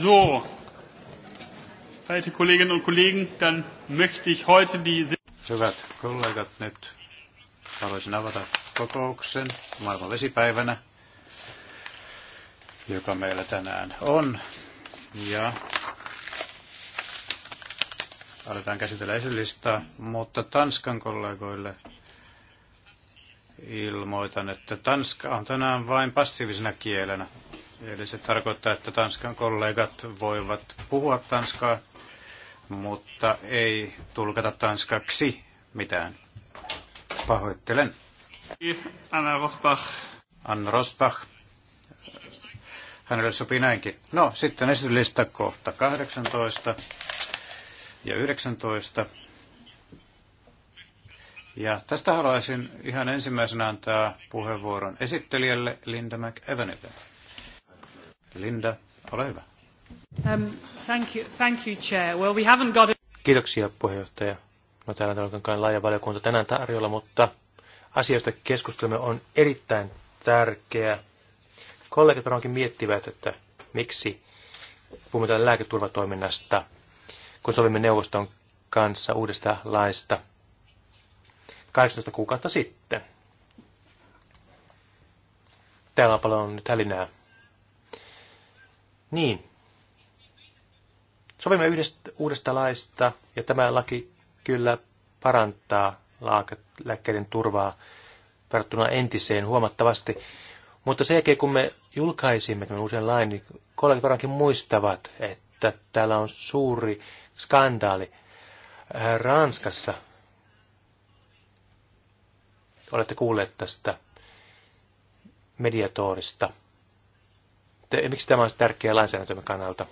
So, verehrte Kolleginnen und Kollegen, dann möchte ich heute die... Hyvät kollegat, nyt haluaisin avata kokouksen maailman vesipäivänä, joka meillä tänään on. Ja aletaan käsitellä esilistaa, mutta Tanskan kollegoille ilmoitan, että Tanska on tänään vain passiivisena kielenä Eli se tarkoittaa, että Tanskan kollegat voivat puhua Tanskaa, mutta ei tulkata Tanskaksi mitään. Pahoittelen. Anna Rosbach. Anna Rosbach. Hänelle sopii näinkin. No, sitten esityslista kohta 18 ja 19. Ja tästä haluaisin ihan ensimmäisenä antaa puheenvuoron esittelijälle Linda McEvanille. Linda, ole hyvä. Um, thank you, thank you, Chair. Well, we haven't got a... Kiitoksia, puheenjohtaja. No täällä on todellakaan laaja valiokunta tänään tarjolla, mutta asioista keskustelemme on erittäin tärkeää. Kollegat varmaankin miettivät, että miksi puhumme täällä lääketurvatoiminnasta, kun sovimme neuvoston kanssa uudesta laista 18 kuukautta sitten. Täällä on paljon nyt hälinää niin. Sovimme yhdestä, uudesta laista, ja tämä laki kyllä parantaa lääkkeiden turvaa verrattuna entiseen huomattavasti. Mutta sen jälkeen, kun me julkaisimme tämän uuden lain, niin kollegat varmaankin muistavat, että täällä on suuri skandaali äh, Ranskassa. Olette kuulleet tästä mediatorista että miksi tämä on tärkeä lainsäädäntömme kannalta.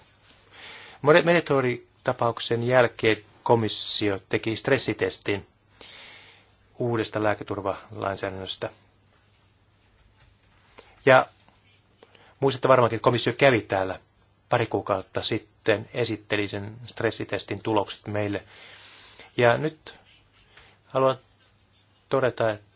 Meditori-tapauksen jälkeen komissio teki stressitestin uudesta lääketurvalainsäädännöstä. Ja muistatte varmaankin, että komissio kävi täällä pari kuukautta sitten, esitteli sen stressitestin tulokset meille. Ja nyt haluan todeta, että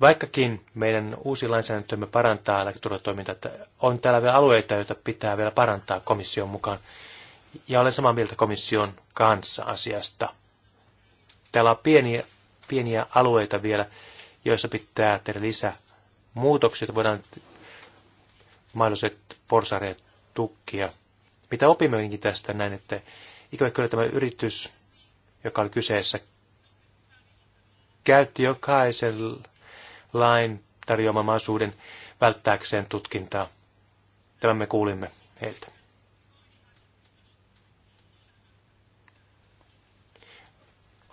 Vaikkakin meidän uusi lainsäädäntömme parantaa lääketurvatoimintaa, että on täällä vielä alueita, joita pitää vielä parantaa komission mukaan. Ja olen samaa mieltä komission kanssa asiasta. Täällä on pieniä, pieniä alueita vielä, joissa pitää tehdä lisää muutoksia, että voidaan mahdolliset porsareet tukkia. Mitä opimmekin tästä näin, että ikävä kyllä tämä yritys, joka oli kyseessä, käytti jokaisella lain tarjoaman mahdollisuuden välttääkseen tutkintaa. Tämän me kuulimme heiltä.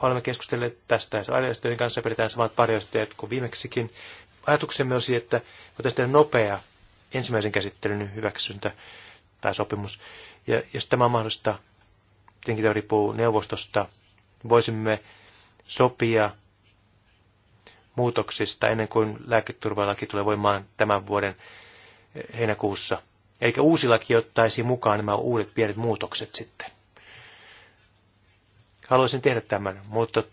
Olemme keskustelleet tästä ja järjestöjen kanssa pidetään samat parjoisteet kuin viimeksikin. Ajatuksemme on siitä, että voitaisiin tehdä nopea ensimmäisen käsittelyn hyväksyntä tai sopimus. Ja jos tämä on mahdollista, tietenkin tämä riippuu neuvostosta, voisimme sopia muutoksista ennen kuin lääketurvalaki tulee voimaan tämän vuoden eh, heinäkuussa. Eli uusi laki ottaisi mukaan nämä uudet pienet muutokset sitten. Haluaisin tehdä tämän, mutta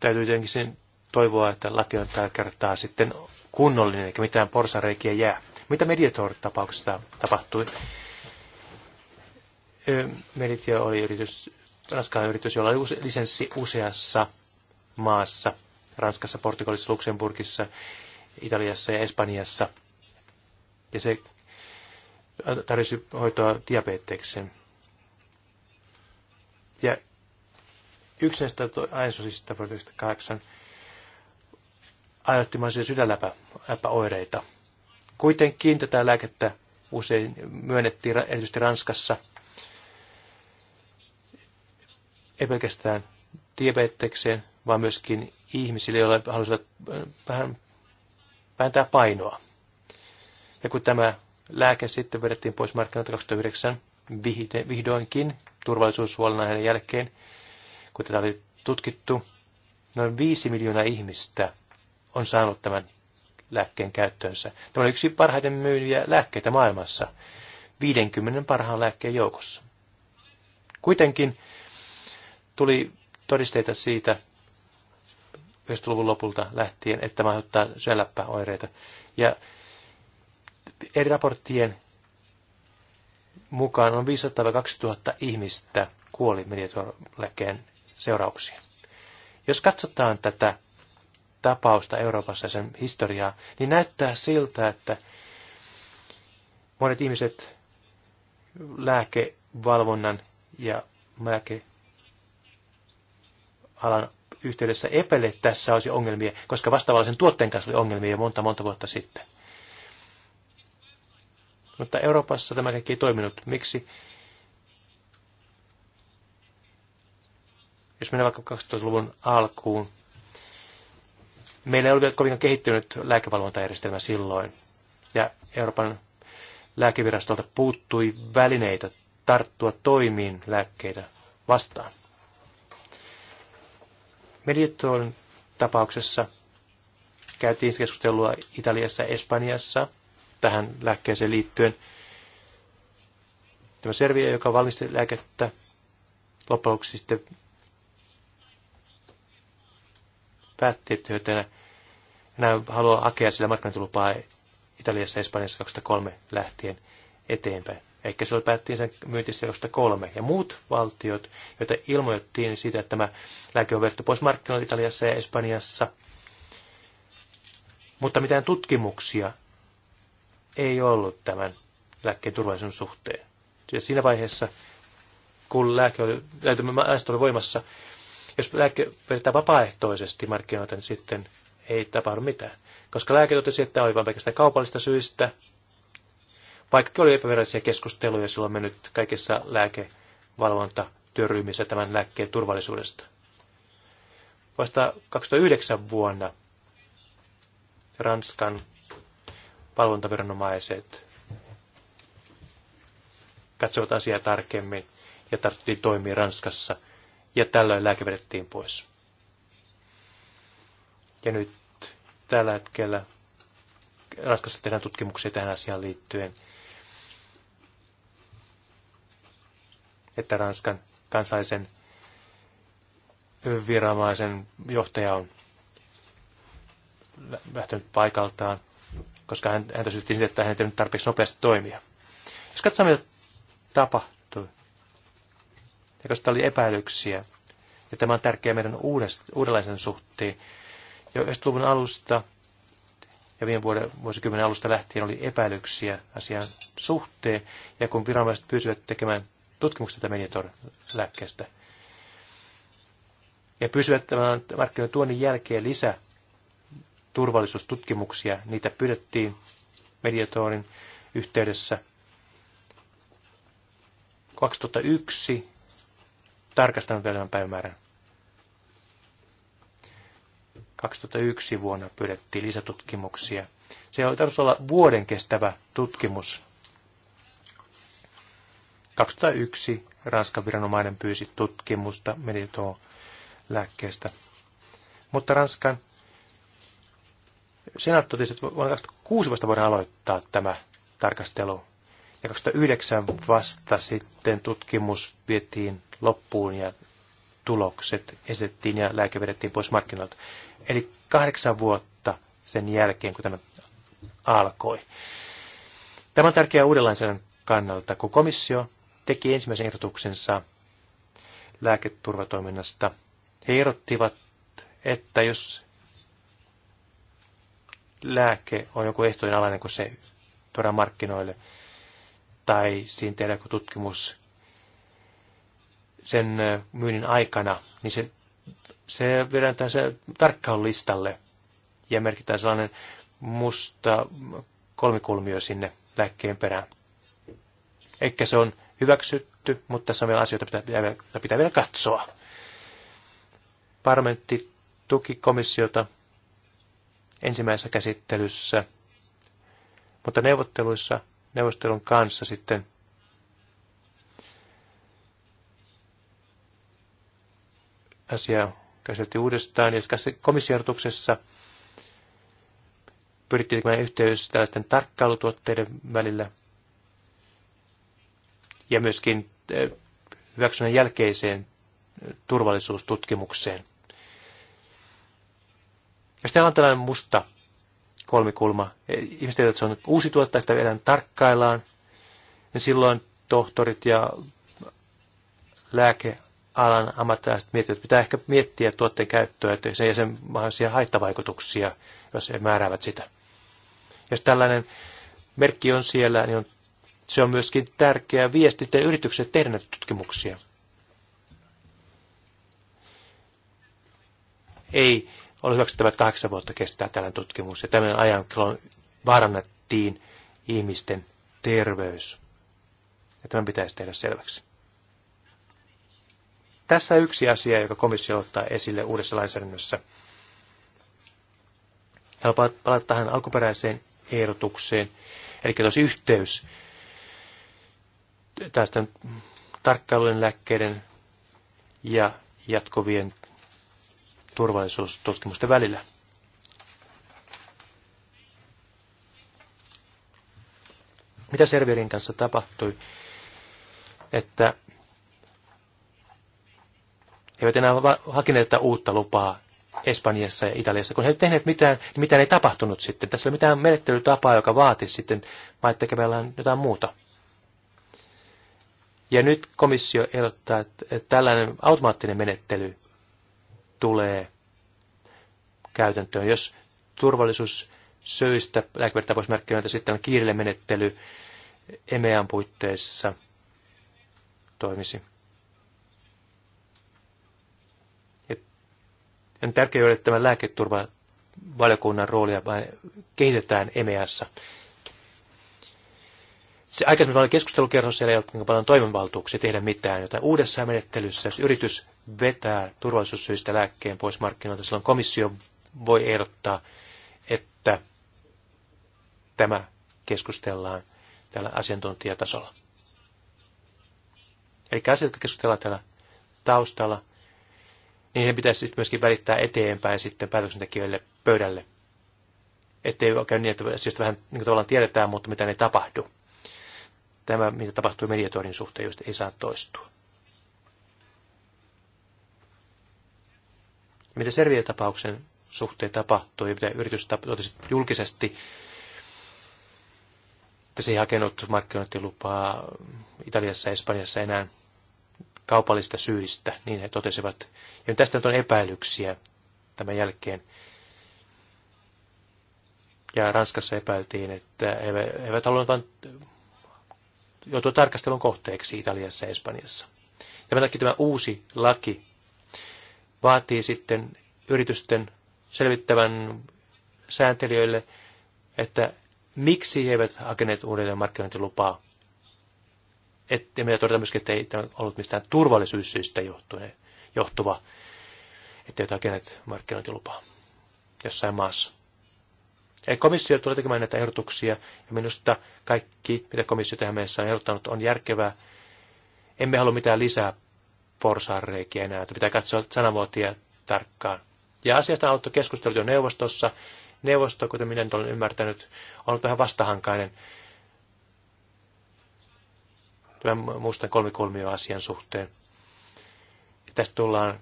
täytyy tietenkin sen toivoa, että laki on tällä kertaa sitten kunnollinen, eikä mitään porsareikiä jää. Mitä Mediator-tapauksesta tapahtui? Mediator oli yritys, raskaan yritys, jolla oli lisenssi useassa maassa – Ranskassa, Portugalissa, Luxemburgissa, Italiassa ja Espanjassa. Ja se tarvitsi hoitoa diabeteksen. Ja yksi näistä ainesosista vuonna 1908 aiheutti mahdollisia sydänläpäoireita. Kuitenkin tätä lääkettä usein myönnettiin erityisesti Ranskassa, ei pelkästään diabetekseen, vaan myöskin ihmisille, joilla halusivat äh, vähän vähentää painoa. Ja kun tämä lääke sitten vedettiin pois markkinoilta 2009 vihdoinkin hänen jälkeen, kun tätä oli tutkittu, noin 5 miljoonaa ihmistä on saanut tämän lääkkeen käyttöönsä. Tämä on yksi parhaiten myyviä lääkkeitä maailmassa, 50 parhaan lääkkeen joukossa. Kuitenkin tuli todisteita siitä, 90-luvun lopulta lähtien, että tämä aiheuttaa syöläppäoireita. Ja eri raporttien mukaan on 500-2000 ihmistä kuoli mediatorilääkkeen seurauksia. Jos katsotaan tätä tapausta Euroopassa ja sen historiaa, niin näyttää siltä, että monet ihmiset lääkevalvonnan ja lääkealan yhteydessä Epelle tässä olisi ongelmia, koska vastaavallisen tuotteen kanssa oli ongelmia jo monta monta vuotta sitten. Mutta Euroopassa tämä kaikki ei toiminut. Miksi? Jos mennään vaikka 2000-luvun alkuun, meillä ei ollut kovinkaan kehittynyt lääkevalvontajärjestelmä silloin. Ja Euroopan lääkevirastolta puuttui välineitä tarttua toimiin lääkkeitä vastaan. Mediatorin tapauksessa käytiin keskustelua Italiassa ja Espanjassa tähän lääkkeeseen liittyen. Tämä Servia, joka valmisti lääkettä, loppujen lopuksi sitten päätti, että he enää haluaa hakea sillä markkinatulupaa Italiassa ja Espanjassa 2003 lähtien eteenpäin. Ehkä silloin päättiin sen myyntiseosta kolme. Ja muut valtiot, joita ilmoitettiin siitä, että tämä lääke on verrattu pois markkinoilta Italiassa ja Espanjassa, mutta mitään tutkimuksia ei ollut tämän lääkkeen turvallisuuden suhteen. Ja siinä vaiheessa, kun lääke oli, lääke oli voimassa, jos lääke vedetään vapaaehtoisesti markkinoilta, niin sitten ei tapahdu mitään. Koska lääke totesi, että tämä oli vain pelkästään kaupallista syistä, vaikka oli epävirallisia keskusteluja silloin mennyt kaikissa lääkevalvontatyöryhmissä tämän lääkkeen turvallisuudesta. Vasta 2009 vuonna Ranskan valvontaviranomaiset katsoivat asiaa tarkemmin ja tarttiin toimia Ranskassa, ja tällöin lääke vedettiin pois. Ja nyt tällä hetkellä Ranskassa tehdään tutkimuksia tähän asiaan liittyen, että Ranskan kansallisen viranomaisen johtaja on lähtenyt paikaltaan, koska hän, hän tosiaan siitä, että hän ei tarpeeksi nopeasti toimia. Jos katsotaan, mitä tapahtui, ja koska oli epäilyksiä, ja tämä on tärkeää meidän uudest, uudenlaisen suhteen. Jo 90-luvun alusta ja viime vuoden, vuosikymmenen alusta lähtien oli epäilyksiä asian suhteen, ja kun viranomaiset pysyvät tekemään tutkimuksesta Menitor-lääkkeestä. Ja pysyvät tämän markkinoiden tuonnin jälkeen lisä turvallisuustutkimuksia. Niitä pyydettiin mediatorin yhteydessä. 2001 tarkastanut vielä tämän päivämäärän. 2001 vuonna pyydettiin lisätutkimuksia. Se on tarkoitus olla vuoden kestävä tutkimus 2001 Ranskan viranomainen pyysi tutkimusta meditoon lääkkeestä. Mutta Ranskan senaatti totesi, että vuonna 2006 vasta voidaan aloittaa tämä tarkastelu. Ja 2009 vasta sitten tutkimus vietiin loppuun ja tulokset esitettiin ja lääke vedettiin pois markkinoilta. Eli kahdeksan vuotta sen jälkeen, kun tämä alkoi. Tämä on tärkeää uuden kannalta, kun komissio teki ensimmäisen ehdotuksensa lääketurvatoiminnasta. He erottivat, että jos lääke on joku ehtojen alainen, kun se tuodaan markkinoille, tai siinä tehdään joku tutkimus sen myynnin aikana, niin se, se viedään tähän tarkkaan listalle ja merkitään sellainen musta kolmikulmio sinne lääkkeen perään. Eikä se on hyväksytty, mutta tässä on vielä asioita, pitää, pitää, vielä, pitää vielä katsoa. Parlamentti tuki komissiota ensimmäisessä käsittelyssä, mutta neuvotteluissa neuvostelun kanssa sitten asia käsiteltiin uudestaan, ja komissiortuksessa pyrittiin tekemään yhteys tällaisten tarkkailutuotteiden välillä, ja myöskin eh, hyväksynnän jälkeiseen eh, turvallisuustutkimukseen. Jos teillä on tällainen musta kolmikulma, eh, ihmiset että se on uusi tuote sitä vielä tarkkaillaan, niin silloin tohtorit ja lääkealan ammattilaiset miettivät, että pitää ehkä miettiä tuotteen käyttöä, että se ja sen mahdollisia haittavaikutuksia, jos he määräävät sitä. Jos tällainen merkki on siellä, niin on se on myöskin tärkeä viesti teidän yritykselle tehdä näitä tutkimuksia. Ei ole hyväksyttävä, että kahdeksan vuotta kestää tällainen tutkimus, ja tämän ajan vaarannettiin ihmisten terveys. Ja tämän pitäisi tehdä selväksi. Tässä yksi asia, joka komissio ottaa esille uudessa lainsäädännössä. Haluan palata tähän alkuperäiseen ehdotukseen, eli tosi yhteys tästä tarkkailujen lääkkeiden ja jatkuvien turvallisuustutkimusten välillä. Mitä serverin kanssa tapahtui? Että he eivät enää hakineet tätä uutta lupaa Espanjassa ja Italiassa. Kun he eivät tehneet mitään, niin mitään ei tapahtunut sitten. Tässä ei ole mitään menettelytapaa, joka vaatisi sitten maat jotain muuta. Ja nyt komissio ehdottaa, että tällainen automaattinen menettely tulee käytäntöön. Jos turvallisuus turvallisuussyistä lääkevertapausmerkkinoita sitten on kiireellinen menettely EMEAn puitteissa toimisi. Ja on tärkeää, että tämän lääketurvavaliokunnan roolia kehitetään EMEAssa se aikaisemmin oli keskustelukerho, siellä ei ollut niin paljon toimivaltuuksia tehdä mitään, joten uudessa menettelyssä, jos yritys vetää turvallisuussyistä lääkkeen pois markkinoilta, silloin komissio voi ehdottaa, että tämä keskustellaan tällä asiantuntijatasolla. Eli asiat, jotka keskustellaan täällä taustalla, niin he pitäisi sitten myöskin välittää eteenpäin sitten päätöksentekijöille pöydälle. Ettei käy niin, että asioista vähän niin tavallaan tiedetään, mutta mitä ne tapahtuu tämä, mitä tapahtuu mediatorin suhteen, josta ei saa toistua. Ja mitä Servien-tapauksen suhteen tapahtui, ja mitä yritys totesi julkisesti, että se ei hakenut markkinointilupaa Italiassa ja Espanjassa enää kaupallista syistä, niin he totesivat. Ja tästä nyt on epäilyksiä tämän jälkeen. Ja Ranskassa epäiltiin, että he eivät halunneet vain joutua tarkastelun kohteeksi Italiassa ja Espanjassa. Tämän takia tämä uusi laki vaatii sitten yritysten selvittävän sääntelijöille, että miksi he eivät hakeneet uudelleen markkinointilupaa. Et, ja meillä todetaan myöskin, että ei tämä ollut mistään turvallisuussyistä johtune, johtuva, että eivät hakeneet markkinointilupaa jossain maassa. Komissio tulee tekemään näitä ehdotuksia, ja minusta kaikki, mitä komissio tähän mennessä on ehdottanut, on järkevää. Emme halua mitään lisää porsaanreikiä enää, että pitää katsoa sanamuotia tarkkaan. Ja asiasta on ollut keskustelut jo neuvostossa. Neuvosto, kuten minä nyt olen ymmärtänyt, on ollut vähän vastahankainen tämän mustan kolmikolmio-asian suhteen. Ja tästä tullaan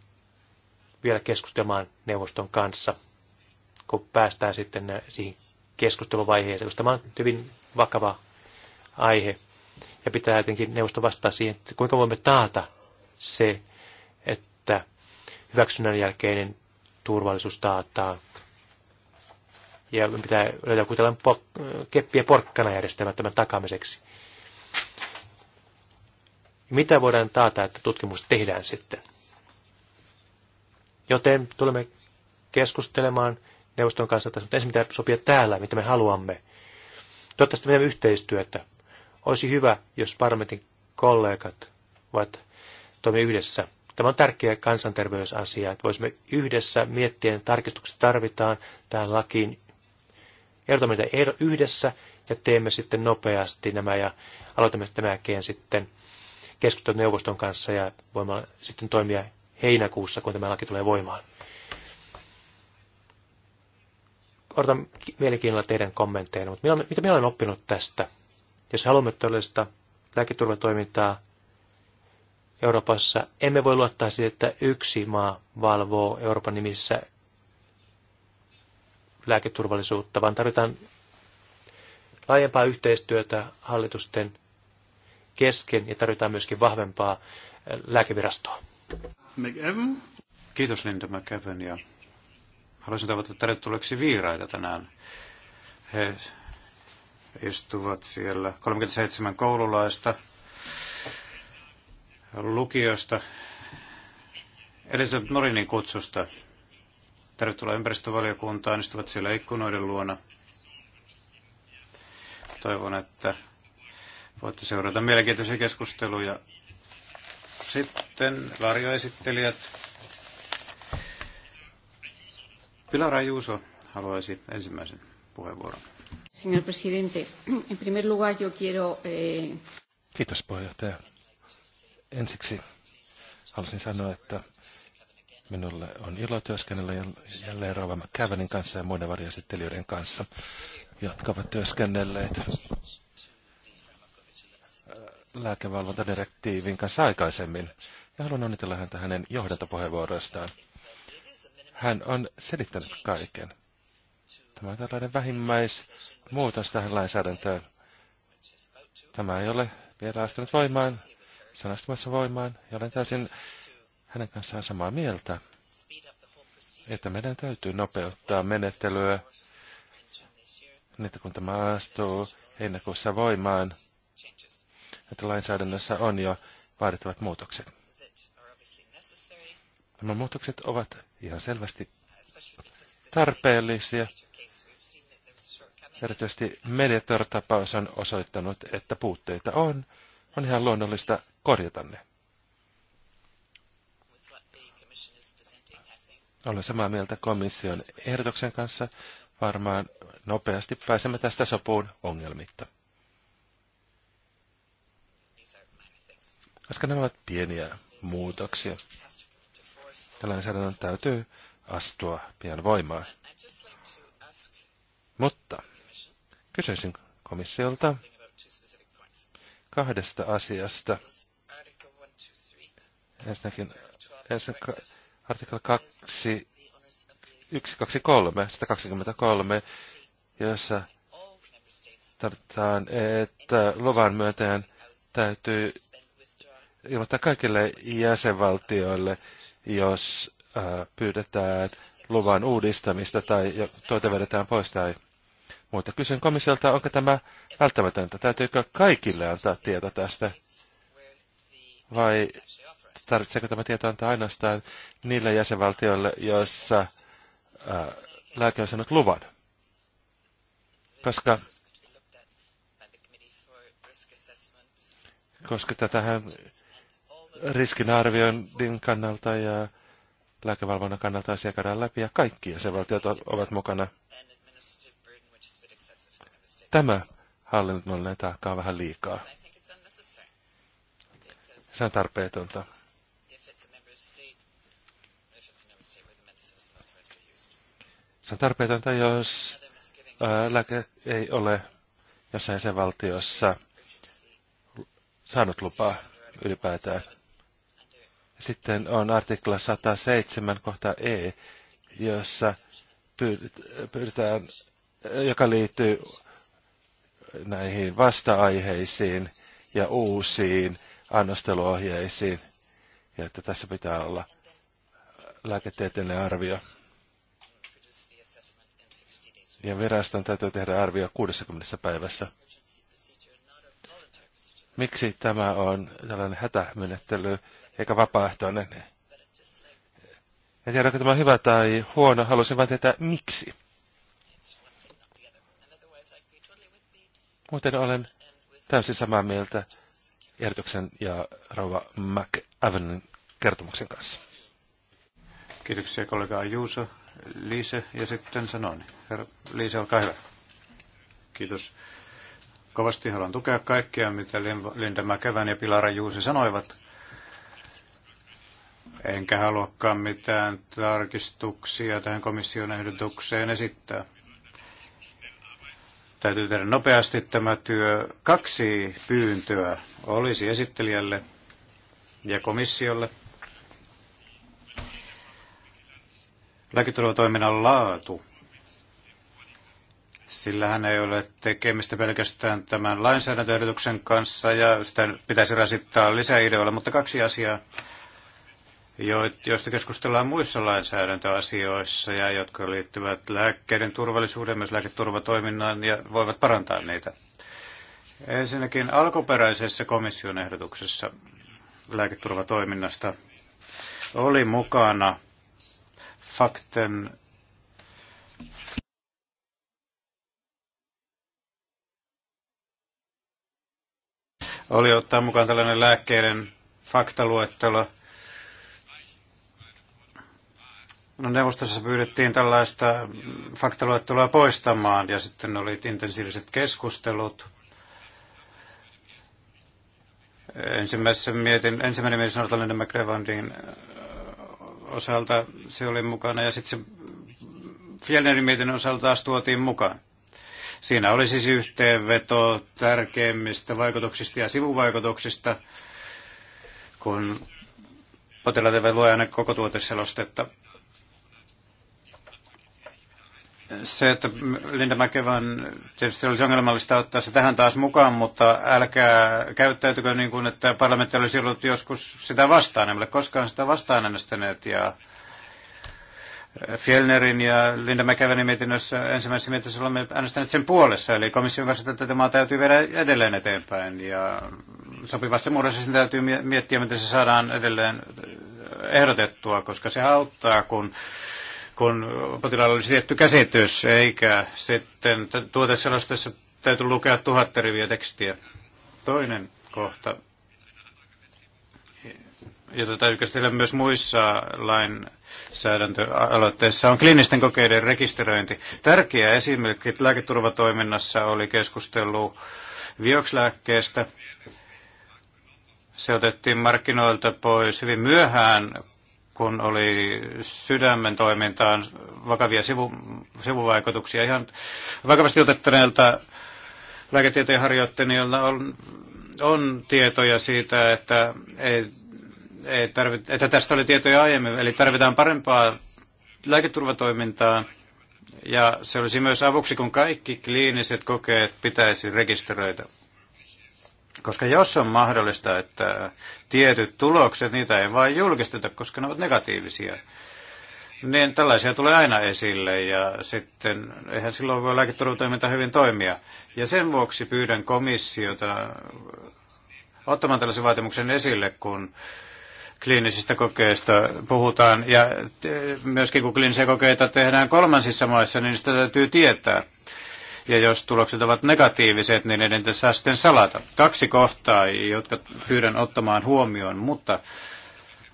vielä keskustelemaan neuvoston kanssa kun päästään sitten siihen keskusteluvaiheeseen, koska tämä on hyvin vakava aihe. Ja pitää jotenkin neuvosto vastaa siihen, että kuinka voimme taata se, että hyväksynnän jälkeinen turvallisuus taataan. Ja me pitää löytää joku tällainen keppiä porkkana järjestelmä tämän takamiseksi. Mitä voidaan taata, että tutkimus tehdään sitten? Joten tulemme keskustelemaan neuvoston kanssa, että ensin pitää sopia täällä, mitä me haluamme. Toivottavasti me teemme yhteistyötä. Olisi hyvä, jos parlamentin kollegat ovat toimia yhdessä. Tämä on tärkeä kansanterveysasia, että voisimme yhdessä miettiä, tarkistukset tarvitaan tähän lakiin. Ehdotamme niitä er-, yhdessä ja teemme sitten nopeasti nämä ja aloitamme tämän jälkeen sitten keskustelun neuvoston kanssa ja voimme sitten toimia heinäkuussa, kun tämä laki tulee voimaan. odotan mielenkiinnolla teidän kommentteja, mutta mitä minä olen oppinut tästä? Jos haluamme todellista lääketurvatoimintaa Euroopassa, emme voi luottaa siihen, että yksi maa valvoo Euroopan nimissä lääketurvallisuutta, vaan tarvitaan laajempaa yhteistyötä hallitusten kesken ja tarvitaan myöskin vahvempaa lääkevirastoa. McEvan. Kiitos Linda McEvan ja Haluaisin toivottaa tervetulleeksi viiraita tänään. He istuvat siellä 37 koululaista lukiosta Elisabeth Norinin kutsusta. Tervetuloa ympäristövaliokuntaan, istuvat siellä ikkunoiden luona. Toivon, että voitte seurata mielenkiintoisia keskusteluja. Sitten varjoesittelijät Pilar Ayuso haluaisi ensimmäisen puheenvuoron. Señor presidente, en primer lugar yo quiero... Eh, Kiitos puheenjohtaja. Ensiksi halusin sanoa, että minulle on ilo työskennellä jälleen Rova McCavanin kanssa ja muiden varjoesittelijöiden kanssa, jotka ovat työskennelleet äh, lääkevalvontadirektiivin kanssa aikaisemmin. Ja haluan onnitella häntä hänen johdantopuheenvuorostaan. Hän on selittänyt kaiken. Tämä on tällainen vähimmäismuutos tähän lainsäädäntöön. Tämä ei ole vielä astunut voimaan. Se on astumassa voimaan ja olen täysin hänen kanssaan samaa mieltä, että meidän täytyy nopeuttaa menettelyä, niin että kun tämä astuu heinäkuussa voimaan, että lainsäädännössä on jo vaadittavat muutokset. Nämä muutokset ovat ihan selvästi tarpeellisia. Erityisesti Mediator-tapaus on osoittanut, että puutteita on. On ihan luonnollista korjata ne. Olen samaa mieltä komission ehdotuksen kanssa. Varmaan nopeasti pääsemme tästä sopuun ongelmitta. Koska nämä ovat pieniä muutoksia ja lainsäädännön täytyy astua pian voimaan. Mutta kysyisin komissiolta kahdesta asiasta. Ensinnäkin ensin artikla 2, 123, 123, jossa tarvitaan, että luvan myöntäjän täytyy ilmoittaa kaikille jäsenvaltioille, jos äh, pyydetään luvan uudistamista tai tuote vedetään pois tai muuta. Kysyn komissiolta, onko tämä välttämätöntä? Täytyykö kaikille antaa tieto tästä? Vai tarvitseeko tämä tieto antaa ainoastaan niille jäsenvaltioille, joissa äh, lääke on saanut luvan? Koska, koska tätähän riskinarvioinnin kannalta ja lääkevalvonnan kannalta asia käydään läpi ja kaikki jäsenvaltiot ovat mukana. Tämä hallinnollinen taakka on vähän liikaa. Se on tarpeetonta. Se on tarpeetonta, jos lääke ei ole jossain jäsenvaltiossa saanut lupaa ylipäätään. Sitten on artikla 107 kohta E, jossa pyydetään, joka liittyy näihin vasta-aiheisiin ja uusiin annosteluohjeisiin. Ja että tässä pitää olla lääketieteellinen arvio. Ja viraston täytyy tehdä arvio 60 päivässä. Miksi tämä on tällainen hätämenettely? eikä vapaaehtoinen. En tiedä, onko tämä hyvä tai huono, haluaisin vain tietää miksi. Muuten olen täysin samaa mieltä Ertoksen ja Rova McAvenin kertomuksen kanssa. Kiitoksia kollega Juuso, Liise ja sitten Sanoni. Herra Liise, olkaa hyvä. Kiitos. Kovasti haluan tukea kaikkea, mitä Linda McAven ja Pilara Juuso sanoivat enkä haluakaan mitään tarkistuksia tähän komission ehdotukseen esittää. Täytyy tehdä nopeasti tämä työ. Kaksi pyyntöä olisi esittelijälle ja komissiolle. Lääketurvatoiminnan laatu. Sillä hän ei ole tekemistä pelkästään tämän lainsäädäntöehdotuksen kanssa ja sitä pitäisi rasittaa lisäideoilla, mutta kaksi asiaa joista keskustellaan muissa lainsäädäntöasioissa ja jotka liittyvät lääkkeiden turvallisuuden, myös lääketurvatoiminnan ja voivat parantaa niitä. Ensinnäkin alkuperäisessä komission ehdotuksessa lääketurvatoiminnasta oli mukana fakten oli ottaa mukaan tällainen lääkkeiden faktaluettelo, No, neuvostossa pyydettiin tällaista faktaluettelua poistamaan ja sitten oli intensiiviset keskustelut. Ensimmäisessä mietin, ensimmäinen mies Nortalinen McGrevandin osalta se oli mukana ja sitten se Fjellnerin mietin osalta taas tuotiin mukaan. Siinä oli siis yhteenveto tärkeimmistä vaikutuksista ja sivuvaikutuksista, kun potilaat eivät lue aina koko tuoteselostetta. se, että Linda Mäkevän tietysti olisi ongelmallista ottaa se tähän taas mukaan, mutta älkää käyttäytykö niin kuin, että parlamentti olisi ollut joskus sitä vastaan. Emme ole koskaan sitä vastaan äänestäneet ja eh, Fjellnerin ja Linda Mäkevänin mietinnössä, ensimmäisessä mietinnössä olemme äänestäneet sen puolessa, eli komission kanssa tätä maa täytyy viedä edelleen eteenpäin ja sopivassa muodossa sen täytyy miettiä, miten se saadaan edelleen ehdotettua, koska se auttaa, kun kun potilaalla olisi tietty käsitys, eikä sitten tuoteselostessa täytyy lukea tuhatta riviä tekstiä. Toinen kohta, jota täytyy käsitellä myös muissa lainsäädäntöaloitteissa, on kliinisten kokeiden rekisteröinti. Tärkeä esimerkki lääketurvatoiminnassa oli keskustelu viokslääkkeestä. Se otettiin markkinoilta pois hyvin myöhään kun oli sydämen toimintaan vakavia sivu, sivuvaikutuksia. Ihan vakavasti otettaneelta lääketieteen harjoittelijoilla on, on tietoja siitä, että, ei, ei tarvit, että tästä oli tietoja aiemmin, eli tarvitaan parempaa lääketurvatoimintaa. Ja se olisi myös avuksi, kun kaikki kliiniset kokeet pitäisi rekisteröidä. Koska jos on mahdollista, että tietyt tulokset, niitä ei vain julkisteta, koska ne ovat negatiivisia, niin tällaisia tulee aina esille ja sitten eihän silloin voi lääketurvatoiminta hyvin toimia. Ja sen vuoksi pyydän komissiota ottamaan tällaisen vaatimuksen esille, kun kliinisistä kokeista puhutaan. Ja myöskin kun kliinisiä kokeita tehdään kolmansissa maissa, niin sitä täytyy tietää. Ja jos tulokset ovat negatiiviset, niin niiden saa sitten salata. Kaksi kohtaa, jotka pyydän ottamaan huomioon, mutta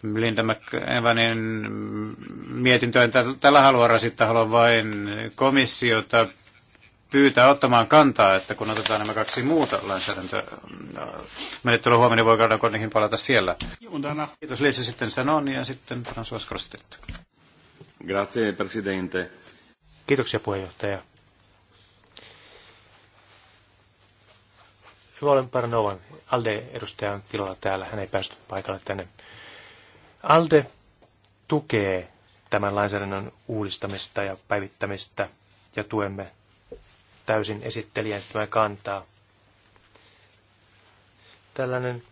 Linda McEvanin mietintö en tällä halua rasittaa, haluan vain komissiota pyytää ottamaan kantaa, että kun otetaan nämä kaksi muuta lainsäädäntömenettelyä huomioon, niin voi käydä niihin palata siellä. Kiitos Liisa sitten sanon ja sitten François Grazie, Presidente. Kiitoksia puheenjohtaja. Nuolen Paranovan ALDE-edustaja on tilalla täällä, hän ei päästy paikalle tänne. ALDE tukee tämän lainsäädännön uudistamista ja päivittämistä ja tuemme täysin esittelijän tämän kantaa. Tällainen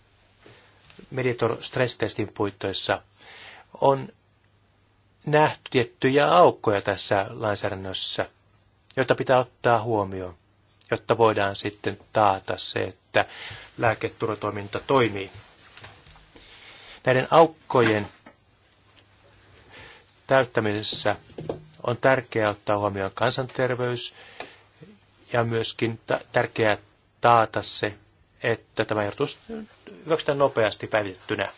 Mediator stress-testin puitteissa on nähty tiettyjä aukkoja tässä lainsäädännössä, joita pitää ottaa huomioon, jotta voidaan sitten taata se, että lääketurvatoiminta toimii. Näiden aukkojen täyttämisessä on tärkeää ottaa huomioon kansanterveys ja myöskin tärkeää taata se, että tämä ehdotus hyväksytään nopeasti päivitettynä,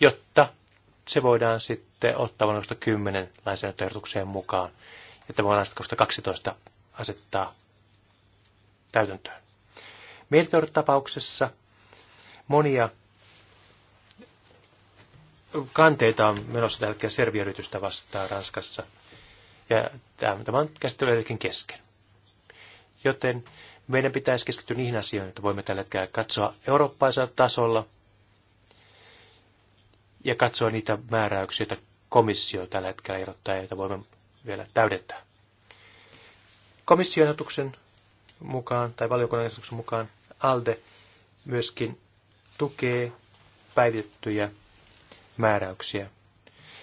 jotta se voidaan sitten ottaa vuonna 2010 lainsäädäntöehdotukseen mukaan, että voidaan sitten 2012 asettaa täytäntöön. Meritor-tapauksessa monia kanteita on menossa tällä hetkellä serviyritystä vastaan Ranskassa. Ja tämä on käsittelyjäkin kesken. Joten meidän pitäisi keskittyä niihin asioihin, että voimme tällä hetkellä katsoa eurooppaisella tasolla ja katsoa niitä määräyksiä, joita komissio tällä hetkellä ehdottaa ja joita voimme vielä täydentää. Komission mukaan tai valiokunnan mukaan ALDE myöskin tukee päivitettyjä määräyksiä,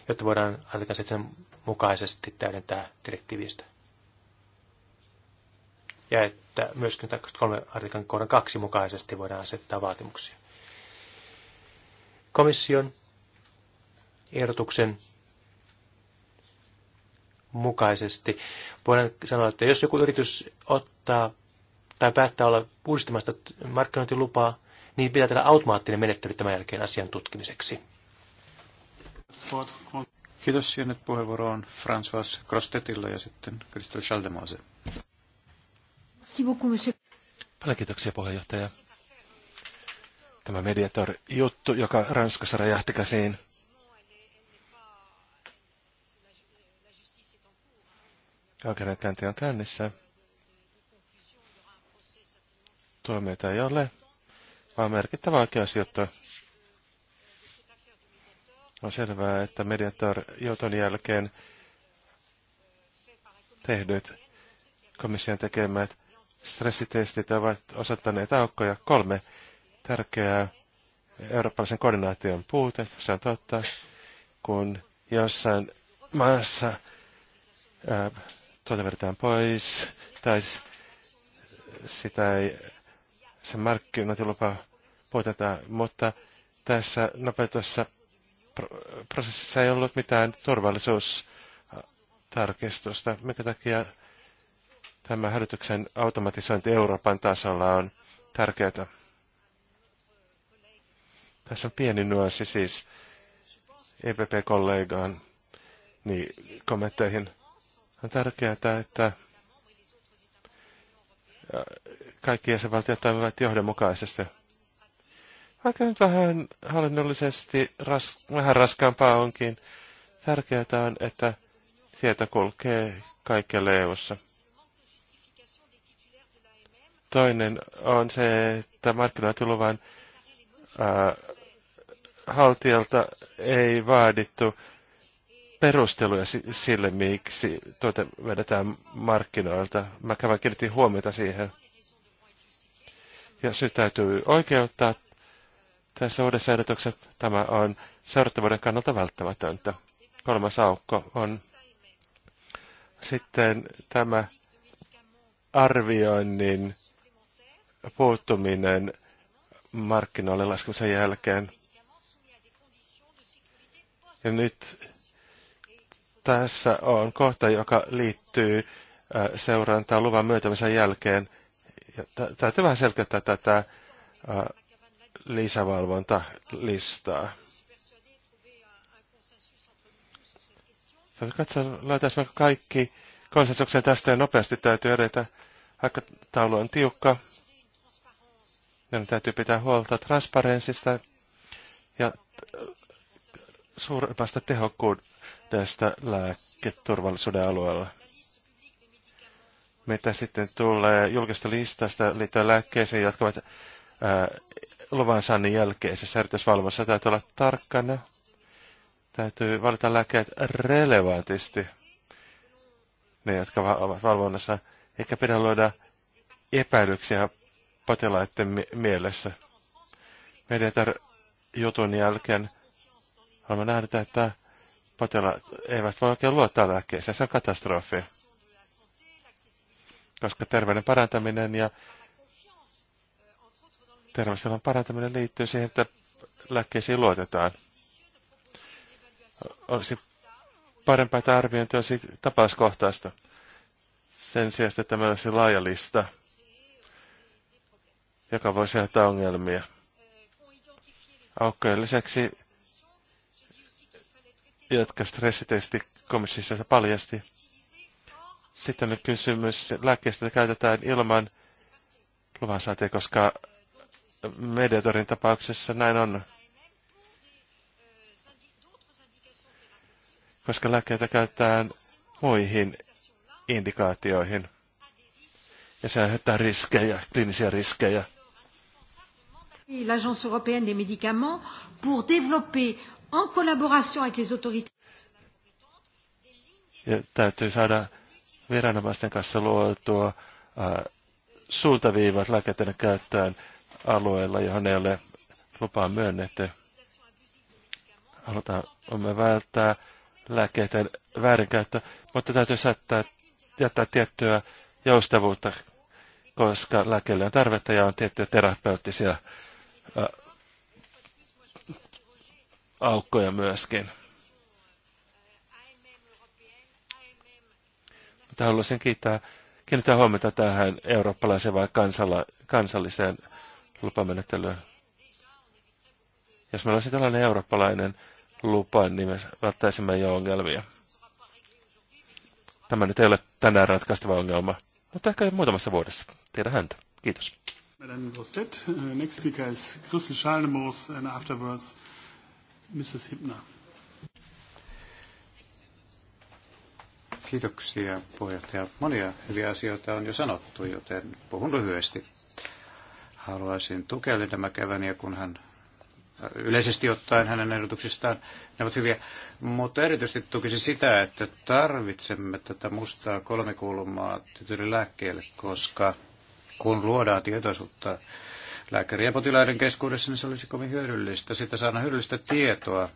jotta voidaan artikla 7 mukaisesti täydentää direktiivistä. Ja että myöskin 23 artiklan kohdan 2 mukaisesti voidaan asettaa vaatimuksia. Komission ehdotuksen mukaisesti voidaan sanoa, että jos joku yritys ottaa tai päättää olla uudistamasta markkinointilupaa, niin pitää tehdä automaattinen menettely tämän jälkeen asian tutkimiseksi. Kiitos. Ja nyt puheenvuoro on François Crostetilla ja sitten Christel Schaldemose. Paljon kiitoksia puheenjohtaja. Tämä Mediator-juttu, joka Ranskassa räjähti käsiin. Oikeudenkäynti on käynnissä meitä ei ole, vaan merkittävä oikeusjuttu. On selvää, että mediator jouton jälkeen tehdyt komission tekemät stressitestit ovat osoittaneet aukkoja kolme tärkeää eurooppalaisen koordinaation puute. Se on totta, kun jossain maassa tuota pois tai sitä ei se markkinointilupa poitetaan, mutta tässä nopeutuessa prosessissa ei ollut mitään turvallisuustarkistusta, minkä takia tämä hälytyksen automatisointi Euroopan tasolla on tärkeää. Tässä on pieni nuanssi siis EPP-kollegaan niin kommentteihin. On tärkeää, että kaikki jäsenvaltiot toimivat johdonmukaisesti. Vaikka nyt vähän hallinnollisesti ras, vähän raskaampaa onkin, tärkeää on, että tieto kulkee kaikkialle EU-ssa. Toinen on se, että markkinointiluvan haltijalta ei vaadittu perusteluja sille, miksi tuote vedetään markkinoilta. Mä kävin kiinnitin huomiota siihen. Ja se täytyy oikeuttaa tässä uudessa ehdotuksessa. Tämä on seurattavuuden kannalta välttämätöntä. Kolmas aukko on sitten tämä arvioinnin puuttuminen markkinoille laskemisen jälkeen. Ja nyt tässä on kohta, joka liittyy seurantaan luvan myöntämisen jälkeen. Ja täytyy vähän selkeyttää tätä lisävalvontalistaa. Täytyy katsoa, laitaisimme kaikki konsensuksen tästä ja nopeasti täytyy edetä. Aikataulu on tiukka. Meidän täytyy pitää huolta transparenssista ja suuremmasta tehokkuudesta tästä lääketurvallisuuden alueella. Mitä sitten tulee julkista listasta liittyen lääkkeisiin, jotka ovat äh, luvan saannin jälkeisessä erityisvalvossa, täytyy olla tarkkana. Täytyy valita lääkkeet relevantisti, ne jotka ovat valvonnassa, eikä pidä luoda epäilyksiä potilaiden mielessä. Mediatar jutun jälkeen olemme nähdä, että potilaat eivät voi oikein luottaa lääkkeeseen. Se on katastrofi. Koska terveyden parantaminen ja terveyden parantaminen liittyy siihen, että lääkkeisiin luotetaan. Olisi parempaa, että arviointi olisi tapauskohtaista. Sen sijaan, että tämä olisi laaja lista, joka voisi aiheuttaa ongelmia. Aukkojen lisäksi jotka stressitestikomissiossa paljasti. Sitten on kysymys lääkkeistä, joita käytetään ilman luvan saatia, koska Mediatorin tapauksessa näin on. Koska lääkkeitä käytetään muihin indikaatioihin. Ja se aiheuttaa riskejä, kliinisiä riskejä. L'Agence européenne des médicaments pour développer en collaboration avec les autorités. Ja täytyy saada viranomaisten kanssa luotua äh, suuntaviivat lääketieteen käyttöön alueella, johon ei ole lupaa myönnetty. Halutaan me välttää lääkkeiden väärinkäyttöä, mutta täytyy saattaa, jättää tiettyä joustavuutta, koska lääkeille on tarvetta ja on tiettyjä terapeuttisia äh, aukkoja myöskin. Mutta haluaisin kiittää, kiinnittää huomiota tähän eurooppalaiseen vai kansala, kansalliseen lupamenettelyyn. Jos meillä olisi tällainen eurooppalainen lupa, niin me välttäisimme jo ongelmia. Tämä nyt ei ole tänään ratkaistava ongelma, mutta ehkä muutamassa vuodessa. Tiedä häntä. Kiitos. Madame Grostet. Uh, next speaker is Christel Schalemos, and afterwards Mrs. Hipner. Kiitoksia puheenjohtaja. Monia hyviä asioita on jo sanottu, joten puhun lyhyesti. Haluaisin tukea Lindemäkeväniä, kun hän äh, yleisesti ottaen hänen ehdotuksistaan, ne ovat hyviä, mutta erityisesti tukisi sitä, että tarvitsemme tätä mustaa kolmikulmaa tytöiden lääkkeelle, koska kun luodaan tietoisuutta lääkärien ja potilaiden keskuudessa, niin se olisi kovin hyödyllistä. Sitä saadaan hyödyllistä tietoa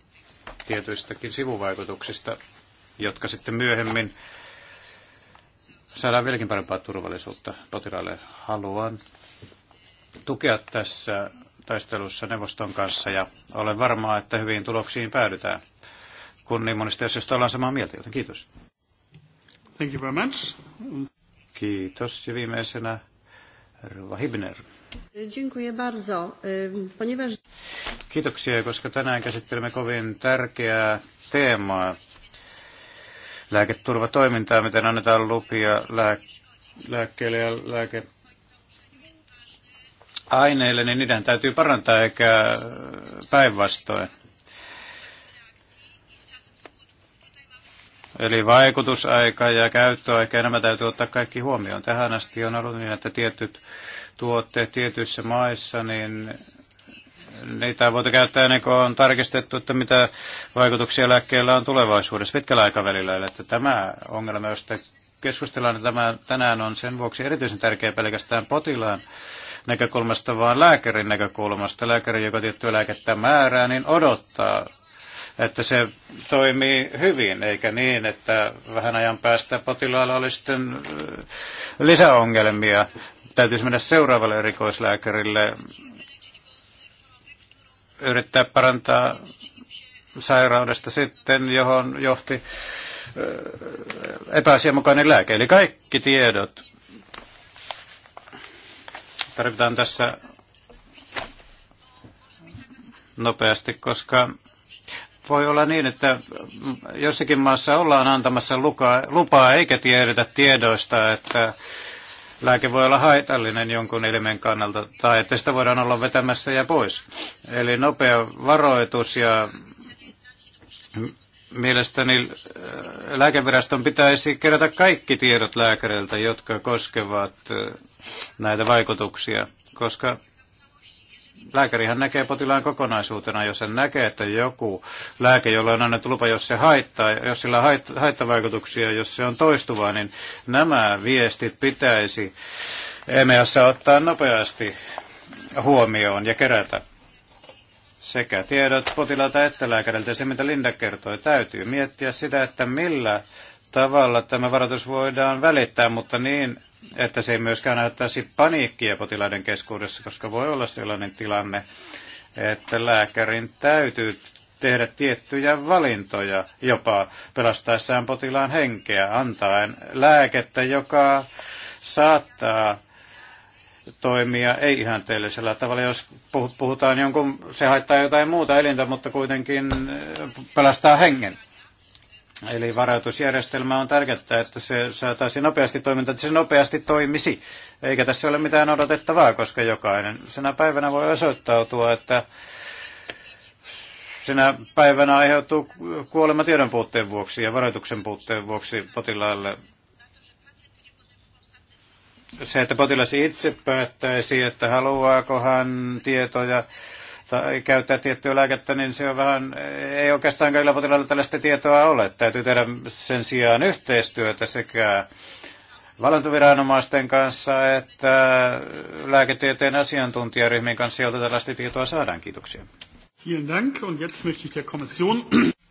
tietyistäkin sivuvaikutuksista, jotka sitten myöhemmin saadaan vieläkin parempaa turvallisuutta potilaille. Haluan tukea tässä taistelussa neuvoston kanssa ja olen varma, että hyviin tuloksiin päädytään, kun niin monista asioista ollaan samaa mieltä, joten kiitos. Thank you very much. Kiitos. Ja viimeisenä Kiitoksia, koska tänään käsittelemme kovin tärkeää teemaa, lääketurvatoimintaa, miten annetaan lupia lääk- lääkkeille ja lääkeaineille, niin niiden täytyy parantaa eikä päinvastoin. Eli vaikutusaika ja käyttöaika, nämä täytyy ottaa kaikki huomioon. Tähän asti on ollut niin, että tietyt tuotteet tietyissä maissa, niin niitä voi käyttää ennen kuin on tarkistettu, että mitä vaikutuksia lääkkeellä on tulevaisuudessa pitkällä aikavälillä. Eli että tämä ongelma, josta keskustellaan tämä, tänään, on sen vuoksi erityisen tärkeä pelkästään potilaan näkökulmasta, vaan lääkärin näkökulmasta. Lääkäri, joka tiettyä lääkettä määrää, niin odottaa että se toimii hyvin, eikä niin, että vähän ajan päästä potilaalla oli sitten lisäongelmia. Täytyisi mennä seuraavalle erikoislääkärille, yrittää parantaa sairaudesta sitten, johon johti epäasianmukainen lääke. Eli kaikki tiedot tarvitaan tässä nopeasti, koska voi olla niin, että jossakin maassa ollaan antamassa lukaa, lupaa eikä tiedetä tiedoista, että lääke voi olla haitallinen jonkun elimen kannalta tai että sitä voidaan olla vetämässä ja pois. Eli nopea varoitus ja mielestäni äh, lääkeviraston pitäisi kerätä kaikki tiedot lääkäriltä, jotka koskevat äh, näitä vaikutuksia, koska Lääkärihän näkee potilaan kokonaisuutena, jos hän näkee, että joku lääke, jolla on annettu lupa, jos se haittaa, jos sillä on haittavaikutuksia, jos se on toistuvaa, niin nämä viestit pitäisi EMEassa ottaa nopeasti huomioon ja kerätä sekä tiedot potilaalta että lääkäriltä. Se, mitä Linda kertoi, täytyy miettiä sitä, että millä tavalla tämä varoitus voidaan välittää, mutta niin, että se ei myöskään näyttäisi paniikkia potilaiden keskuudessa, koska voi olla sellainen tilanne, että lääkärin täytyy tehdä tiettyjä valintoja jopa pelastaessaan potilaan henkeä, antaen lääkettä, joka saattaa toimia ei teellisellä tavalla. Jos puhutaan jonkun, se haittaa jotain muuta elintä, mutta kuitenkin pelastaa hengen. Eli varautusjärjestelmä on tärkeää, että se saataisiin nopeasti toiminta, että se nopeasti toimisi. Eikä tässä ole mitään odotettavaa, koska jokainen senä päivänä voi osoittautua, että sinä päivänä aiheutuu kuolema tiedon puutteen vuoksi ja varoituksen puutteen vuoksi potilaalle. Se, että potilas itse päättäisi, että haluaako hän tietoja tai käyttää tiettyä lääkettä, niin se on vähän, ei oikeastaan kaikilla potilailla tällaista tietoa ole. Täytyy tehdä sen sijaan yhteistyötä sekä valintoviranomaisten kanssa että lääketieteen asiantuntijaryhmien kanssa, jolta tällaista tietoa saadaan. Kiitoksia.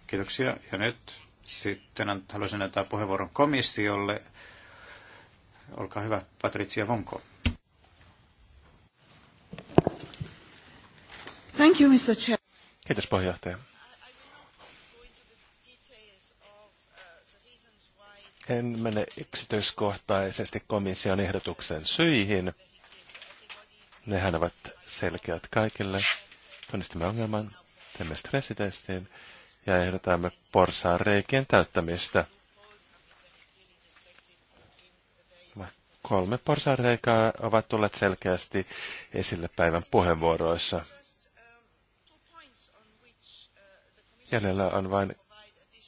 Kiitoksia. Ja nyt sitten haluaisin antaa puheenvuoron komissiolle. Olkaa hyvä, Patricia Vonko. Thank you, Mr. Chair. Kiitos puheenjohtaja. En mene yksityiskohtaisesti komission ehdotuksen syihin. Nehän ovat selkeät kaikille. Tunnistamme ongelman, teemme stressitestin ja ehdotamme porsaan reikien täyttämistä. Kolme reikää ovat tulleet selkeästi esille päivän puheenvuoroissa. Jäljellä on vain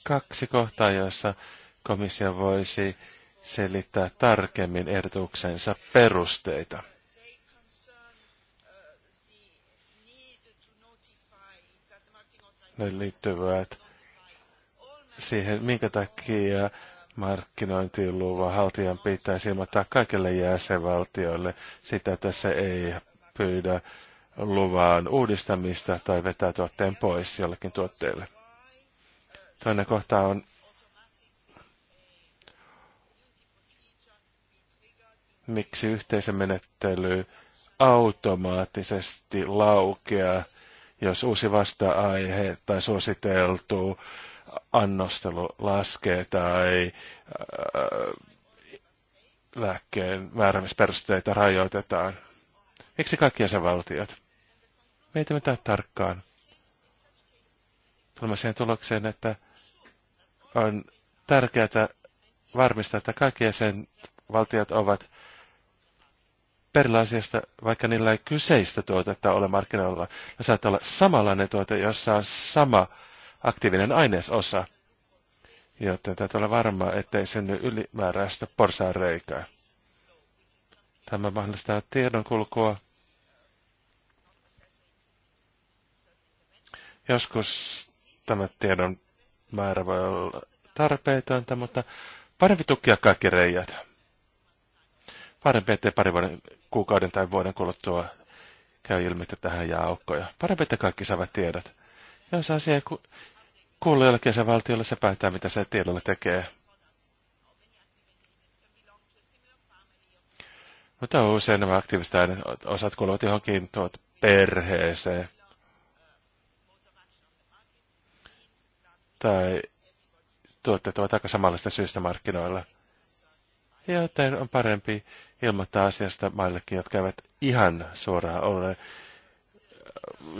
kaksi kohtaa, joissa komissio voisi selittää tarkemmin ehdotuksensa perusteita. Ne liittyvät siihen, minkä takia markkinointiluvan haltijan pitäisi ilmoittaa kaikille jäsenvaltioille sitä, että se ei pyydä luvan uudistamista tai vetää tuotteen pois jollekin tuotteelle. Toinen kohta on miksi yhteisömenettely automaattisesti laukea, jos uusi vasta-aihe tai suositeltu annostelu laskee tai ää, äh, lääkkeen määräämisperusteita rajoitetaan. Miksi kaikki jäsenvaltiot? Mietimme tätä tarkkaan tulemme siihen tulokseen, että on tärkeää varmistaa, että kaikki jäsenvaltiot ovat perilaisista, vaikka niillä ei kyseistä tuotetta ole markkinoilla. Ne saattaa olla samanlainen tuote, jossa on sama aktiivinen ainesosa, joten täytyy olla varma, ettei synny ylimääräistä porsaan reikää. Tämä mahdollistaa tiedonkulkua. Joskus tämä tiedon määrä voi olla tarpeetonta, mutta parempi tukia kaikki reijät. Parempi, ettei pari vuoden, kuukauden tai vuoden kuluttua käy ilmi, että tähän jää aukkoja. Parempi, että kaikki saavat tiedot. Jos asia ku, kuuluu jollekin sen valtiolle, se päättää, mitä se tiedolla tekee. Mutta usein nämä aktiiviset osat kuuluvat johonkin tuot perheeseen. tai tuotteet ovat aika samanlaista syystä markkinoilla. Joten on parempi ilmoittaa asiasta maillekin, jotka eivät ihan suoraan ole,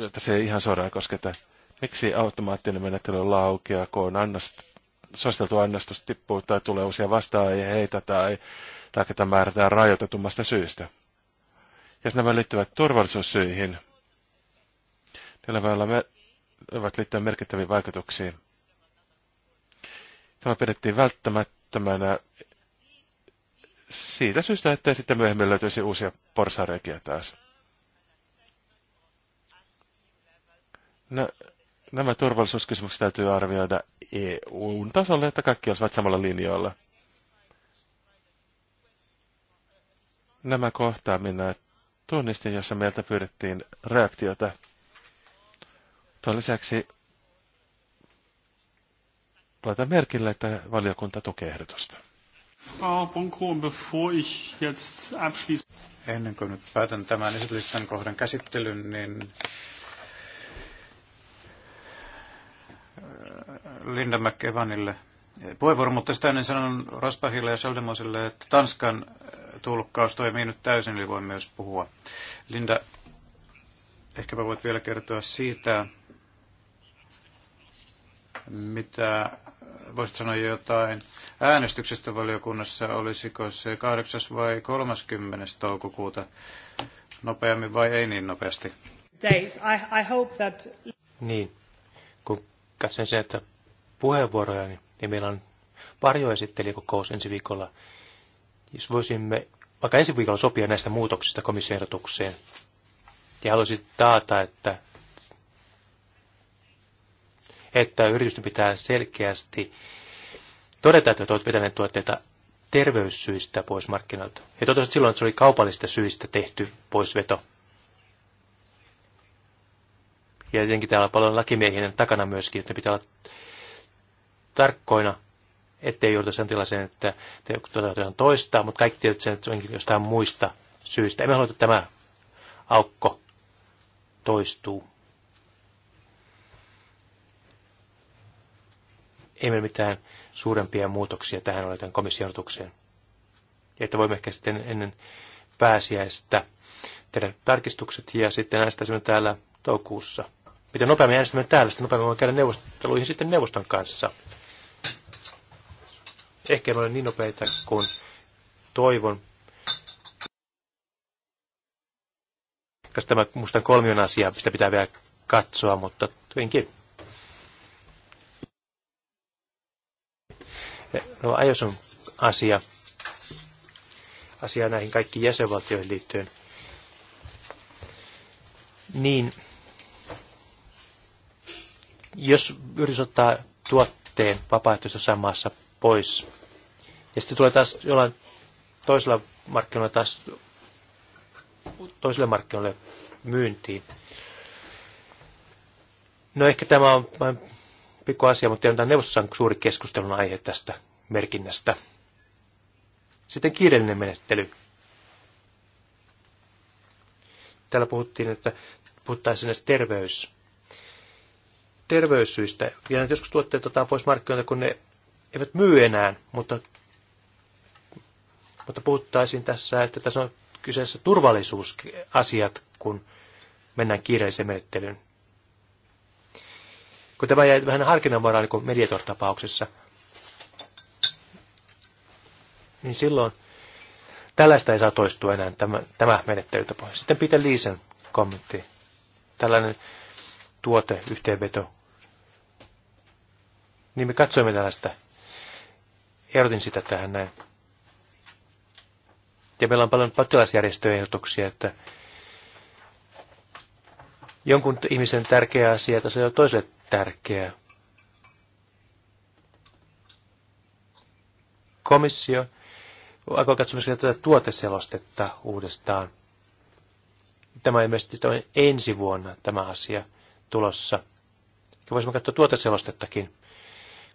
että se ei ihan suoraan kosketa. Miksi automaattinen menettely on laukia, kun on annost, suositeltu annostus tippuu tai tulee uusia vastaajia tai lääkettä määrätään rajoitetummasta syystä? Jos nämä liittyvät turvallisuussyihin, niillä voi olla me, voivat liittyä merkittäviin vaikutuksiin Tämä pidettiin välttämättömänä siitä syystä, että sitten myöhemmin löytyisi uusia porsareikiä taas. No, nämä turvallisuuskysymykset täytyy arvioida EUn tasolle, että kaikki olisivat samalla linjoilla. Nämä kohtaa minä tunnistin, jossa meiltä pyydettiin reaktiota. Tuon lisäksi Laitan merkille, että valiokunta tukee ehdotusta. Ennen kuin nyt päätän tämän esityksen kohdan käsittelyn, niin äh, Linda McEvanille puheenvuoro, mutta sitä ennen sanon Raspahille ja Saldemosille, että Tanskan äh, tulkkaus toimii nyt täysin, eli voi myös puhua. Linda, ehkäpä voit vielä kertoa siitä, mitä voisit sanoa jotain äänestyksestä valiokunnassa, olisiko se 8. vai 30. toukokuuta nopeammin vai ei niin nopeasti? Days. I, I hope that... Niin, kun katsen se, että puheenvuoroja, niin, niin meillä on varjoesittelijäkokous ensi viikolla. Jos voisimme vaikka ensi viikolla sopia näistä muutoksista komission ehdotukseen, ja haluaisin taata, että että yritysten pitää selkeästi todeta, että olet vetäneet tuotteita terveyssyistä pois markkinoilta. He totesivat silloin, että se oli kaupallista syistä tehty poisveto. Ja tietenkin täällä on paljon lakimiehinen takana myöskin, että pitää olla tarkkoina, ettei jouduta sen tilaseen, että te toteutetaan toista, mutta kaikki tietävät sen, että onkin jostain muista syistä. Emme halua, että tämä aukko toistuu. ei meillä mitään suurempia muutoksia tähän ole tämän komissiotukseen. Että voimme ehkä sitten ennen pääsiäistä tehdä tarkistukset ja sitten äänestäisimme täällä toukokuussa. Mitä nopeammin äänestämme täällä, sitä nopeammin voimme käydä neuvosteluihin sitten neuvoston kanssa. Ehkä en ole niin nopeita kuin toivon, koska tämä musta kolmion asia, sitä pitää vielä katsoa, mutta tuinkin. no, ajos on asia, asia näihin kaikkiin jäsenvaltioihin liittyen. Niin, jos yritys ottaa tuotteen vapaaehtoisesti jossain maassa pois, ja sitten tulee taas jollain toisella markkinoilla taas toiselle markkinoille myyntiin. No ehkä tämä on vain pikku asia, mutta on neuvostossa on suuri keskustelun aihe tästä merkinnästä. Sitten kiireellinen menettely. Täällä puhuttiin, että puhuttaisiin näistä terveys, terveyssyistä. Ja näitä joskus tuotteet otetaan pois markkinoilta, kun ne eivät myy enää, mutta, mutta puhuttaisiin tässä, että tässä on kyseessä turvallisuusasiat, kun mennään kiireelliseen menettelyyn kun tämä jäi vähän harkinnanvaraa niin kuin Mediator-tapauksessa, niin silloin tällaista ei saa toistua enää, tämä, tämä menettelytapa. Sitten Peter Liisen kommentti, tällainen tuote, yhteenveto. Niin me katsoimme tällaista. Erotin sitä tähän näin. Ja meillä on paljon potilasjärjestöjen ehdotuksia, että jonkun ihmisen tärkeä asia että se on toiselle tärkeää. Komissio aikoo katsoa tätä tuoteselostetta uudestaan. Tämä ilmeisesti on ensi vuonna tämä asia tulossa. voisimme katsoa tuoteselostettakin,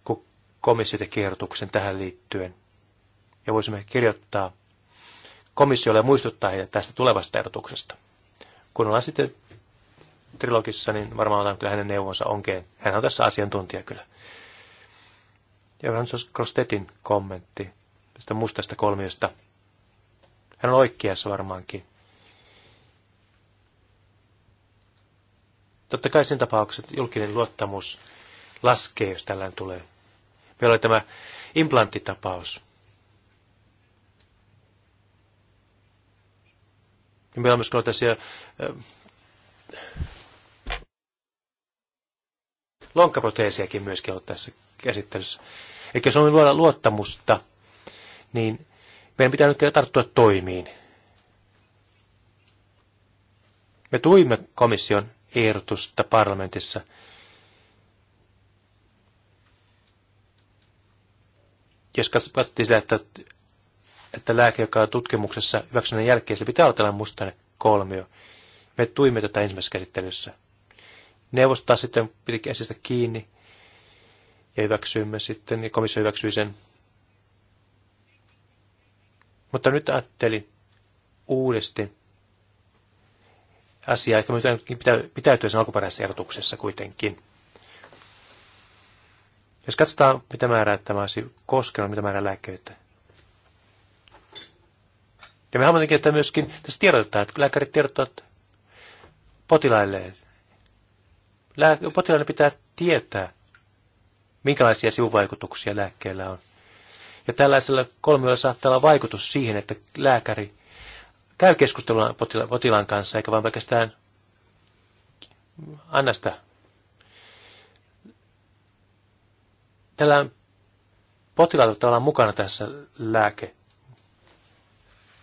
kun komissio teki ehdotuksen tähän liittyen. Ja voisimme kirjoittaa komissiolle ja muistuttaa heitä tästä tulevasta ehdotuksesta. Kun ollaan sitten trilogissa, niin varmaan otan kyllä hänen neuvonsa onkeen. Hän on tässä asiantuntija kyllä. Ja Francis Crostetin kommentti tästä mustasta kolmiosta. Hän on oikeassa varmaankin. Totta kai sen tapauksessa julkinen luottamus laskee, jos tällainen tulee. Meillä oli tämä implanttitapaus. Ja meillä on myös tällaisia lonkkaproteesiakin myöskin ollut tässä käsittelyssä. Eli jos on luoda luottamusta, niin meidän pitää nyt tarttua toimiin. Me tuimme komission ehdotusta parlamentissa. Jos katsottiin sitä, että, että lääke, joka on tutkimuksessa hyväksynnän jälkeen, se pitää olla tällainen mustainen kolmio. Me tuimme tätä ensimmäisessä käsittelyssä neuvostaa sitten pitikin esistä kiinni ja hyväksyimme sitten, ja komissio hyväksyi sen. Mutta nyt ajattelin uudesti asiaa, ehkä pitää, pitäytyä sen alkuperäisessä erotuksessa kuitenkin. Jos katsotaan, mitä määrää tämä asia koskenut, mitä määrää lääkkeitä. Ja me haluamme että myöskin tässä tiedotetaan, että lääkärit tiedottavat potilailleen lää- potilaiden pitää tietää, minkälaisia sivuvaikutuksia lääkkeellä on. Ja tällaisella kolmiolla saattaa olla vaikutus siihen, että lääkäri käy keskustelua potilaan kanssa, eikä vain pelkästään anna sitä. Tällä potilaat ovat mukana tässä lääke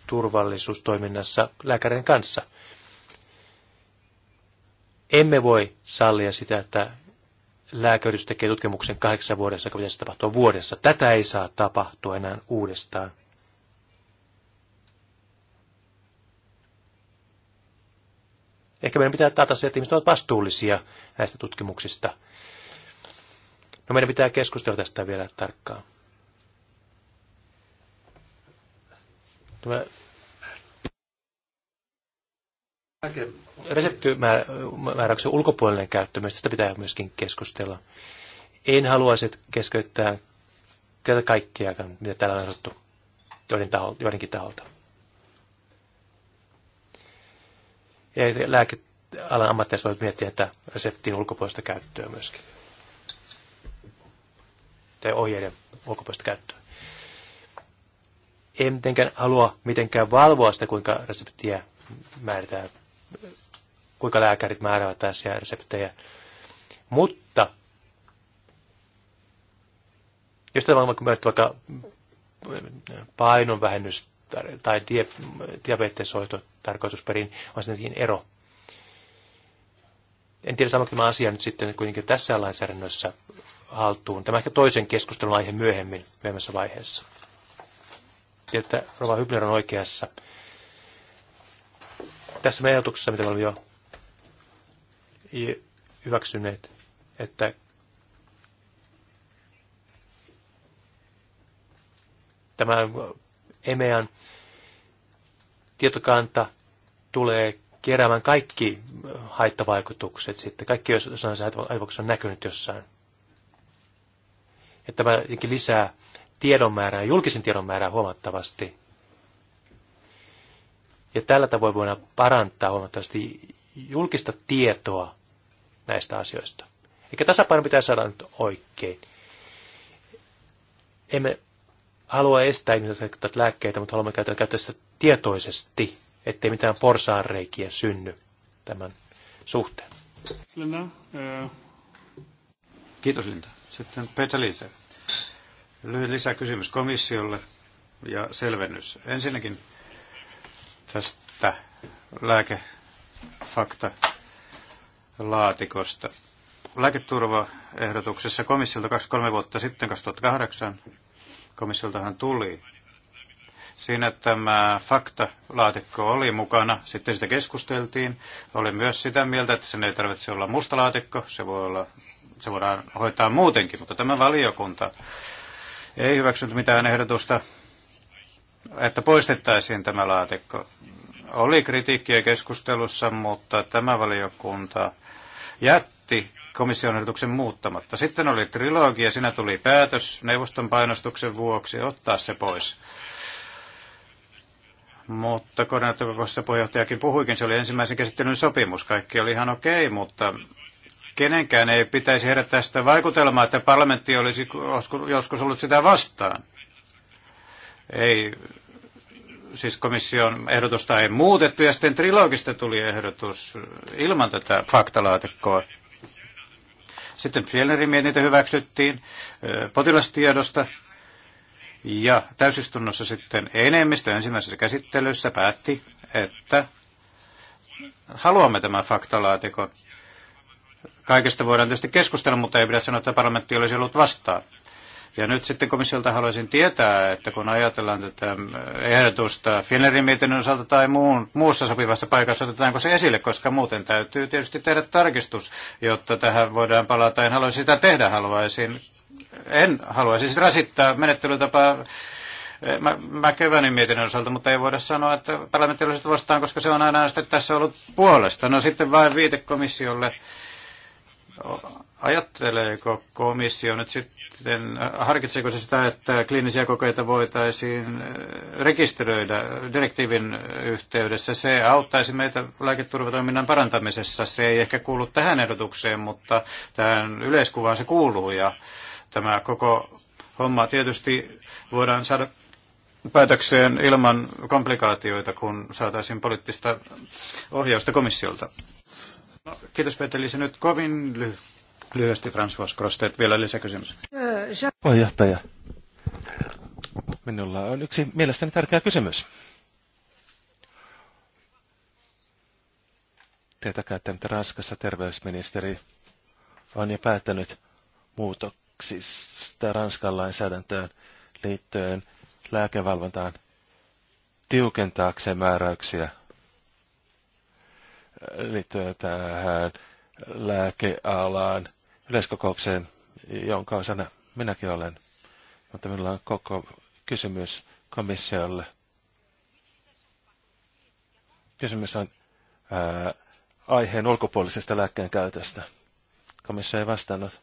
turvallisuustoiminnassa lääkärin kanssa – emme voi sallia sitä, että lääkäritys tekee tutkimuksen kahdeksan vuodessa, joka pitäisi tapahtua vuodessa. Tätä ei saa tapahtua enää uudestaan. Ehkä meidän pitää taata se, että ihmiset ovat vastuullisia näistä tutkimuksista. No meidän pitää keskustella tästä vielä tarkkaan. Tämä Reseptimääräyksen ulkopuolinen käyttö, myös tästä pitää myöskin keskustella. En haluaisi keskeyttää tätä kaikkia, mitä täällä on sanottu joiden taho, joidenkin taholta. Ja lääkealan ammattilaiset voivat miettiä että reseptin ulkopuolista käyttöä myöskin. Tai ohjeiden ulkopuolista käyttöä. En mitenkään halua mitenkään valvoa sitä, kuinka reseptiä määritään kuinka lääkärit määräävät tässä reseptejä. Mutta jos tämä on vaikka painonvähennys tai diabeteshoito tarkoitusperin, on sinnekin ero. En tiedä, saanko tämä asia nyt sitten kuitenkin tässä lainsäädännössä haltuun. Tämä ehkä toisen keskustelun aihe myöhemmin, myöhemmässä vaiheessa. Tiedän, että Rova Hybner on oikeassa tässä meidän ajatuksessa, mitä me olemme jo hyväksyneet, että tämä EMEAn tietokanta tulee keräämään kaikki haittavaikutukset sitten, kaikki jos aivoksi on näkynyt jossain. Ja tämä lisää tiedon määrää, julkisen tiedon määrää huomattavasti ja tällä tavoin voidaan parantaa huomattavasti julkista tietoa näistä asioista. Eli tasapaino pitää saada nyt oikein. Emme halua estää ihmisiä lääkkeitä, mutta haluamme käyttää, käyttää sitä tietoisesti, ettei mitään porsaanreikiä synny tämän suhteen. Linda, eh. Kiitos Linda. Sitten Petra Liise. Lyhyt lisäkysymys komissiolle ja selvennys. Ensinnäkin tästä lääkefakta laatikosta. Lääketurvaehdotuksessa komissiolta 23 vuotta sitten, 2008, komissioltahan tuli. Siinä tämä faktalaatikko oli mukana, sitten sitä keskusteltiin. Oli myös sitä mieltä, että sen ei tarvitse olla musta laatikko, se, voi olla, se voidaan hoitaa muutenkin, mutta tämä valiokunta ei hyväksynyt mitään ehdotusta, että poistettaisiin tämä laatikko. Oli kritiikkiä keskustelussa, mutta tämä valiokunta jätti komission ehdotuksen muuttamatta. Sitten oli trilogia, siinä tuli päätös neuvoston painostuksen vuoksi ottaa se pois. Mutta koordinaattokokouksessa puheenjohtajakin puhuikin, se oli ensimmäisen käsittelyn sopimus. Kaikki oli ihan okei, okay, mutta kenenkään ei pitäisi herättää sitä vaikutelmaa, että parlamentti olisi joskus ollut sitä vastaan. Ei siis komission ehdotusta ei muutettu ja sitten trilogista tuli ehdotus ilman tätä faktalaatikkoa. Sitten Fjellnerin mietintö hyväksyttiin potilastiedosta ja täysistunnossa sitten enemmistö ensimmäisessä käsittelyssä päätti, että haluamme tämän faktalaatikon. Kaikesta voidaan tietysti keskustella, mutta ei pidä sanoa, että parlamentti olisi ollut vastaan. Ja nyt sitten komissiolta haluaisin tietää, että kun ajatellaan tätä ähm, ehdotusta Finnerin mietinnön osalta tai muun, muussa sopivassa paikassa, otetaanko se esille, koska muuten täytyy tietysti tehdä tarkistus, jotta tähän voidaan palata. En haluaisi sitä tehdä, haluaisin, en haluaisi siis rasittaa menettelytapaa äh, Mä, mä Kevänin mietinnön osalta, mutta ei voida sanoa, että parlamenttilaisista vastaan, koska se on aina sitten tässä ollut puolesta. No sitten vain viitekomissiolle Ajatteleeko komissio nyt sitten, äh, harkitseeko se sitä, että kliinisiä kokeita voitaisiin äh, rekisteröidä direktiivin yhteydessä? Se auttaisi meitä lääketurvatoiminnan parantamisessa. Se ei ehkä kuulu tähän ehdotukseen, mutta tähän yleiskuvaan se kuuluu ja tämä koko homma tietysti voidaan saada päätökseen ilman komplikaatioita, kun saataisiin poliittista ohjausta komissiolta. No, kiitos Peteli, se nyt kovin lyhyt Lyhyesti François Crostet, vielä lisäkysymys. Puheenjohtaja, minulla on yksi mielestäni tärkeä kysymys. Tietäkää, että Ranskassa terveysministeri on jo päättänyt muutoksista Ranskan lainsäädäntöön liittyen lääkevalvontaan tiukentaakseen määräyksiä liittyen tähän lääkealaan yleiskokoukseen, jonka osana minäkin olen. Mutta minulla on koko kysymys komissiolle. Kysymys on ää, aiheen ulkopuolisesta lääkkeen käytöstä. Komissio ei vastannut.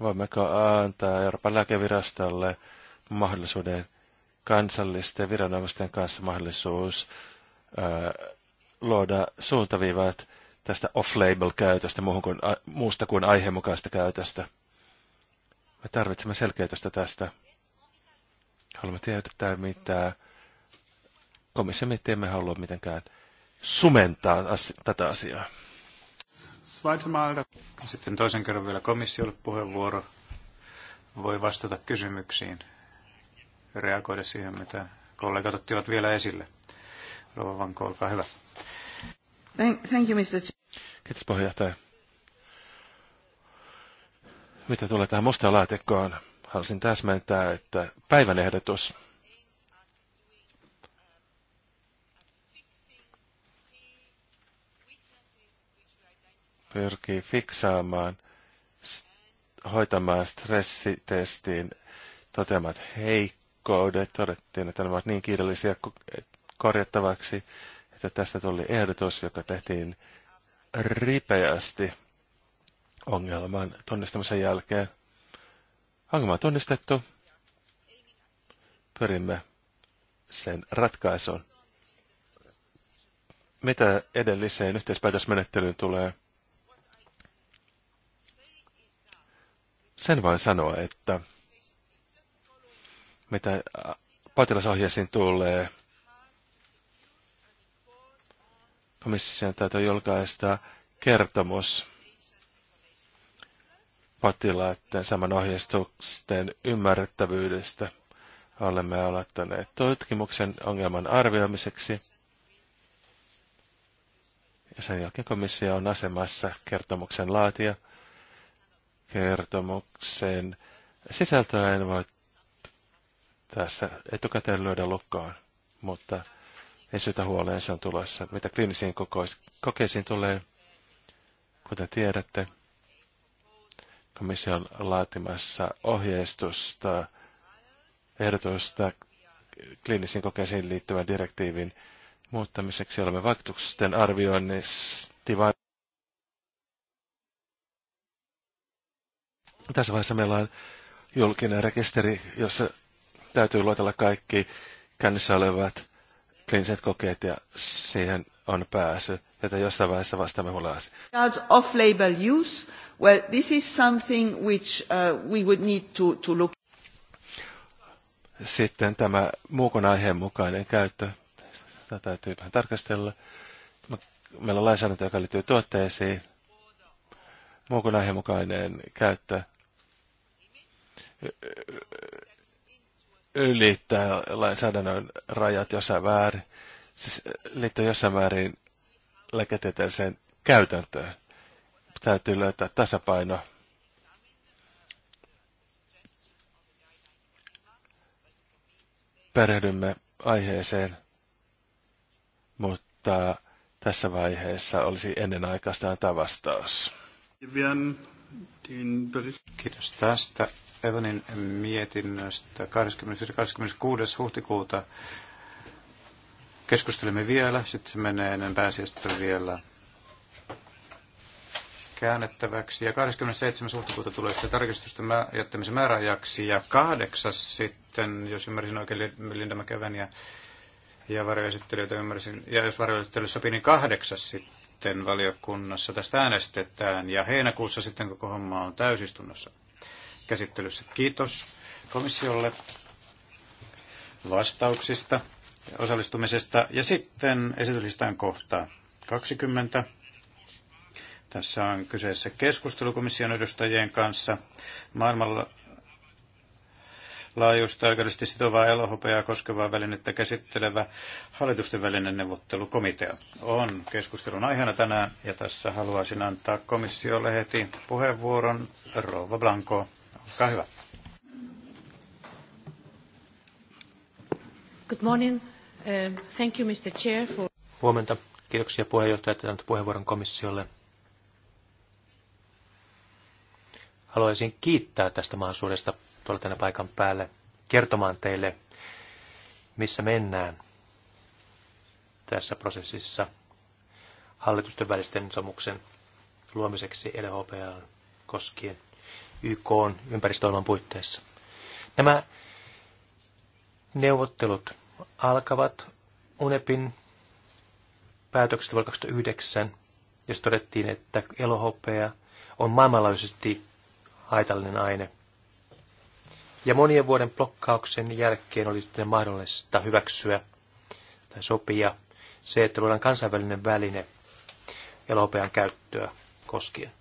Voimmeko antaa Euroopan lääkevirastolle mahdollisuuden kansallisten viranomaisten kanssa mahdollisuus ää, luoda suuntaviivat tästä off-label-käytöstä muuhun kuin, a, muusta kuin aiheenmukaista käytöstä. Me tarvitsemme selkeytystä tästä. Haluamme tietää, mitä komissio miettii, emme halua mitenkään sumentaa as- tätä asiaa. Sitten toisen kerran vielä komissiolle puheenvuoro. Voi vastata kysymyksiin ja reagoida siihen, mitä kollegat ottivat vielä esille. Rova Vanko, olkaa hyvä. Thank, thank you, Mr. Kiitos puheenjohtaja. Mitä tulee tähän mustaan laatikkoon, haluaisin täsmentää, että päivän ehdotus pyrkii fiksaamaan, hoitamaan stressitestiin toteamat heikkoudet. Todettiin, että ne ovat niin kiireellisiä korjattavaksi, että tästä tuli ehdotus, joka tehtiin ripeästi ongelman tunnistamisen jälkeen. Ongelma on tunnistettu. Pyrimme sen ratkaisuun. Mitä edelliseen yhteispäätösmenettelyyn tulee? Sen vain sanoa, että mitä potilasohjeisiin tulee, Komissiossa täytyy julkaista kertomus potilaiden saman ohjeistusten ymmärrettävyydestä. Olemme aloittaneet tutkimuksen ongelman arvioimiseksi. Ja sen jälkeen komissio on asemassa kertomuksen laatia. Kertomuksen sisältöä en voi tässä etukäteen lyödä lukkoon, mutta ei syytä huoleen, se on tulossa. Mitä kliinisiin kokeisiin tulee, kuten tiedätte, komissio on laatimassa ohjeistusta, ehdotusta kliinisiin kokeisiin liittyvän direktiivin muuttamiseksi. Olemme vaikutusten arvioinnissa Tässä vaiheessa meillä on julkinen rekisteri, jossa täytyy luotella kaikki kännissä olevat kliiniset kokeet ja siihen on pääsy, joten jossain vaiheessa vastaamme huolasi. Off-label use, well, this is something which uh, we would need to, to look Sitten tämä muukon aiheen mukainen käyttö, tätä täytyy vähän tarkastella. Meillä on lainsäädäntö, joka liittyy tuotteisiin. Muukon aiheen mukainen käyttö ylittää lainsäädännön rajat jossain määrin, siis liittyy jossain määrin lääketieteelliseen käytäntöön. Täytyy löytää tasapaino. Perehdymme aiheeseen, mutta tässä vaiheessa olisi ennenaikaista antaa vastaus. Kiitos tästä Evanin mietinnöstä 26. huhtikuuta. Keskustelemme vielä, sitten se menee ennen pääsiäistä vielä käännettäväksi. Ja 27. huhtikuuta tulee sitten tarkistusten jättämisen määräajaksi. Ja kahdeksas sitten, jos ymmärsin oikein Linda McEvania ja varjoesittelijöitä ymmärsin, ja jos varjoesittely sopii, niin kahdeksas sitten sitten valiokunnassa tästä äänestetään ja heinäkuussa sitten koko homma on täysistunnossa käsittelyssä. Kiitos komissiolle vastauksista ja osallistumisesta. Ja sitten esityslistään kohtaa 20. Tässä on kyseessä keskustelu komission edustajien kanssa maailmalla laajuista oikeudellisesti sitovaa elohopeaa koskevaa välinettä käsittelevä hallitusten välinen neuvottelukomitea on keskustelun aiheena tänään ja tässä haluaisin antaa komissiolle heti puheenvuoron. Rova Blanco, olkaa hyvä. Good morning. Uh, thank you, Mr. Chair, for... Huomenta. Kiitoksia puheenjohtaja, että annat puheenvuoron komissiolle. Haluaisin kiittää tästä mahdollisuudesta tuolla tänne paikan päälle kertomaan teille, missä mennään tässä prosessissa hallitusten välisten sopimuksen luomiseksi LHPL koskien YK ympäristöohjelman puitteissa. Nämä neuvottelut alkavat UNEPin päätöksestä vuonna 2009, jos todettiin, että LHP on maailmanlaajuisesti haitallinen aine – ja monien vuoden blokkauksen jälkeen oli sitten mahdollista hyväksyä tai sopia se, että luodaan kansainvälinen väline elohopean käyttöä koskien.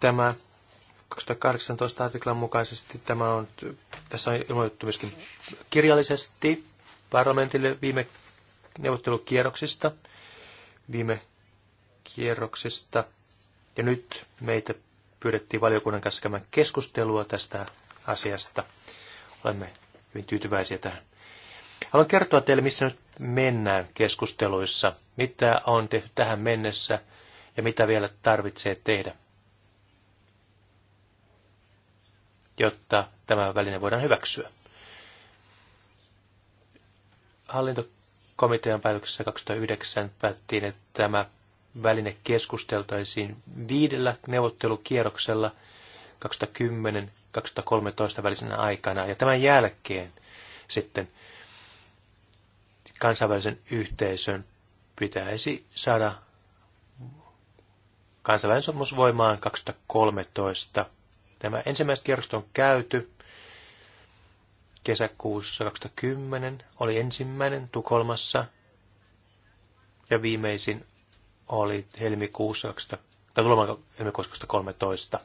Tämä 2018 artiklan mukaisesti tämä on, tässä on ilmoitettu myöskin kirjallisesti parlamentille viime neuvottelukierroksista, viime kierroksista. Ja nyt meitä pyydettiin valiokunnan kanssa käymään keskustelua tästä asiasta. Olemme hyvin tyytyväisiä tähän. Haluan kertoa teille, missä nyt mennään keskusteluissa, mitä on tehty tähän mennessä ja mitä vielä tarvitsee tehdä, jotta tämä väline voidaan hyväksyä. Hallintokomitean päätöksessä 2009 päättiin, että tämä väline keskusteltaisiin viidellä neuvottelukierroksella 2010-2013 välisenä aikana. Ja tämän jälkeen sitten kansainvälisen yhteisön pitäisi saada kansainvälinen sopimus voimaan 2013. Tämä ensimmäistä kierrosta on käyty kesäkuussa 2010, oli ensimmäinen Tukholmassa ja viimeisin oli helmikuussa, tai tulemaan helmikuussa 13.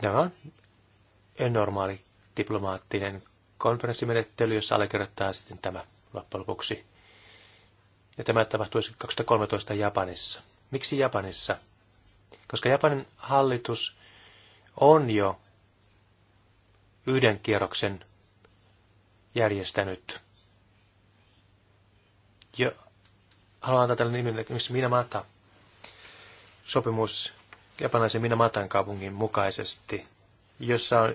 Tämä on normaali diplomaattinen konferenssimenettely, jossa allekirjoittaa sitten tämä loppujen lopuksi. Ja tämä tapahtui 2013 siis Japanissa. Miksi Japanissa? Koska Japanin hallitus on jo yhden kierroksen järjestänyt jo haluan antaa tälle nimen, missä Minamata sopimus japanaisen Minamatan kaupungin mukaisesti, jossa on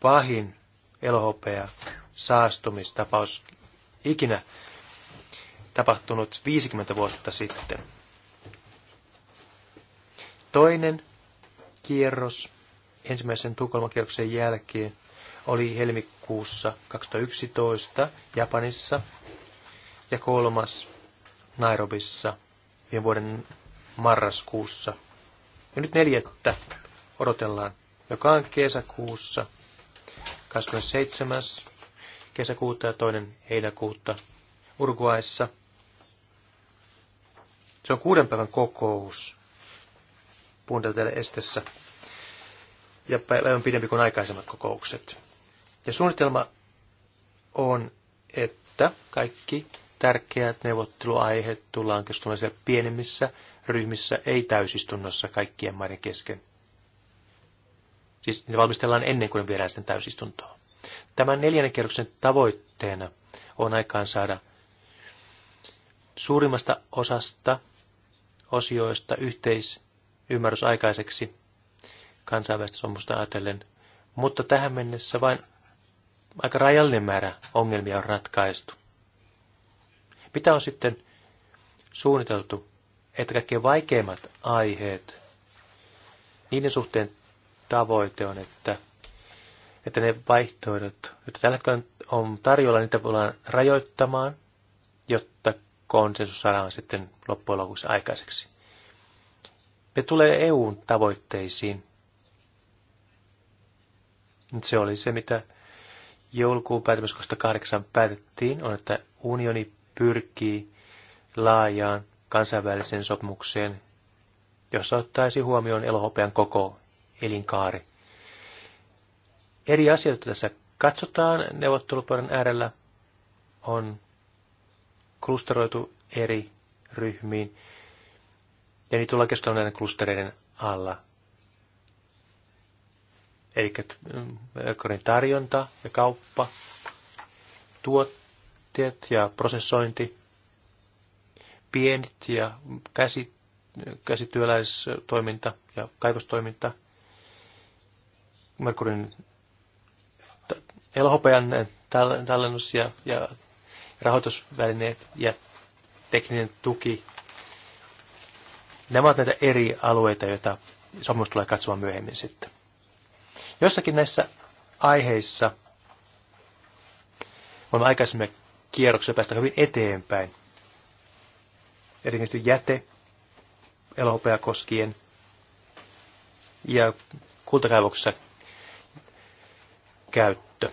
pahin elohopea saastumistapaus ikinä tapahtunut 50 vuotta sitten. Toinen kierros ensimmäisen Tukholmakierroksen jälkeen oli helmikuussa 2011 Japanissa ja kolmas Nairobissa viime vuoden marraskuussa. Ja nyt neljättä odotellaan, joka on kesäkuussa 27. kesäkuuta ja toinen heinäkuuta Urguaissa. Se on kuuden päivän kokous Pundeltelle estessä ja päivän pidempi kuin aikaisemmat kokoukset. Ja suunnitelma on, että kaikki tärkeä neuvotteluaiheet Tullaan keskustelemaan siellä pienemmissä ryhmissä, ei täysistunnossa kaikkien maiden kesken. Siis ne valmistellaan ennen kuin ne viedään sitten täysistuntoon. Tämän neljännen kerroksen tavoitteena on aikaan saada suurimmasta osasta osioista yhteisymmärrys aikaiseksi kansainvälistä sopimusta ajatellen, mutta tähän mennessä vain aika rajallinen määrä ongelmia on ratkaistu. Mitä on sitten suunniteltu, että kaikkein vaikeimmat aiheet, niiden suhteen tavoite on, että, että ne vaihtoehdot, joita tällä hetkellä on tarjolla, niitä voidaan rajoittamaan, jotta konsensus saadaan sitten loppujen lopuksi aikaiseksi. Me tulee EUn tavoitteisiin. Se oli se, mitä joulukuun päätös 2008 päätettiin, on, että unioni pyrkii laajaan kansainväliseen sopimukseen, jossa ottaisi huomioon elohopean koko elinkaari. Eri asioita tässä katsotaan neuvottelupöydän äärellä on klusteroitu eri ryhmiin, ja niitä tullaan keskustelemaan näiden klustereiden alla. Eli mm, tarjonta ja kauppa, tuot laitteet ja prosessointi, pienit ja käsi, käsityöläistoiminta ja kaivostoiminta, Merkurin elohopean tallennus ja, ja rahoitusvälineet ja tekninen tuki. Nämä ovat näitä eri alueita, joita sopimus tulee katsomaan myöhemmin sitten. Jossakin näissä aiheissa on aikaisemmin kierroksessa päästä hyvin eteenpäin. Erityisesti jäte, elohopea koskien ja kultakaivoksessa käyttö.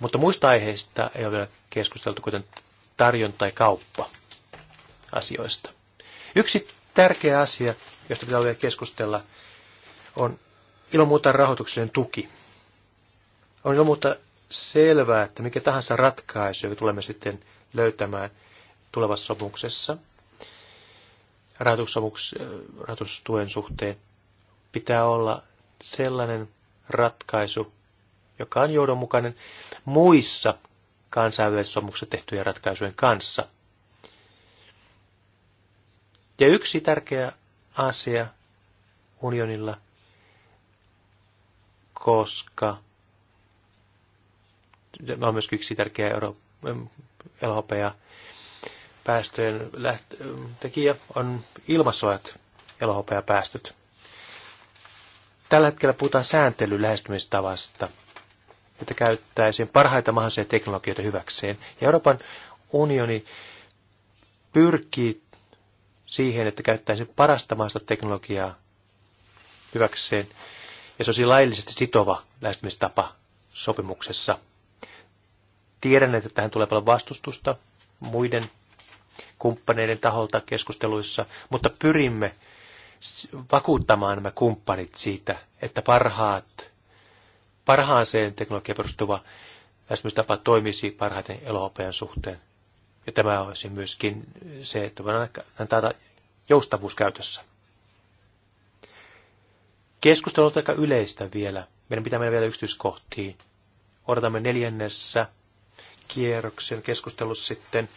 Mutta muista aiheista ei ole vielä keskusteltu, kuten tarjonta- ja kauppa-asioista. Yksi tärkeä asia, josta pitää vielä keskustella, on ilman muuta rahoituksellinen tuki. On ilman muuta selvää, että mikä tahansa ratkaisu, joka tulemme sitten löytämään tulevassa sopimuksessa, rahoitustuen suhteen, pitää olla sellainen ratkaisu, joka on johdonmukainen muissa kansainvälisissä sopimuksissa tehtyjen ratkaisujen kanssa. Ja yksi tärkeä asia unionilla, koska Tämä on myös yksi tärkeä euro, LHP päästöjen läht- tekijä on ilmastoajat LHP päästöt. Tällä hetkellä puhutaan sääntelyn lähestymistavasta, että käyttäisiin parhaita mahdollisia teknologioita hyväkseen. Ja Euroopan unioni pyrkii siihen, että käyttäisiin parasta mahdollista teknologiaa hyväkseen. Ja se olisi laillisesti sitova lähestymistapa sopimuksessa – Tiedän, että tähän tulee paljon vastustusta muiden kumppaneiden taholta keskusteluissa, mutta pyrimme vakuuttamaan nämä kumppanit siitä, että parhaat, parhaaseen teknologiaan perustuva tapa toimisi parhaiten elohopean suhteen. Ja tämä olisi myöskin se, että voidaan antaa joustavuus käytössä. Keskustelu on aika yleistä vielä. Meidän pitää mennä vielä yksityiskohtiin. Odotamme neljännessä kierroksen keskustelussa sitten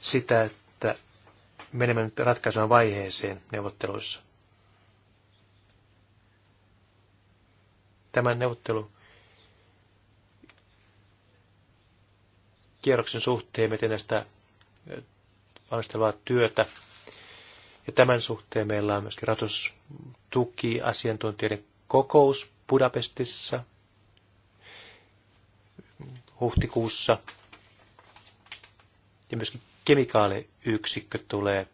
sitä, että menemme nyt ratkaisuna vaiheeseen neuvotteluissa. Tämän neuvottelu kierroksen suhteen me teemme sitä valmistelua työtä. Ja tämän suhteen meillä on myöskin ratustuki asiantuntijoiden kokous Budapestissa huhtikuussa ja myöskin kemikaaliyksikkö tulee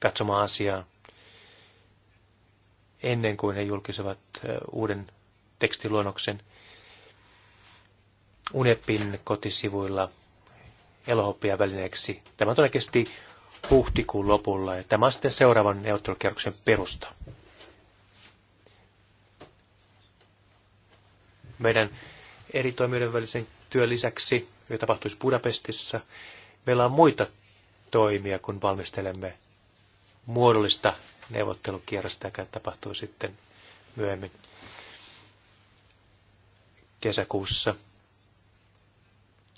katsomaan asiaa ennen kuin he julkisevat uuden tekstiluonnoksen UNEPin kotisivuilla elohopia välineeksi. Tämä on todennäköisesti huhtikuun lopulla ja tämä on sitten seuraavan neuvottelukierroksen perusta. Meidän eri toimijoiden välisen työn lisäksi, joka tapahtuisi Budapestissa, meillä on muita toimia, kun valmistelemme muodollista neuvottelukierrosta, joka tapahtuu sitten myöhemmin kesäkuussa.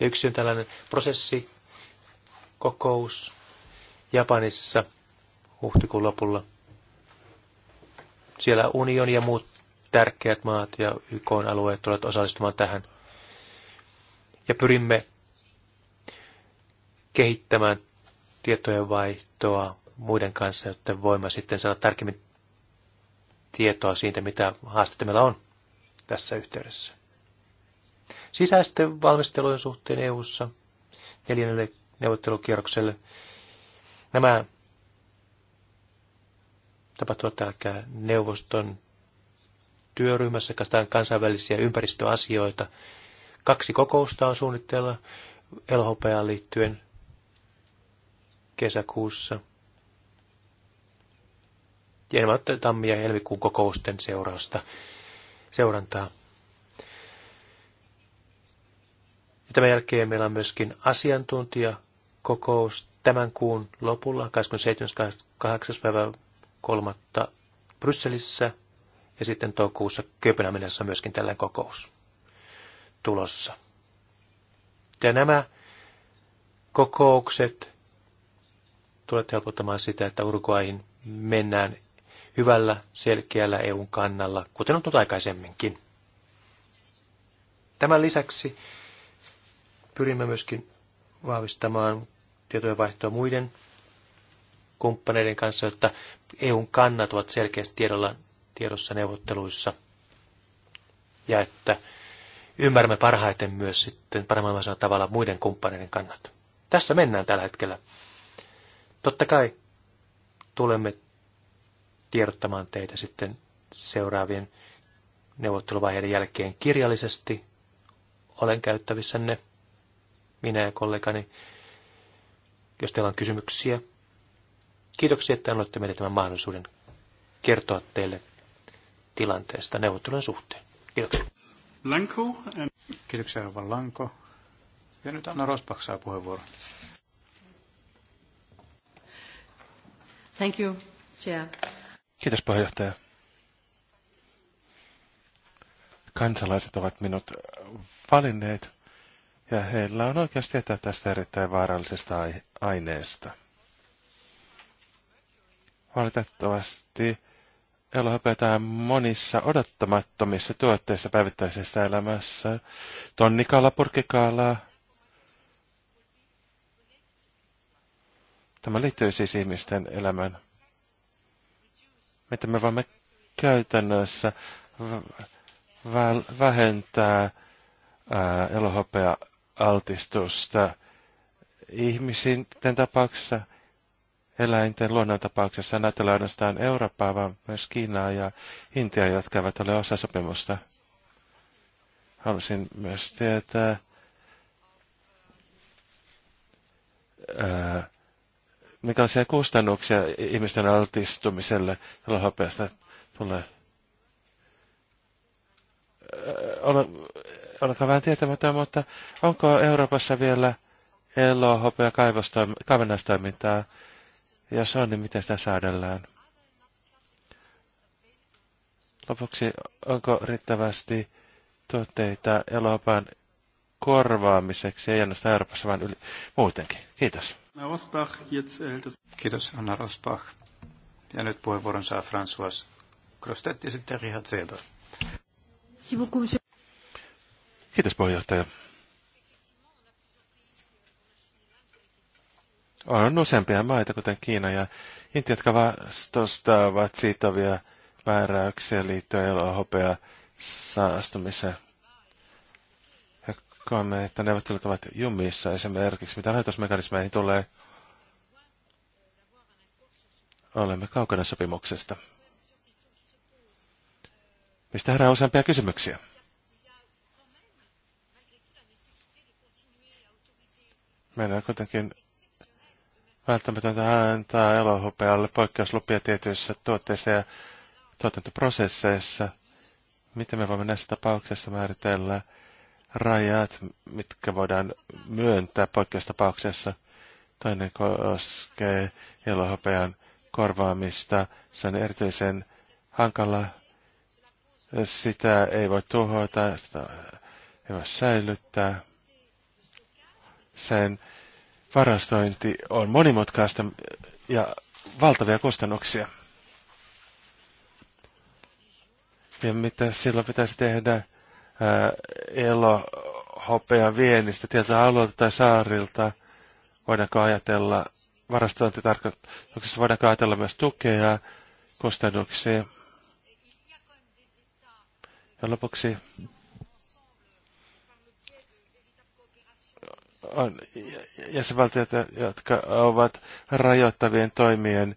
Ja yksi on tällainen prosessi, kokous Japanissa huhtikuun lopulla. Siellä unioni ja muut tärkeät maat ja YK-alueet tulevat osallistumaan tähän. Ja pyrimme kehittämään tietojen vaihtoa muiden kanssa, jotta voimme sitten saada tarkemmin tietoa siitä, mitä haasteita meillä on tässä yhteydessä. Sisäisten valmistelujen suhteen EU-ssa neljännelle neuvottelukierrokselle. Nämä tapahtuvat täällä neuvoston työryhmässä, katsotaan kansainvälisiä ympäristöasioita. Kaksi kokousta on suunnitteilla LHPään liittyen kesäkuussa. Ja ne tammi- ja helmikuun kokousten seurausta, seurantaa. Ja tämän jälkeen meillä on myöskin asiantuntijakokous tämän kuun lopulla, 27.8. päivä 3. Brysselissä ja sitten toukokuussa Kööpenhaminassa myöskin tällainen kokous tulossa. Ja nämä kokoukset tulet helpottamaan sitä, että Urkoaihin mennään hyvällä, selkeällä EUn kannalla, kuten on tullut aikaisemminkin. Tämän lisäksi pyrimme myöskin vahvistamaan tietojenvaihtoa muiden kumppaneiden kanssa, jotta EUn kannat ovat selkeästi tiedolla, tiedossa neuvotteluissa ja että ymmärrämme parhaiten myös sitten paremmalla tavalla muiden kumppaneiden kannat. Tässä mennään tällä hetkellä. Totta kai tulemme tiedottamaan teitä sitten seuraavien neuvotteluvaiheiden jälkeen kirjallisesti. Olen käyttävissänne, minä ja kollegani, jos teillä on kysymyksiä. Kiitoksia, että annoitte meille tämän mahdollisuuden kertoa teille tilanteesta neuvottelun suhteen. Kiitoksia. Lanko. And... Kiitoksia, Rova Lanko. Ja nyt Anna Rospaksaa puheenvuoron. Thank you, Chair. Kiitos puheenjohtaja. Kansalaiset ovat minut valinneet ja heillä on oikeus tietää tästä erittäin vaarallisesta aineesta. Valitettavasti elohopeaa monissa odottamattomissa tuotteissa päivittäisessä elämässä. Tonnikala, purkikala, Tämä liittyy siis ihmisten elämään. Miten me voimme käytännössä vähentää elohopea-altistusta ihmisten tapauksessa, eläinten luonnon tapauksessa. En ainoastaan Eurooppaa, vaan myös Kiinaa ja Intiaa, jotka eivät ole osa sopimusta. Haluaisin myös tietää, ää, minkälaisia kustannuksia ihmisten altistumiselle lohopeasta tulee. Olen, olenkaan vähän tietämätön, mutta onko Euroopassa vielä elohopea kaivannaistoimintaa? Jos on, niin miten sitä säädellään? Lopuksi, onko riittävästi tuotteita elohopan korvaamiseksi, ei ainoastaan Euroopassa, vaan yli, muutenkin. Kiitos. Äh, Kiitos, Anna Rosbach. Ja nyt puheenvuoron saa François Krostetti ja sitten Richard Seeler. Kiitos puheenjohtaja. On useampia maita, kuten Kiina ja Intia, jotka vastustavat sitovia määräyksiä liittyen hopea saastumiseen koemme, että neuvottelut ovat jumissa esimerkiksi, mitä rahoitusmekanismeihin tulee. Olemme kaukana sopimuksesta. Mistä herää useampia kysymyksiä? Meillä on kuitenkin välttämätöntä antaa elohopealle poikkeuslupia tietyissä tuotteissa ja tuotantoprosesseissa. Miten me voimme näissä tapauksissa määritellä rajat, mitkä voidaan myöntää poikkeustapauksessa. Toinen koskee elohopean korvaamista. Se on erityisen hankala. Sitä ei voi tuhota, sitä ei voi säilyttää. Sen varastointi on monimutkaista ja valtavia kustannuksia. Ja mitä silloin pitäisi tehdä? elo hopean viennistä tietä alueelta tai saarilta. Voidaanko ajatella varastointitarkoituksessa, voidaanko ajatella myös tukea kustannuksia. Ja lopuksi on jäsenvaltioita, jotka ovat rajoittavien toimien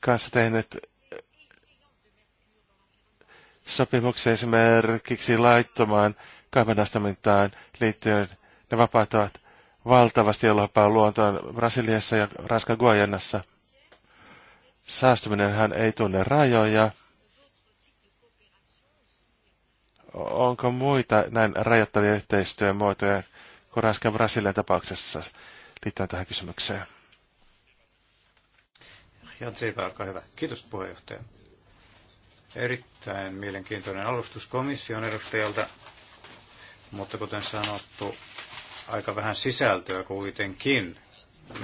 kanssa tehneet sopimuksen esimerkiksi laittomaan kaivannaistoimintaan liittyen. Ne vapauttavat valtavasti elokapaan luontoon Brasiliassa ja Ranskan Guajanassa. Saastuminenhan ei tunne rajoja. Onko muita näin rajoittavia muotoja kuin Ranskan Brasilian tapauksessa liittyen tähän kysymykseen? Jan Tseipä, olkaa hyvä. Kiitos puheenjohtaja. Erittäin mielenkiintoinen alustus komission edustajalta, mutta kuten sanottu, aika vähän sisältöä kuitenkin,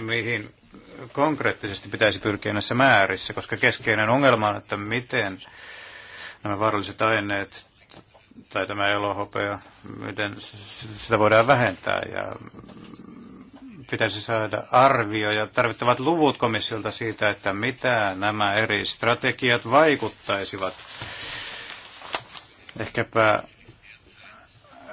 mihin konkreettisesti pitäisi pyrkiä näissä määrissä, koska keskeinen ongelma on, että miten nämä vaaralliset aineet tai tämä elohopea, miten sitä voidaan vähentää ja pitäisi saada arvio ja tarvittavat luvut komissiolta siitä, että mitä nämä eri strategiat vaikuttaisivat. Ehkäpä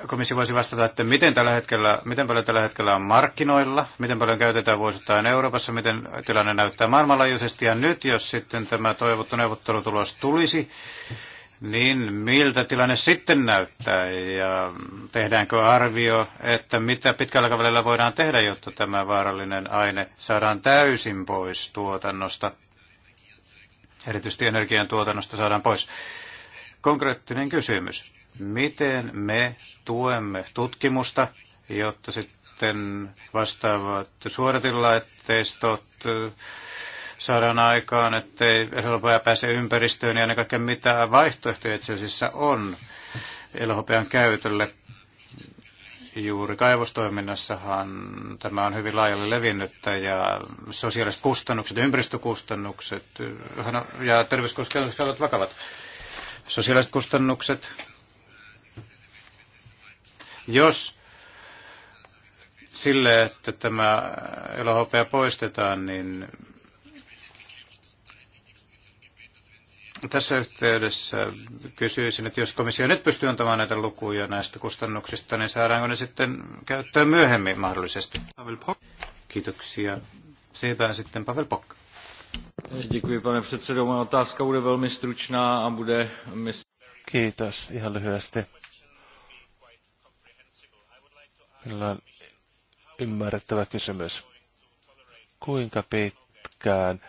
komissio voisi vastata, että miten, tällä hetkellä, miten paljon tällä hetkellä on markkinoilla, miten paljon käytetään vuosittain Euroopassa, miten tilanne näyttää maailmanlaajuisesti. Ja nyt, jos sitten tämä toivottu neuvottelutulos tulisi, niin miltä tilanne sitten näyttää ja tehdäänkö arvio, että mitä pitkällä aikavälillä voidaan tehdä, jotta tämä vaarallinen aine saadaan täysin pois tuotannosta, erityisesti energian tuotannosta saadaan pois. Konkreettinen kysymys. Miten me tuemme tutkimusta, jotta sitten vastaavat suodatinlaitteistot, saadaan aikaan, ettei LHPA pääse ympäristöön ja ennen kaikkea mitä vaihtoehtoja itse asiassa on LHPAn käytölle. Juuri kaivostoiminnassahan tämä on hyvin laajalle levinnyttä ja sosiaaliset kustannukset ja ympäristökustannukset ja terveyskustannukset ovat vakavat. Sosiaaliset kustannukset, jos sille, että tämä elohopea poistetaan, niin Tässä yhteydessä kysyisin, että jos komissio nyt pystyy antamaan näitä lukuja näistä kustannuksista, niin saadaanko ne sitten käyttöön myöhemmin mahdollisesti? Pavel Pok. Kiitoksia. Siitä sitten Pavel Pok. Děkuji, pane předsedo. Moje otázka bude velmi stručná a bude... Kiitos, ihan lyhyesti. Minulla ymmärrettävä kysymys. Kuinka pitkään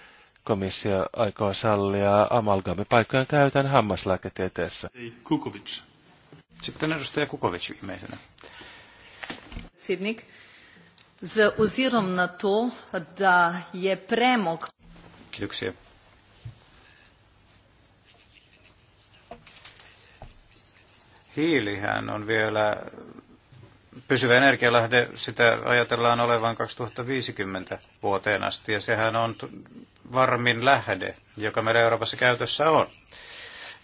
komissio aikoo sallia amalgaamipaikkojen käytön hammaslääketieteessä. Kukovic. Sitten edustaja Kukovic viimeisenä. Sidnik. Z ozirom na to, da je premog... Kiitoksia. Hiilihän on vielä pysyvä energialähde, sitä ajatellaan olevan 2050 vuoteen asti, ja sehän on varmin lähde, joka meillä Euroopassa käytössä on.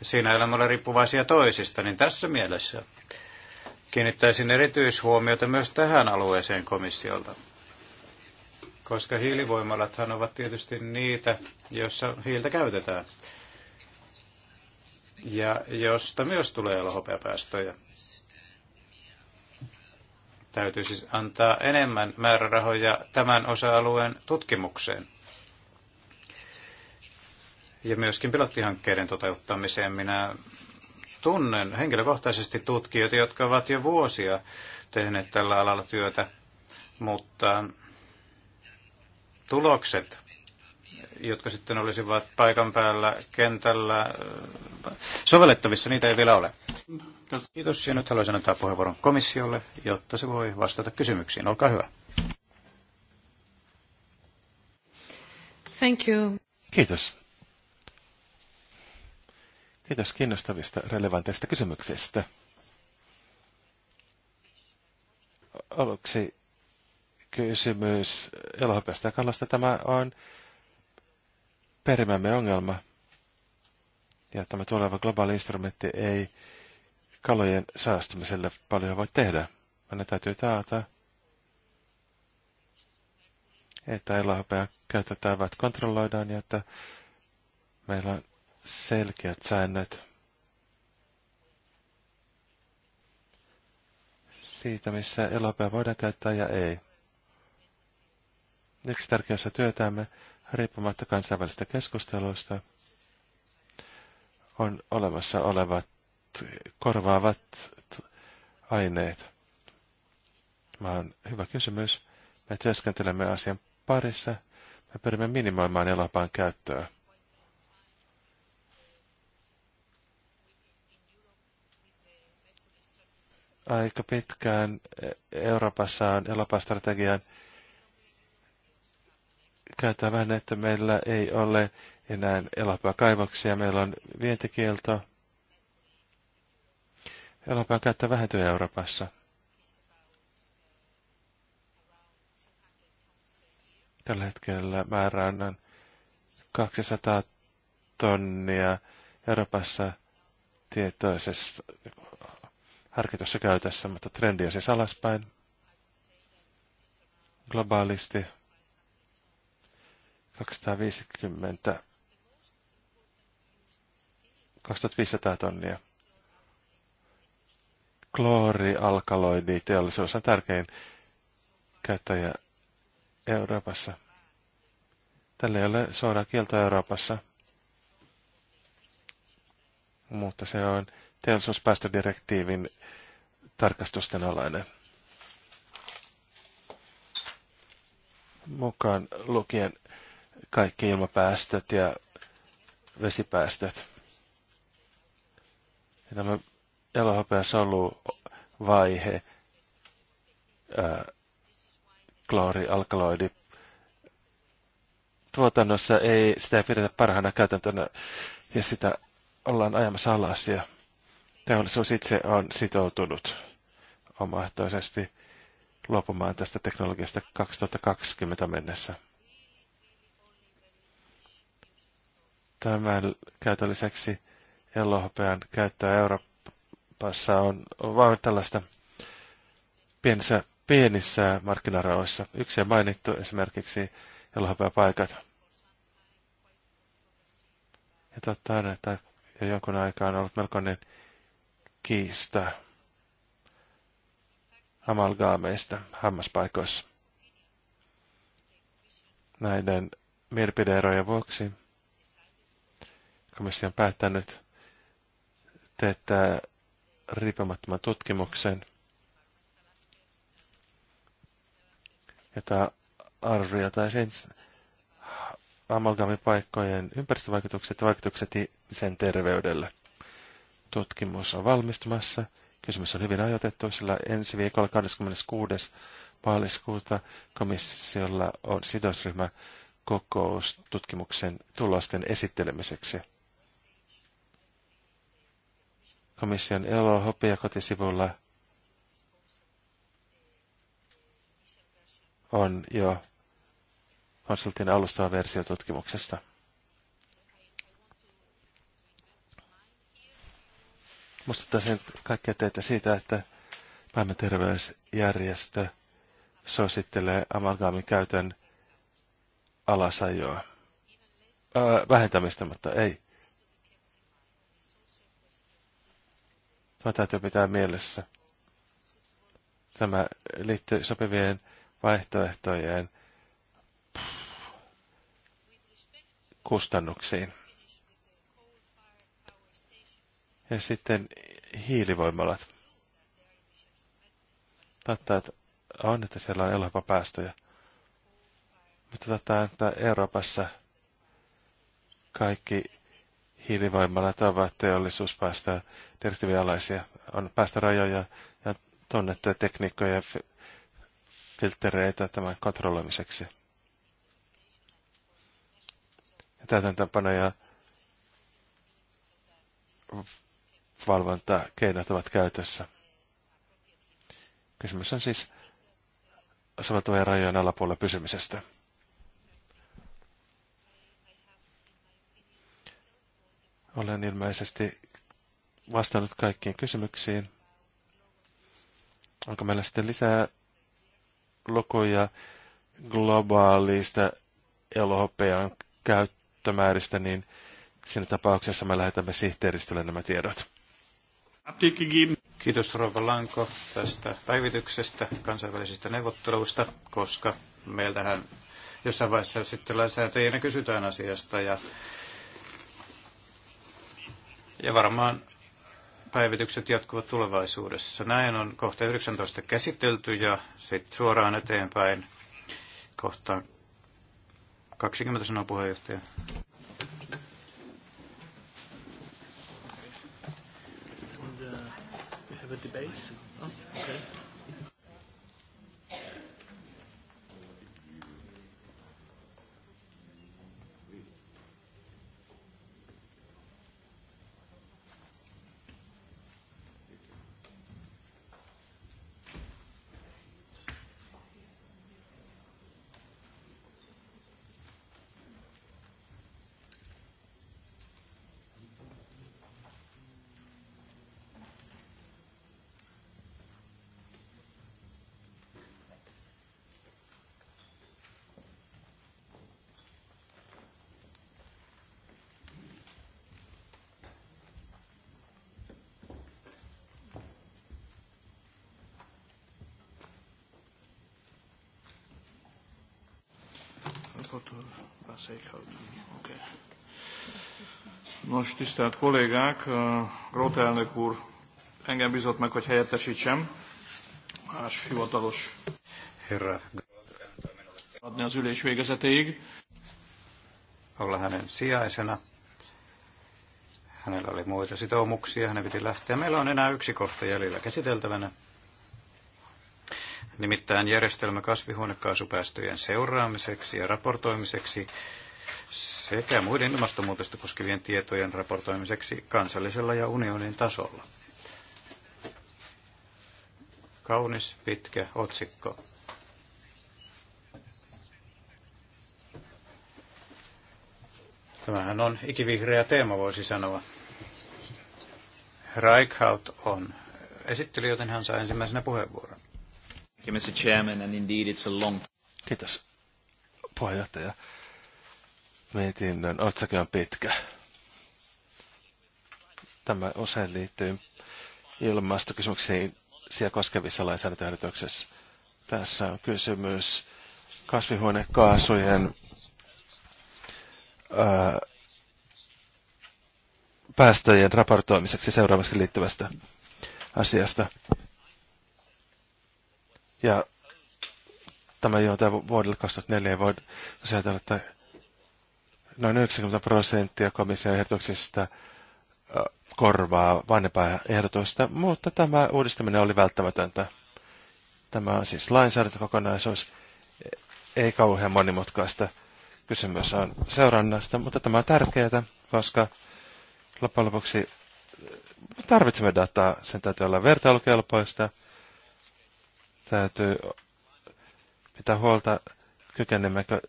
Siinä elämme ole riippuvaisia toisista, niin tässä mielessä kiinnittäisin erityishuomiota myös tähän alueeseen komissiolta. Koska hiilivoimalathan ovat tietysti niitä, joissa hiiltä käytetään. Ja josta myös tulee olla hopeapäästöjä täytyy siis antaa enemmän määrärahoja tämän osa-alueen tutkimukseen ja myöskin pilottihankkeiden toteuttamiseen. Minä tunnen henkilökohtaisesti tutkijoita, jotka ovat jo vuosia tehneet tällä alalla työtä, mutta tulokset, jotka sitten olisivat paikan päällä kentällä sovellettavissa, niitä ei vielä ole. Kiitos. Ja nyt haluaisin antaa puheenvuoron komissiolle, jotta se voi vastata kysymyksiin. Olkaa hyvä. Thank you. Kiitos. Kiitos kiinnostavista relevanteista kysymyksistä. Aluksi kysymys elohopeasta ja kallasta. Tämä on perimämme ongelma. Ja tämä tuleva globaali instrumentti ei kalojen saastumiselle paljon voi tehdä. Ne täytyy taata, että elohopea käytetään, vaan kontrolloidaan ja että meillä on selkeät säännöt siitä, missä elohopea voidaan käyttää ja ei. Yksi tärkeässä työtämme, riippumatta kansainvälisestä keskustelusta on olemassa olevat korvaavat aineet? Tämä on hyvä kysymys. Me työskentelemme asian parissa. Me pyrimme minimoimaan elopaan käyttöä. aika pitkään Euroopassa on elopastrategian käytävän, että meillä ei ole enää elopakaivoksia. Meillä on vientikielto. Elokuvan käyttö vähentyy Euroopassa. Tällä hetkellä määrä on 200 tonnia Euroopassa tietoisessa harkitussa käytössä, mutta trendi on siis alaspäin globaalisti 250 2500 tonnia kloorialkaloiditeollisuus on tärkein käyttäjä Euroopassa. Tälle ei ole suoraa kieltä Euroopassa, mutta se on teollisuuspäästödirektiivin tarkastusten alainen. Mukaan lukien kaikki ilmapäästöt ja vesipäästöt. Ja tämä vaihe. kloori, alkaloidi. Tuotannossa ei sitä ei pidetä parhaana käytäntönä ja sitä ollaan ajamassa alas ja teollisuus itse on sitoutunut omaehtoisesti luopumaan tästä teknologiasta 2020 mennessä. Tämän käytön lisäksi elohopean käyttöä Euroopan Euroopassa on, on vain tällaista pienissä, pienissä markkinaraoissa. Yksi on mainittu esimerkiksi paikat Ja totta on, että jo jonkun aikaa on ollut melkoinen kiista amalgaameista hammaspaikoissa. Näiden mielipideerojen vuoksi komissio on päättänyt teettää riippumattoman tutkimuksen, tai arvioitaisiin amalgamipaikkojen ympäristövaikutukset ja vaikutukset sen terveydelle. Tutkimus on valmistumassa. Kysymys on hyvin ajoitettu, sillä ensi viikolla 26. maaliskuuta komissiolla on sidosryhmä kokous tutkimuksen tulosten esittelemiseksi komission elo hopea kotisivulla on jo konsultin alustava versio tutkimuksesta. Muistuttaisin kaikkia teitä siitä, että maailman terveysjärjestö suosittelee amalgaamin käytön alasajoa. Öö, vähentämistä, mutta ei Tämä täytyy pitää mielessä. Tämä liittyy sopivien vaihtoehtojen kustannuksiin. Ja sitten hiilivoimalat. Totta, että on, että siellä on päästöjä. Mutta totta, että Euroopassa kaikki hiilivoimalat ovat teollisuuspäästöjä direktiivin alaisia. On päästörajoja ja tunnettuja tekniikkoja ja filtreitä tämän kontrolloimiseksi. Ja täytäntöönpano ja valvontakeinot ovat käytössä. Kysymys on siis soveltuvien rajojen alapuolella pysymisestä. Olen ilmeisesti vastannut kaikkiin kysymyksiin. Onko meillä sitten lisää lukuja globaalista elohopean käyttömääristä, niin siinä tapauksessa me lähetämme sihteeristölle nämä tiedot. Kiitos Rova Lanko tästä päivityksestä kansainvälisistä neuvotteluista, koska meiltähän jossain vaiheessa sitten lainsäätäjinä kysytään asiasta ja, ja varmaan päivitykset jatkuvat tulevaisuudessa. Näin on kohta 19 käsitelty ja sitten suoraan eteenpäin kohtaan 20 sanoo puheenjohtaja. Uh, have a debate. Okay. Nos, tisztelt kollégák, Róta elnök úr engem bizott meg, hogy helyettesítsem más hivatalos herra adni az ülés végezetéig. Olla hänen sijaisena. Hänellä oli muita sitoumuksia, hänen piti lähteä. Meillä on enää yksi kohta jäljellä käsiteltävänä nimittäin järjestelmä kasvihuonekaasupäästöjen seuraamiseksi ja raportoimiseksi sekä muiden ilmastonmuutosta koskevien tietojen raportoimiseksi kansallisella ja unionin tasolla. Kaunis pitkä otsikko. Tämähän on ikivihreä teema, voisi sanoa. Raikhaut on esitteli, joten hän saa ensimmäisenä puheenvuoron you, Mr. Chairman, and indeed it's a long... Kiitos, puheenjohtaja. Mietinnön otsake on pitkä. Tämä usein liittyy ilmastokysymyksiin siellä koskevissa lainsäädäntöehdotuksissa. Tässä on kysymys kasvihuonekaasujen ää, päästöjen raportoimiseksi seuraavaksi liittyvästä asiasta. Ja tämä jo tämä vuodelle 2004 voi säätää, että noin 90 prosenttia komission ehdotuksista korvaa vanhempaa ehdotusta, mutta tämä uudistaminen oli välttämätöntä. Tämä on siis lainsäädäntökokonaisuus, e- ei kauhean monimutkaista. Kysymys on seurannasta, mutta tämä on tärkeää, koska loppujen lopuksi tarvitsemme dataa. Sen täytyy olla vertailukelpoista, täytyy pitää huolta, kykenemmekö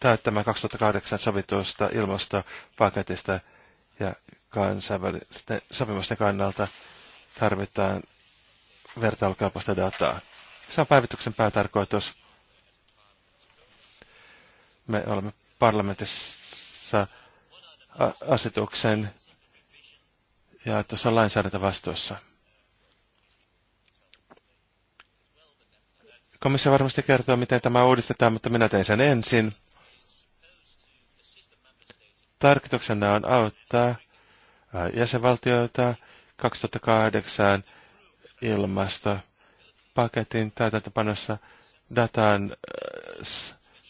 täyttämään 2008 sovituista ilmastopaketista ja kansainvälisten sopimusten kannalta tarvitaan vertailukelpoista dataa. Se on päivityksen päätarkoitus. Me olemme parlamentissa asetuksen ja tuossa lainsäädäntövastuussa. Komissio varmasti kertoo, miten tämä uudistetaan, mutta minä tein sen ensin. Tarkoituksena on auttaa jäsenvaltioita 2008 ilmastopaketin täytäntöpanossa datan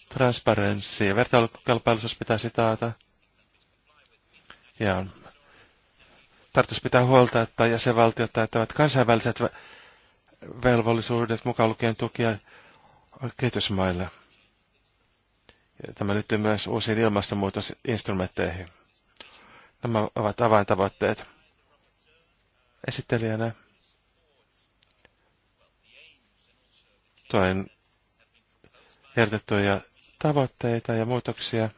transparenssi ja vertailukelpailuisuus pitäisi taata. Ja tarkoitus pitää huolta, että jäsenvaltiot täyttävät kansainväliset velvollisuudet mukaan lukien tukia kehitysmaille. tämä liittyy myös uusiin ilmastonmuutosinstrumentteihin. Nämä ovat avaintavoitteet. Esittelijänä toin ehdotettuja tavoitteita ja muutoksia.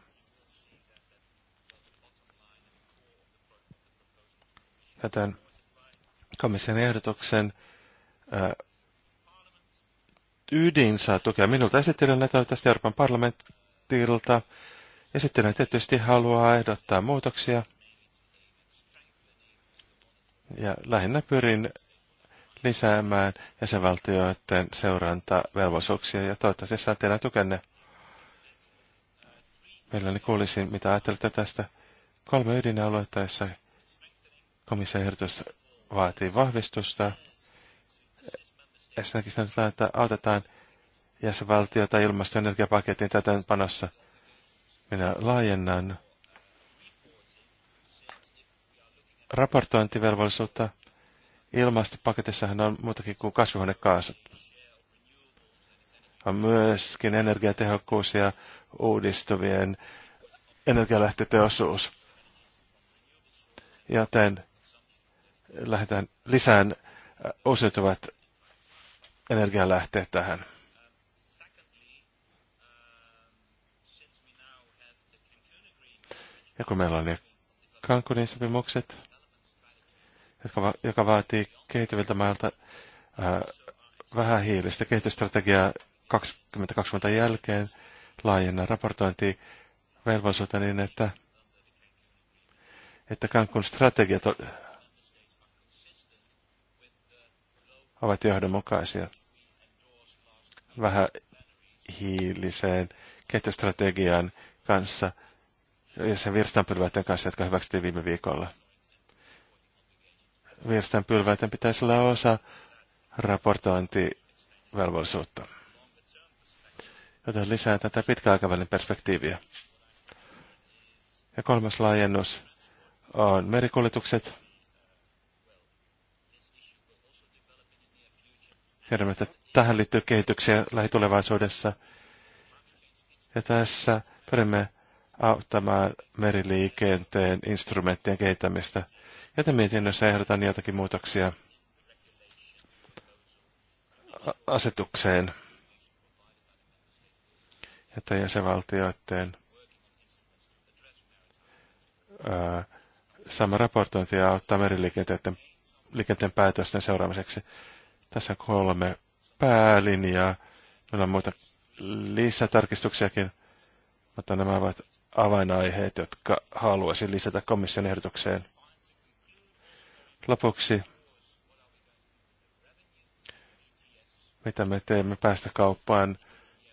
Joten komission ehdotuksen ydin saa tukea minulta esittelen näitä tästä Euroopan parlamentilta. Esittelen tietysti haluaa ehdottaa muutoksia. Ja lähinnä pyrin lisäämään jäsenvaltioiden seurantavelvollisuuksia ja toivottavasti saan teidän tukenne. Mielelläni kuulisin, mitä ajattelette tästä. Kolme ydinaluetta, jossa komission ehdotus vaatii vahvistusta ensinnäkin sanotaan, että autetaan jäsenvaltiota ilmasto- ja energiapaketin täytäntöpanossa. Minä laajennan raportointivelvollisuutta. Ilmastopaketissahan on muutakin kuin kasvihuonekaasut. On myöskin energiatehokkuus ja uudistuvien energialähteiden osuus. Joten lähdetään lisään äh, uusiutuvat energialähteet tähän. Ja kun meillä on ne Cancunin sopimukset, jotka va- joka vaatii kehittyviltä mailta vähän hiilistä kehitysstrategiaa 2020 jälkeen laajenna raportointivelvollisuutta niin, että, että Cancun strategiat ovat johdonmukaisia vähähiiliseen kehitysstrategian kanssa ja sen virstanpylväiden kanssa, jotka hyväksyttiin viime viikolla. Virstanpylväiden pitäisi olla osa raportointivelvollisuutta. Joten lisää tätä pitkäaikavälin perspektiiviä. Ja kolmas laajennus on merikuljetukset. Tiedämme, että tähän liittyy kehityksiä lähitulevaisuudessa. Ja tässä pyrimme auttamaan meriliikenteen instrumenttien kehittämistä. Joten mietinnössä ehdotan jotakin muutoksia asetukseen, että jäsenvaltioiden sama raportointia auttaa meriliikenteen liikenteen päätösten seuraamiseksi. Tässä on kolme päälinjaa. Meillä on muita lisätarkistuksiakin, mutta nämä ovat avainaiheet, jotka haluaisin lisätä komission ehdotukseen. Lopuksi, mitä me teemme päästökauppaan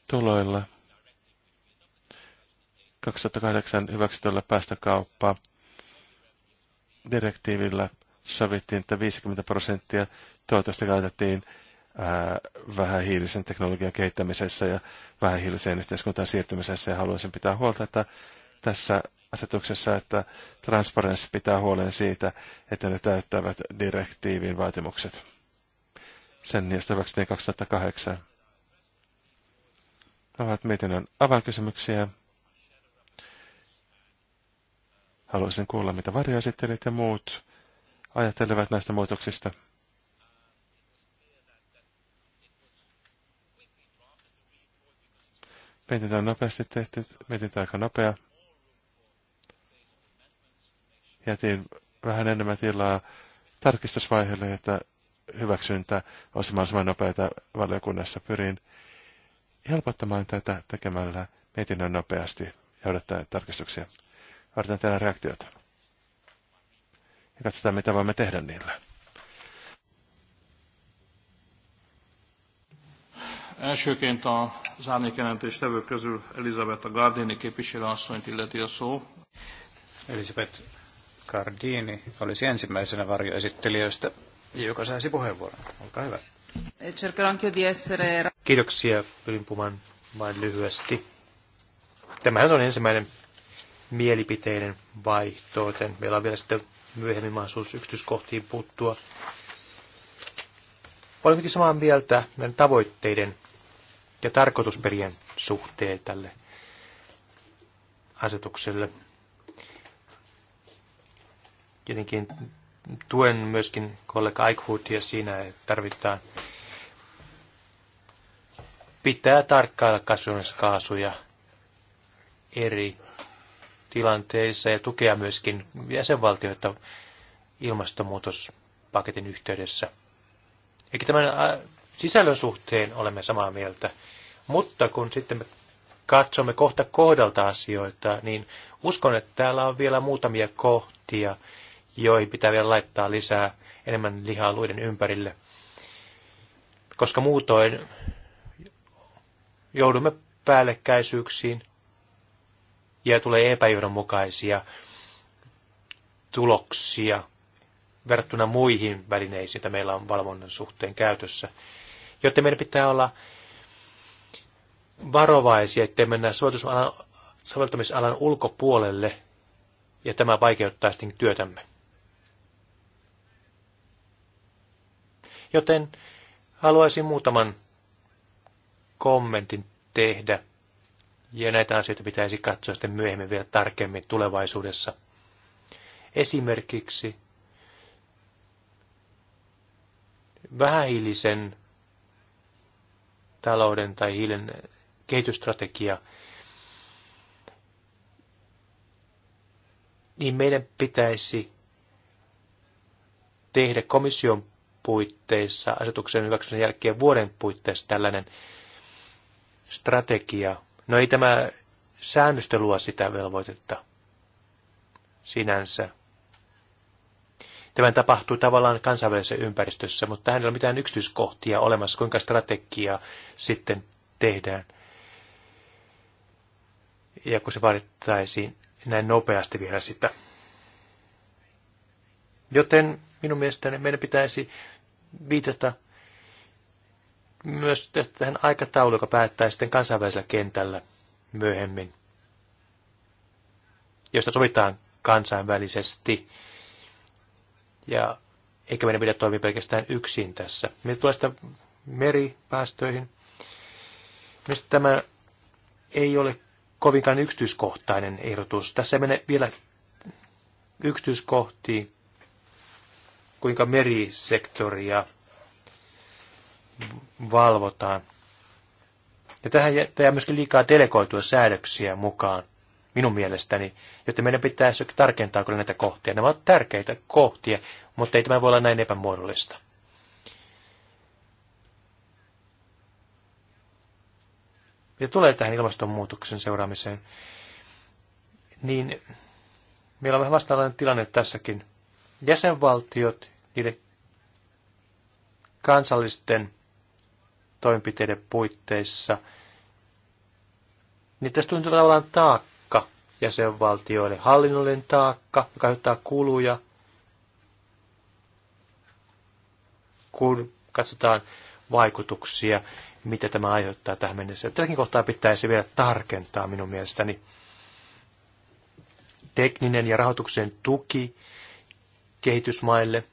tuloilla? 2008 hyväksytöllä päästökauppa direktiivillä sovittiin, että 50 prosenttia tuotosta käytettiin Äh, vähähiilisen teknologian kehittämisessä ja vähähiiliseen yhteiskuntaan siirtymisessä. Ja haluaisin pitää huolta, että tässä asetuksessa, että transparenssi pitää huolen siitä, että ne täyttävät direktiivin vaatimukset. Sen niistä hyväksyttiin 2008. ovat mietinnön avainkysymyksiä. Haluaisin kuulla, mitä varjoesittelijät ja muut ajattelevat näistä muutoksista. Mietitään nopeasti tehty, Mietitään aika nopea. Jätin vähän enemmän tilaa tarkistusvaiheelle, että hyväksyntä olisi mahdollisimman nopeita valiokunnassa. Pyrin helpottamaan tätä tekemällä mietinnön nopeasti ja odottaa tarkistuksia. Odotan teidän reaktiota. Ja katsotaan, mitä voimme tehdä niillä. Elsőként az árnyékjelentés tevők közül Elizabeth Gardini képviselőasszonyt illeti a szó. Elizabeth Gardini olisi ensimmäisenä varjoesittelijöistä, joka saisi puheenvuoron. Olkaa hyvä. Kiitoksia, pyrin puhumaan vain lyhyesti. Tämähän on ensimmäinen mielipiteinen vaihto, joten meillä on vielä sitten myöhemmin mahdollisuus yksityiskohtiin puuttua. Olen samaa mieltä näiden tavoitteiden ja tarkoitusperien suhteen tälle asetukselle. jotenkin tuen myöskin kollega Eichhutia siinä, että tarvitaan pitää tarkkailla kasvihuonekaasuja eri tilanteissa ja tukea myöskin jäsenvaltioita ilmastonmuutospaketin yhteydessä. Eikä tämän sisällön suhteen olemme samaa mieltä, mutta kun sitten me katsomme kohta kohdalta asioita, niin uskon, että täällä on vielä muutamia kohtia, joihin pitää vielä laittaa lisää enemmän lihaa luiden ympärille. Koska muutoin joudumme päällekkäisyyksiin ja tulee epäjohdonmukaisia tuloksia verrattuna muihin välineisiin, joita meillä on valvonnan suhteen käytössä. Joten meidän pitää olla varovaisia, ettei mennä soveltamisalan ulkopuolelle, ja tämä vaikeuttaa sitten työtämme. Joten haluaisin muutaman kommentin tehdä, ja näitä asioita pitäisi katsoa sitten myöhemmin vielä tarkemmin tulevaisuudessa. Esimerkiksi vähähiilisen talouden tai hiilen kehitysstrategia, niin meidän pitäisi tehdä komission puitteissa, asetuksen hyväksymisen jälkeen vuoden puitteissa tällainen strategia. No ei tämä säännöstö luo sitä velvoitetta sinänsä. Tämä tapahtuu tavallaan kansainvälisessä ympäristössä, mutta tähän ei ole mitään yksityiskohtia olemassa, kuinka strategiaa sitten tehdään ja kun se vaadittaisiin näin nopeasti vielä sitä. Joten minun mielestäni meidän pitäisi viitata myös tähän aikatauluun, joka päättää sitten kansainvälisellä kentällä myöhemmin, josta sovitaan kansainvälisesti. Ja eikä meidän pidä toimia pelkästään yksin tässä. Mitä tulee sitä meripäästöihin, mistä tämä ei ole kovinkaan yksityiskohtainen ehdotus. Tässä ei mene vielä yksityiskohtiin, kuinka merisektoria valvotaan. Ja tähän jää myöskin liikaa delegoitua säädöksiä mukaan, minun mielestäni, jotta meidän pitäisi tarkentaa kyllä näitä kohtia. Nämä ovat tärkeitä kohtia, mutta ei tämä voi olla näin epämuodollista. mitä tulee tähän ilmastonmuutoksen seuraamiseen, niin meillä on vähän vastaavainen tilanne tässäkin. Jäsenvaltiot, niiden kansallisten toimenpiteiden puitteissa, niin tässä tuntuu tavallaan taakka jäsenvaltioille, hallinnollinen taakka, joka aiheuttaa kuluja, kun katsotaan vaikutuksia mitä tämä aiheuttaa tähän mennessä. Tälläkin kohtaa pitäisi vielä tarkentaa minun mielestäni. Tekninen ja rahoituksen tuki kehitysmaille.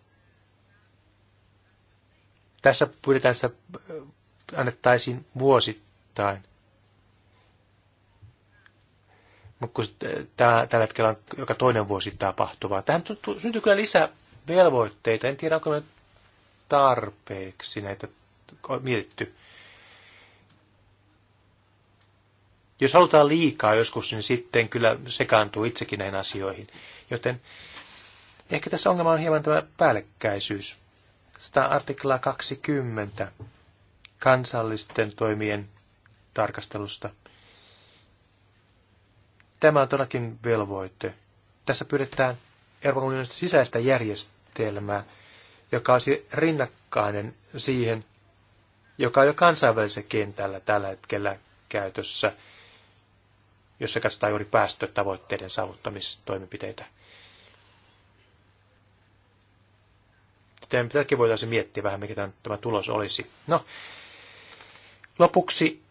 Tässä pyydetään sitä äh, annettaisiin vuosittain. Mutta kun äh, tämä tällä hetkellä on joka toinen vuosi tapahtuvaa. Tähän syntyy kyllä lisää velvoitteita. En tiedä, onko ne tarpeeksi näitä on mietitty. Jos halutaan liikaa joskus, niin sitten kyllä sekaantuu itsekin näihin asioihin. Joten ehkä tässä ongelma on hieman tämä päällekkäisyys. Sitä artiklaa 20 kansallisten toimien tarkastelusta. Tämä on todellakin velvoite. Tässä pyydetään Euroopan unionin sisäistä järjestelmää, joka olisi rinnakkainen siihen, joka on jo kansainvälisellä kentällä tällä hetkellä käytössä jossa katsotaan juuri päästötavoitteiden saavuttamistoimenpiteitä. Tätäkin voitaisiin miettiä vähän, mikä tämän, tämä tulos olisi. No, lopuksi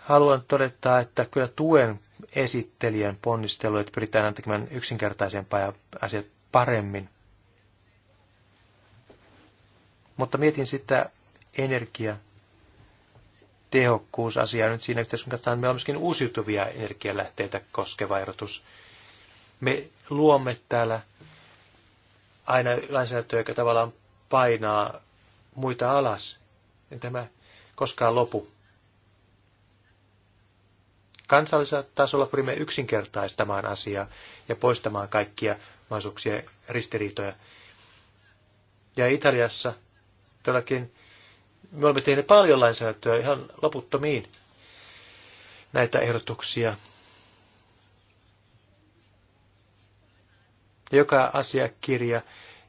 haluan todeta, että kyllä tuen esittelijän ponnistelu, että pyritään tekemään yksinkertaisempaa ja asiat paremmin. Mutta mietin sitä energiaa tehokkuusasia, nyt siinä yhteydessä, kun katsotaan, meillä on myöskin uusiutuvia energialähteitä koskeva erotus. Me luomme täällä aina lainsäädäntöä, joka tavallaan painaa muita alas. En tämä koskaan lopu. Kansallisella tasolla pyrimme yksinkertaistamaan asiaa ja poistamaan kaikkia mahdollisuuksia ristiriitoja. Ja Italiassa todellakin me olemme tehneet paljon lainsäädäntöä ihan loputtomiin näitä ehdotuksia. joka asiakirja,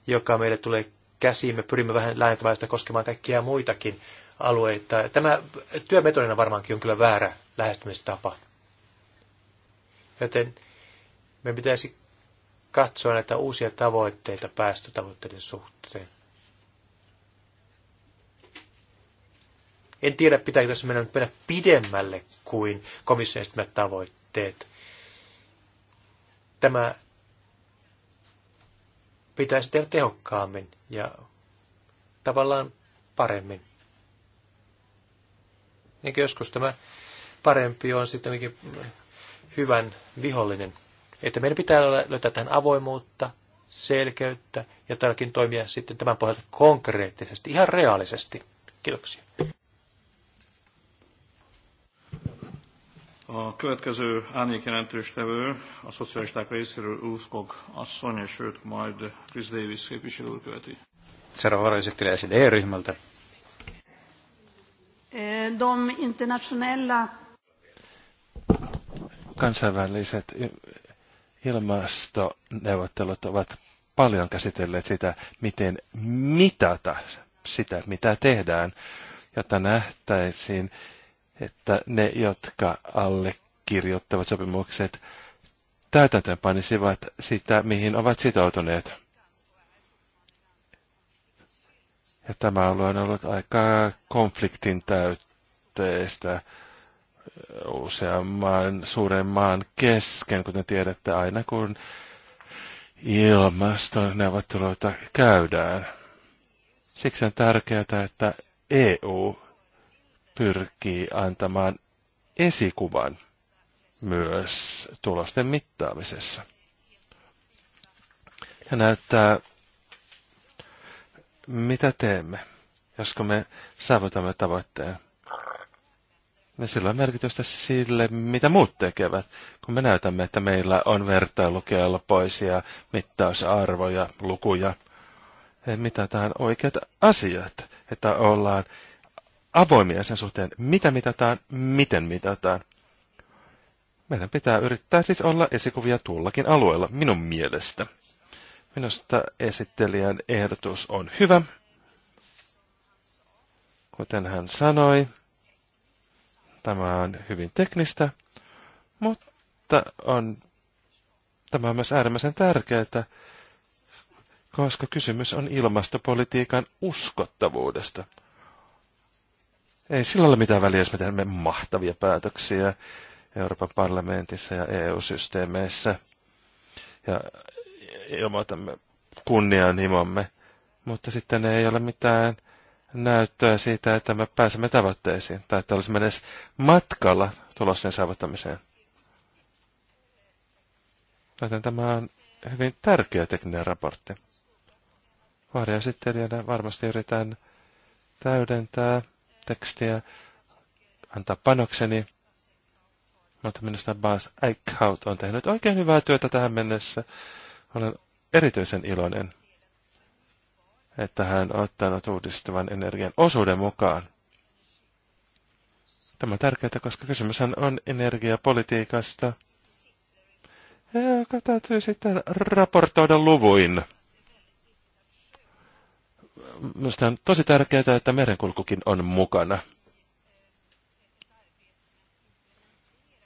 joka meille tulee käsiin, me pyrimme vähän lähentämään sitä koskemaan kaikkia muitakin alueita. Tämä työmetodina varmaankin on kyllä väärä lähestymistapa. Joten me pitäisi katsoa näitä uusia tavoitteita päästötavoitteiden suhteen. En tiedä, pitääkö tässä mennä, mennä pidemmälle kuin komission esittämät tavoitteet. Tämä pitäisi tehdä tehokkaammin ja tavallaan paremmin. Eikä joskus tämä parempi on sitten hyvän vihollinen. Että meidän pitää löytää tähän avoimuutta, selkeyttä ja tälläkin toimia sitten tämän pohjalta konkreettisesti, ihan reaalisesti. Kiitoksia. A következő árnyékjelentőstevő a szocialisták részéről Úszkog asszony, és őt majd Chris Davis képviselő úr követi. Seuraava varoisettelijä SID-ryhmältä. De internationella... Kansainväliset ilmastoneuvottelut ovat paljon käsitelleet sitä, miten mitata sitä, mitä tehdään, jotta nähtäisiin että ne, jotka allekirjoittavat sopimukset, täytäntöönpanisivat sitä, mihin ovat sitoutuneet. Ja tämä alue on ollut aika konfliktin täytteistä useamman suuren maan kesken, kuten tiedätte, aina kun neuvotteluita käydään. Siksi on tärkeää, että EU pyrkii antamaan esikuvan myös tulosten mittaamisessa. Ja näyttää, mitä teemme, jos me saavutamme tavoitteen. Me sillä on merkitystä sille, mitä muut tekevät, kun me näytämme, että meillä on vertailukelpoisia mittausarvoja, lukuja, mitä mitään oikeat asiat, että ollaan avoimia sen suhteen, mitä mitataan, miten mitataan. Meidän pitää yrittää siis olla esikuvia tuollakin alueella, minun mielestä. Minusta esittelijän ehdotus on hyvä. Kuten hän sanoi, tämä on hyvin teknistä, mutta on, tämä on myös äärimmäisen tärkeää, koska kysymys on ilmastopolitiikan uskottavuudesta – ei sillä ole mitään väliä, jos me teemme mahtavia päätöksiä Euroopan parlamentissa ja EU-systeemeissä. Ja ilmoitamme kunnianhimomme. Mutta sitten ei ole mitään näyttöä siitä, että me pääsemme tavoitteisiin tai että olisimme edes matkalla tulosten saavuttamiseen. Joten tämä on hyvin tärkeä tekninen raportti. Varjoesittelijänä varmasti yritän täydentää tekstiä, antaa panokseni. Mutta minusta Bas Eichhout on tehnyt oikein hyvää työtä tähän mennessä. Olen erityisen iloinen, että hän on ottanut uudistuvan energian osuuden mukaan. Tämä on tärkeää, koska kysymys on energiapolitiikasta, joka täytyy sitten raportoida luvuin. Minusta on tosi tärkeää, että merenkulkukin on mukana.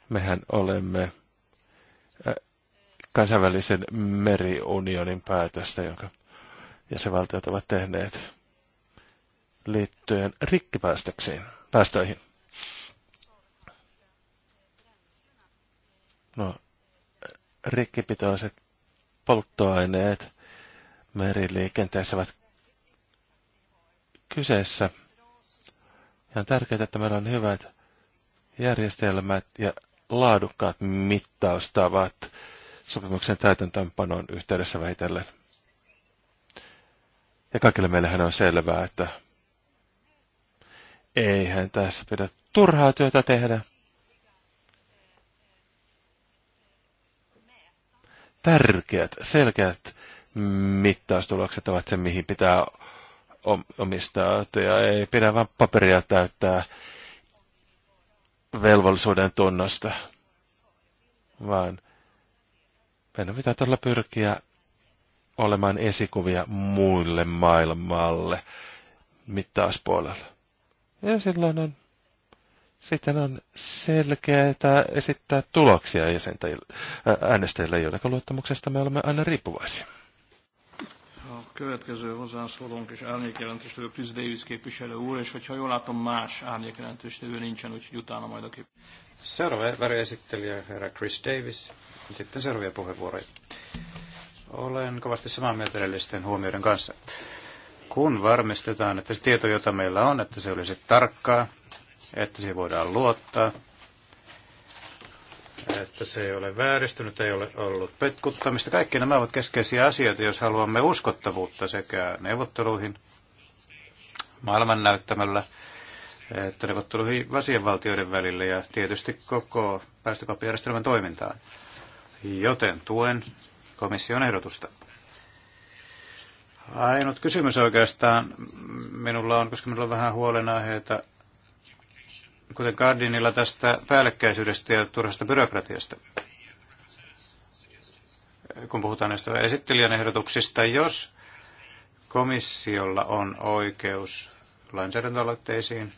Mehän olemme äh, kansainvälisen meriunionin päätöstä, jonka jäsenvaltiot ovat tehneet liittyen rikkipäästöksiin, päästöihin. No, rikkipitoiset polttoaineet meriliikenteessä ovat kyseessä. Ja on tärkeää, että meillä on hyvät järjestelmät ja laadukkaat mittaustavat sopimuksen täytäntöönpanon yhteydessä vähitellen. Ja kaikille meillähän on selvää, että eihän tässä pidä turhaa työtä tehdä. Tärkeät, selkeät mittaustulokset ovat se, mihin pitää omistaa autoja. Ei pidä vain paperia täyttää velvollisuuden tunnosta, vaan meidän pitää todella pyrkiä olemaan esikuvia muille maailmalle mittauspuolella. Ja silloin on, sitten on selkeää esittää tuloksia jäsentäjille, äänestäjille, joiden luottamuksesta me olemme aina riippuvaisia következő hozzászólónk és árnyékjelentéstevő Krisz Davis képviselő úr, és hogyha jól látom, más árnyékjelentéstevő nincsen, úgyhogy utána majd a kép. Seuraava väriesittelijä herra Chris Davis, sitten seuraavia puheenvuoroja. Olen kovasti samaa mieltä edellisten huomioiden kanssa. Kun varmistetaan, että se tieto, jota meillä on, että se olisi tarkkaa, että siihen voidaan luottaa, että se ei ole vääristynyt, ei ole ollut petkuttamista. Kaikki nämä ovat keskeisiä asioita, jos haluamme uskottavuutta sekä neuvotteluihin maailman näyttämällä, että neuvotteluihin vasienvaltioiden välillä ja tietysti koko päästökauppajärjestelmän toimintaan. Joten tuen komission ehdotusta. Ainut kysymys oikeastaan minulla on, koska minulla on vähän huolenaiheita kuten Gardinilla, tästä päällekkäisyydestä ja turhasta byrokratiasta, kun puhutaan näistä esittelijän ehdotuksista. Jos komissiolla on oikeus lainsäädäntöaloitteisiin,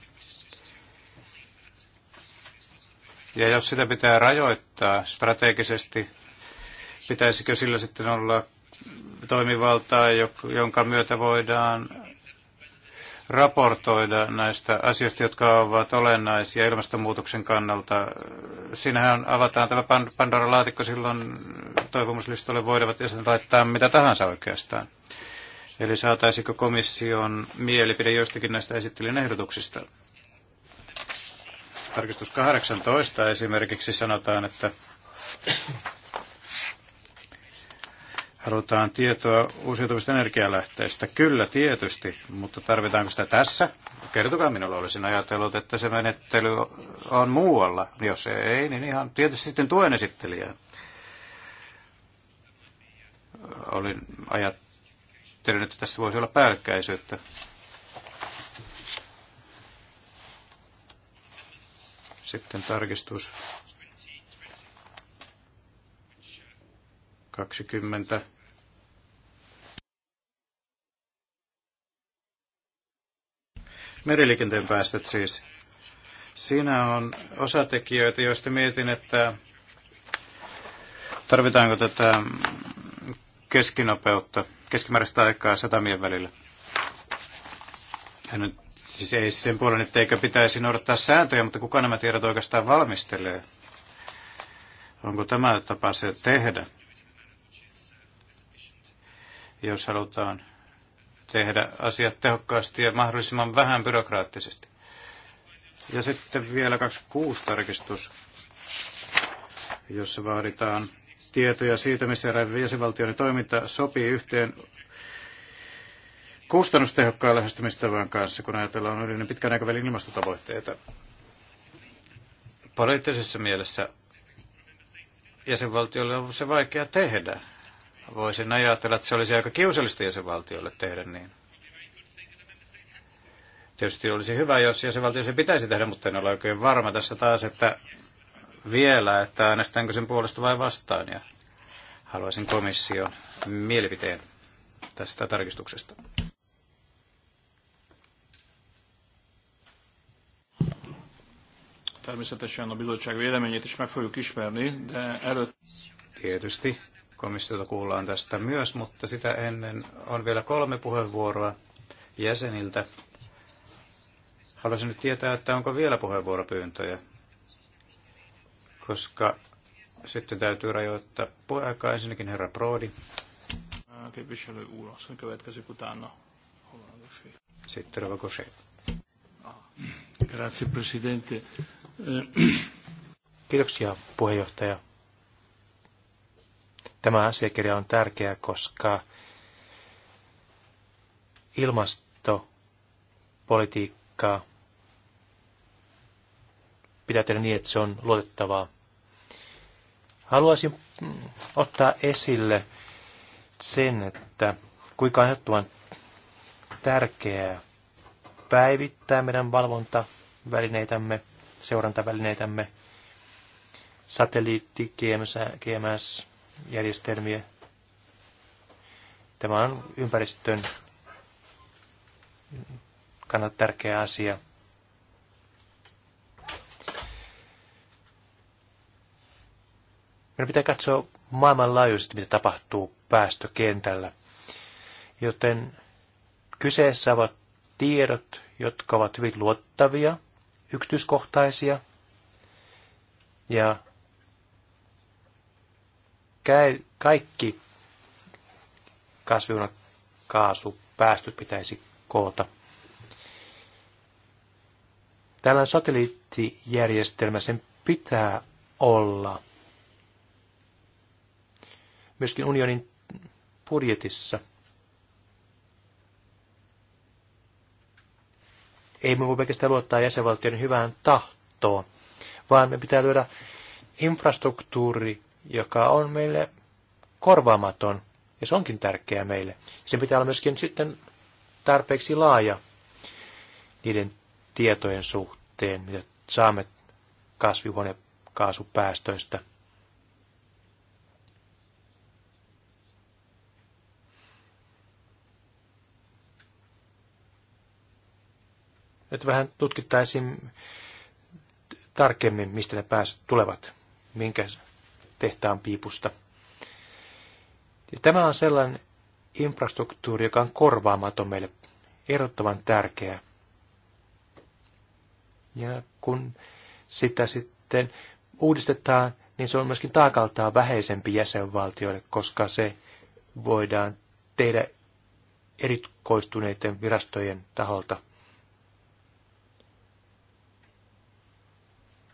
ja jos sitä pitää rajoittaa strategisesti, pitäisikö sillä sitten olla toimivaltaa, jonka myötä voidaan raportoida näistä asioista, jotka ovat olennaisia ilmastonmuutoksen kannalta. Siinähän avataan tämä Pandora-laatikko, silloin toivomuslistalle voivat jäsenet laittaa mitä tahansa oikeastaan. Eli saataisiko komission mielipide joistakin näistä esittelyn ehdotuksista? Tarkistus 18 esimerkiksi sanotaan, että Halutaan tietoa uusiutuvista energialähteistä. Kyllä, tietysti, mutta tarvitaanko sitä tässä? Kertokaa minulle, olisin ajatellut, että se menettely on muualla. Jos ei, niin ihan tietysti sitten tuen esittelijää. Olin ajattelin, että tässä voisi olla päällekkäisyyttä. Sitten tarkistus 20 meriliikenteen päästöt siis. Siinä on osatekijöitä, joista mietin, että tarvitaanko tätä keskinopeutta, keskimääräistä aikaa satamien välillä. Ja nyt siis ei sen puolen, että eikä pitäisi noudattaa sääntöjä, mutta kuka nämä tiedot oikeastaan valmistelee? Onko tämä tapa se tehdä, jos halutaan tehdä asiat tehokkaasti ja mahdollisimman vähän byrokraattisesti. Ja sitten vielä 26 tarkistus, jossa vaaditaan tietoja siitä, missä jäsenvaltioiden toiminta sopii yhteen kustannustehokkaan lähestymistavan kanssa, kun ajatellaan yleinen pitkän aikavälin ilmastotavoitteita. Poliittisessa mielessä jäsenvaltiolle on se vaikea tehdä, Voisin ajatella, että se olisi aika kiusallista jäsenvaltiolle tehdä niin. Tietysti olisi hyvä, jos jäsenvaltio se pitäisi tehdä, mutta en ole oikein varma tässä taas, että vielä, että äänestänkö sen puolesta vai vastaan. Ja haluaisin komission mielipiteen tästä tarkistuksesta. Tietysti Komissiota kuullaan tästä myös, mutta sitä ennen on vielä kolme puheenvuoroa jäseniltä. Haluaisin nyt tietää, että onko vielä puheenvuoropyyntöjä, koska sitten täytyy rajoittaa puheaikaa. Ensinnäkin herra Proodi. Ah, no, sitten herra ah. Koshe. Grazie, presidente. Eh, Kiitoksia, puheenjohtaja. Tämä asiakirja on tärkeä, koska ilmastopolitiikkaa pitää tehdä niin, että se on luotettavaa. Haluaisin ottaa esille sen, että kuinka on ehdottoman tärkeää päivittää meidän valvontavälineitämme, seurantavälineitämme, satelliitti, GMS, GMS järjestelmiä. Tämä on ympäristön kannalta tärkeä asia. Meidän pitää katsoa maailmanlaajuisesti, mitä tapahtuu päästökentällä. Joten kyseessä ovat tiedot, jotka ovat hyvin luottavia, yksityiskohtaisia ja kaikki kasvihuonekaasupäästöt pitäisi koota. Tällainen satelliittijärjestelmä, sen pitää olla myöskin unionin budjetissa. Ei me voi pelkästään luottaa jäsenvaltioiden hyvään tahtoon, vaan me pitää lyödä infrastruktuuri joka on meille korvaamaton, ja se onkin tärkeää meille. Sen pitää olla myöskin sitten tarpeeksi laaja niiden tietojen suhteen, mitä saamme kasvihuonekaasupäästöistä. Että vähän tutkittaisiin tarkemmin, mistä ne pääset tulevat, minkä tehtaan piipusta. Ja tämä on sellainen infrastruktuuri, joka on korvaamaton meille, erottavan tärkeä. Ja kun sitä sitten uudistetaan, niin se on myöskin taakaltaan vähäisempi jäsenvaltioille, koska se voidaan tehdä erikoistuneiden virastojen taholta.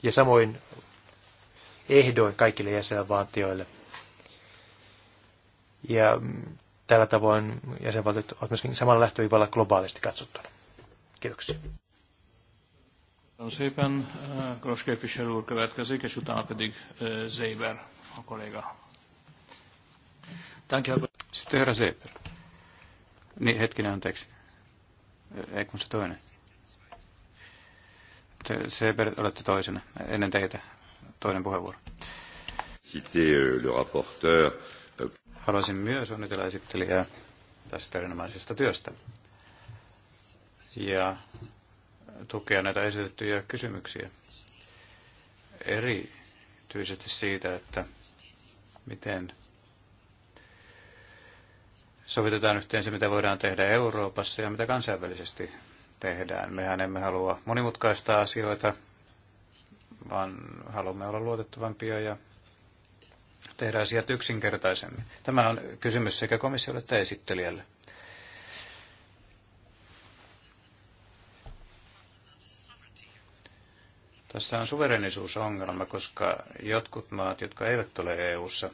Ja samoin ehdoin kaikille jäsenvaltioille. Ja tällä tavoin jäsenvaltiot ovat myöskin samalla lähtöivalla globaalisti katsottuna. Kiitoksia. Köszönöm szépen. Kolos eh, képviselő úr eh, Sitten herra Zéber. Niin, hetkinen, anteeksi. Eh, ei kun se toinen. Seber, olette toisena ennen teitä toinen puheenvuoro. Euh, euh, Haluaisin myös onnitella esittelijää tästä erinomaisesta työstä ja tukea näitä esitettyjä kysymyksiä. Erityisesti siitä, että miten sovitetaan yhteen se, mitä voidaan tehdä Euroopassa ja mitä kansainvälisesti tehdään. Mehän emme halua monimutkaistaa asioita, vaan haluamme olla luotettavampia ja tehdä asiat yksinkertaisemmin. Tämä on kysymys sekä komissiolle että esittelijälle. Tässä on suverenisuusongelma, koska jotkut maat, jotka eivät ole EU-ssa,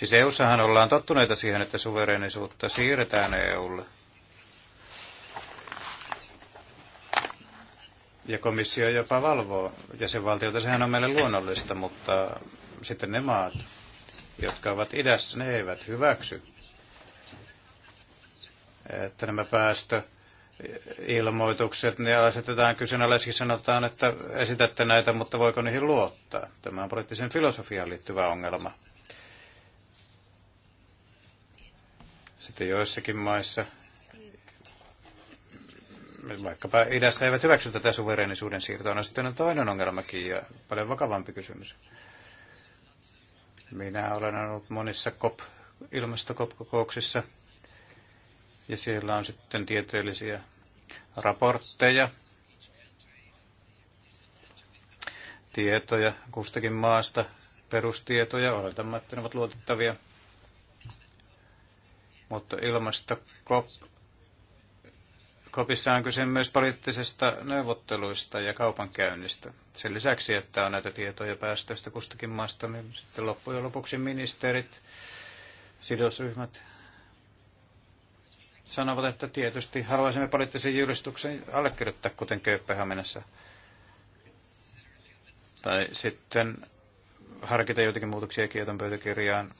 Siis EU-ssahan ollaan tottuneita siihen, että suverenisuutta siirretään EUlle – ja komissio jopa valvoo jäsenvaltiota. Sehän on meille luonnollista, mutta sitten ne maat, jotka ovat idässä, ne eivät hyväksy, että nämä päästö ilmoitukset, niin asetetaan kyseenalaisiksi sanotaan, että esitätte näitä, mutta voiko niihin luottaa? Tämä on poliittisen filosofiaan liittyvä ongelma. Sitten joissakin maissa vaikkapa idästä eivät hyväksy tätä suverenisuuden siirtoa. No sitten on toinen ongelmakin ja paljon vakavampi kysymys. Minä olen ollut monissa COP, ilmastokopkokouksissa ja siellä on sitten tieteellisiä raportteja, tietoja kustakin maasta, perustietoja, oletamme, että ne ovat luotettavia. Mutta ilmastokop Kopissa on kyse myös poliittisista neuvotteluista ja kaupankäynnistä. Sen lisäksi, että on näitä tietoja päästöistä kustakin maasta, niin sitten loppujen lopuksi ministerit, sidosryhmät sanovat, että tietysti haluaisimme poliittisen julistuksen allekirjoittaa, kuten Kööpenhaminassa. Tai sitten harkita joitakin muutoksia kieton pöytäkirjaan.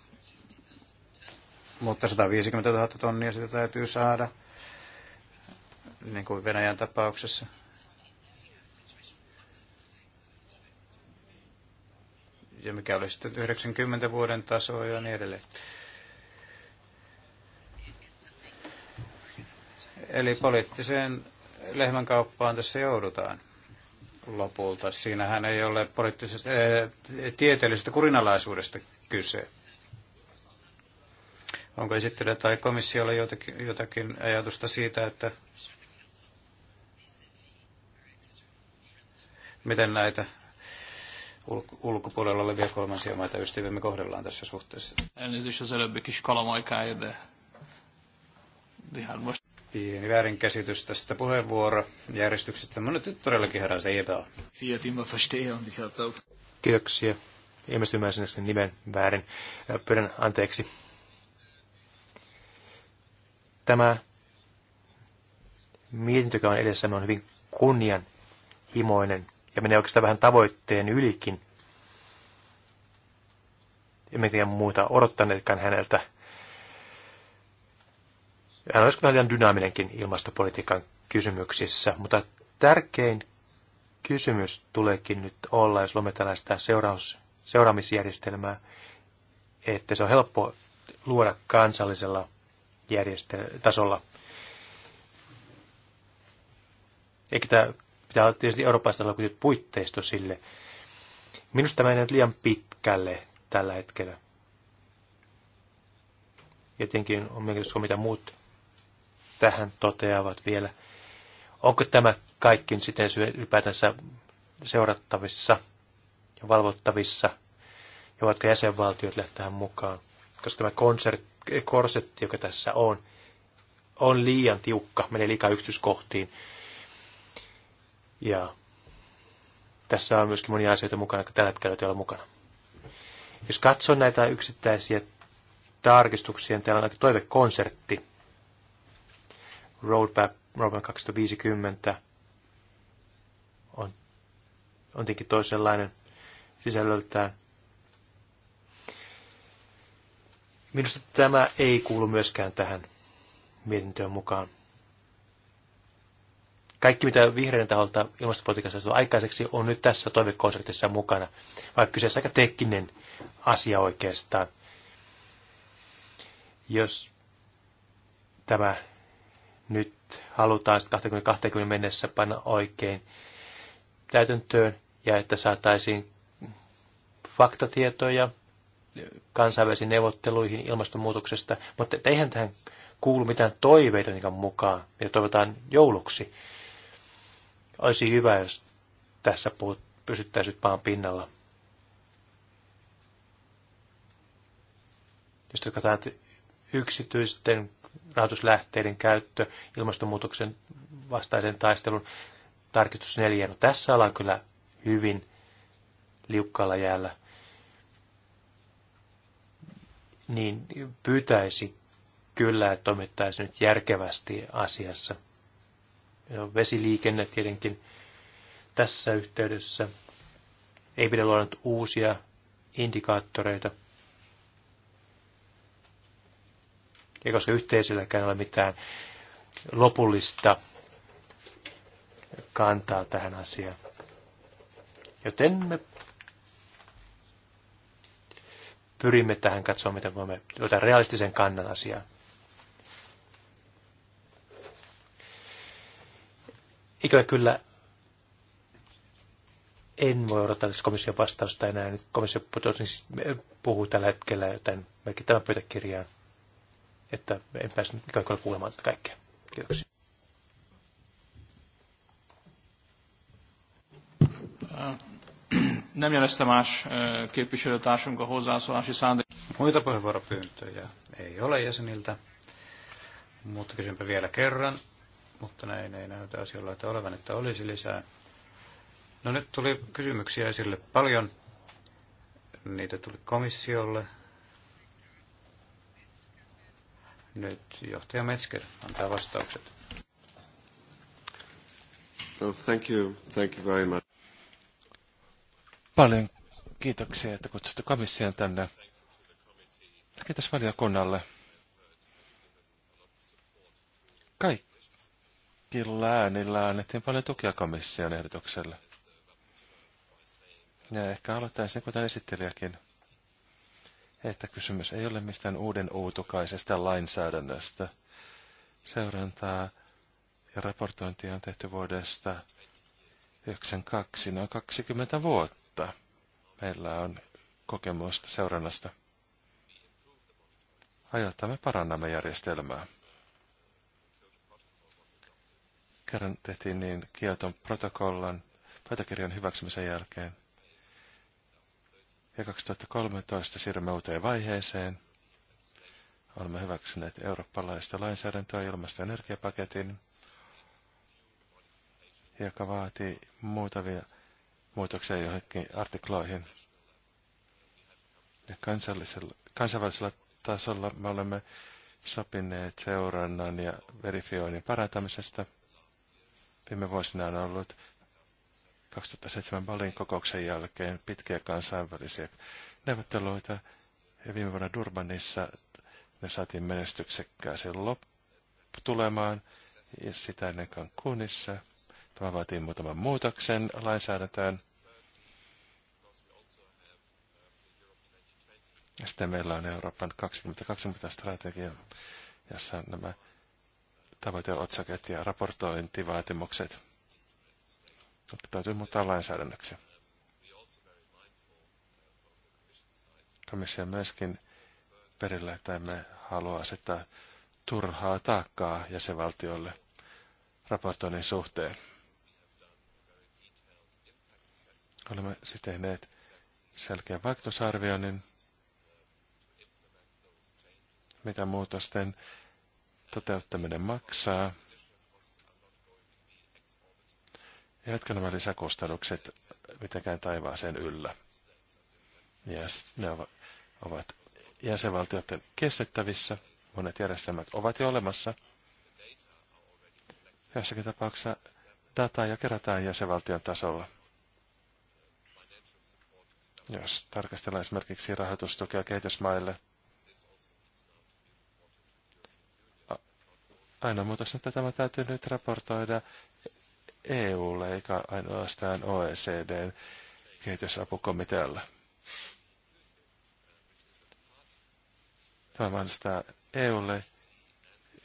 Mutta 150 000 tonnia sitä täytyy saada niin kuin Venäjän tapauksessa. Ja mikä oli sitten 90 vuoden taso ja niin edelleen. Eli poliittiseen lehmänkauppaan tässä joudutaan lopulta. Siinähän ei ole poliittisesta, ää, eh, tieteellisestä kurinalaisuudesta kyse. Onko esittelyä tai komissiolla jotakin, jotakin ajatusta siitä, että miten näitä ulkopuolella olevia kolmansia maita ystävimme kohdellaan tässä suhteessa. Elnézést az előbbi kis kalamaikája, de Pieni väärinkäsitys tästä puheenvuorojärjestyksestä. Mä no nyt todellakin herää se on. Kiitoksia. Ilmeisesti ymmärsin sen nimen väärin. Pyydän anteeksi. Tämä mietintö, joka on edessä, on hyvin kunnianhimoinen ja menee oikeastaan vähän tavoitteen ylikin. Emme tiedä muuta odottaneetkaan häneltä. Hän olisi kyllä liian dynaaminenkin ilmastopolitiikan kysymyksissä, mutta tärkein kysymys tuleekin nyt olla, jos luomme tällaista seuraus, seuraamisjärjestelmää, että se on helppo luoda kansallisella järjestel- tasolla. Eikä tämä Pitää olla tietysti eurooppalaisella kuitenkin puitteisto sille. Minusta tämä menee liian pitkälle tällä hetkellä. Ja tietenkin on mielestäni mitä muut tähän toteavat vielä. Onko tämä kaikki sitten ylipäätänsä seurattavissa ja valvottavissa? Ja ovatko jäsenvaltiot lähtevät mukaan? Koska tämä konsert, eh, korsetti, joka tässä on, on liian tiukka, menee liikaa yksityiskohtiin. Ja tässä on myöskin monia asioita mukana, jotka tällä hetkellä täytyy mukana. Jos katson näitä yksittäisiä tarkistuksia, niin täällä on aika toivekonsertti. Roadmap, Roadmap 2050 on, on tietenkin toisenlainen sisällöltään. Minusta tämä ei kuulu myöskään tähän mietintöön mukaan. Kaikki, mitä vihreiden taholta ilmastopolitiikassa on aikaiseksi, on nyt tässä toivekonsertissa mukana, vaikka kyseessä aika tekninen asia oikeastaan. Jos tämä nyt halutaan 2020 mennessä panna oikein täytäntöön ja että saataisiin faktatietoja kansainvälisiin neuvotteluihin ilmastonmuutoksesta, mutta eihän tähän kuulu mitään toiveita mukaan, mitä toivotaan jouluksi. Olisi hyvä, jos tässä puhut, pysyttäisit vaan pinnalla. Jos katsotaan, että yksityisten rahoituslähteiden käyttö ilmastonmuutoksen vastaisen taistelun tarkistus neljä. No tässä ollaan kyllä hyvin liukkaalla jäällä. Niin pyytäisi kyllä, että toimittaisi nyt järkevästi asiassa – ja vesiliikenne tietenkin tässä yhteydessä. Ei pidä luoda nyt uusia indikaattoreita. Ei koska yhteisölläkään ole mitään lopullista kantaa tähän asiaan. Joten me pyrimme tähän katsomaan, miten voimme ottaa realistisen kannan asiaan. ikävä kyllä en voi odottaa tässä komission vastausta enää. Nyt komissio niin puhuu tällä hetkellä jotain merkittävän pöytäkirjaan, että en päässyt ikävä kyllä kuulemaan tätä kaikkea. Kiitoksia. Nem jelezte más képviselőtársunk a hozzászólási szándék. Muita puheenvuoropyyntöjä ei ole jäseniltä, mutta kysynpä vielä kerran mutta näin ei näytä asioilla, että olevan, että olisi lisää. No nyt tuli kysymyksiä esille paljon. Niitä tuli komissiolle. Nyt johtaja Metzger antaa vastaukset. No, thank you. Thank you very much. Paljon kiitoksia, että kutsutte komission tänne. Kiitos valiokunnalle. Kaikki kaikilla äänillä annettiin paljon tukia komission ehdotukselle. Ja ehkä aloittaisin, kuten esittelijäkin, että kysymys ei ole mistään uuden uutukaisesta lainsäädännöstä. Seurantaa ja raportointia on tehty vuodesta 1992, noin 20 vuotta. Meillä on kokemusta seurannasta. Ajoittamme parannamme järjestelmää. kerran tehtiin niin Kioton protokollan pöytäkirjan hyväksymisen jälkeen. Ja 2013 siirrymme uuteen vaiheeseen. Olemme hyväksyneet eurooppalaista lainsäädäntöä ilmasto- ja energiapaketin, joka vaatii muutavia muutoksia johonkin artikloihin. Ja kansallisella, kansainvälisellä tasolla me olemme sopineet seurannan ja verifioinnin parantamisesta – Viime vuosina on ollut 2007 Balin kokouksen jälkeen pitkiä kansainvälisiä neuvotteluita. Ja viime vuonna Durbanissa ne saatiin menestyksekkääseen lopputulemaan ja sitä ennen Cancunissa. Tämä vaatii muutaman muutoksen lainsäädäntöön. Ja sitten meillä on Euroopan 2020 strategia, jossa nämä tavoiteotsaket ja raportointivaatimukset, Mutta täytyy muuttaa lainsäädännöksi. Komissio myöskin perillä, että emme halua asettaa turhaa taakkaa jäsenvaltioille raportoinnin suhteen. Olemme siis tehneet selkeän vaikutusarvioinnin, mitä muutosten toteuttaminen maksaa. Jatka nämä lisäkustannukset mitenkään taivaaseen yllä? Ja ne ovat jäsenvaltioiden kestettävissä. Monet järjestelmät ovat jo olemassa. Jossakin tapauksessa dataa jo kerätään jäsenvaltion tasolla. Jos tarkastellaan esimerkiksi rahoitustukea kehitysmaille – aina muutos, että tämä täytyy nyt raportoida EUlle eikä ainoastaan OECDn kehitysapukomitealle. Tämä mahdollistaa EUlle,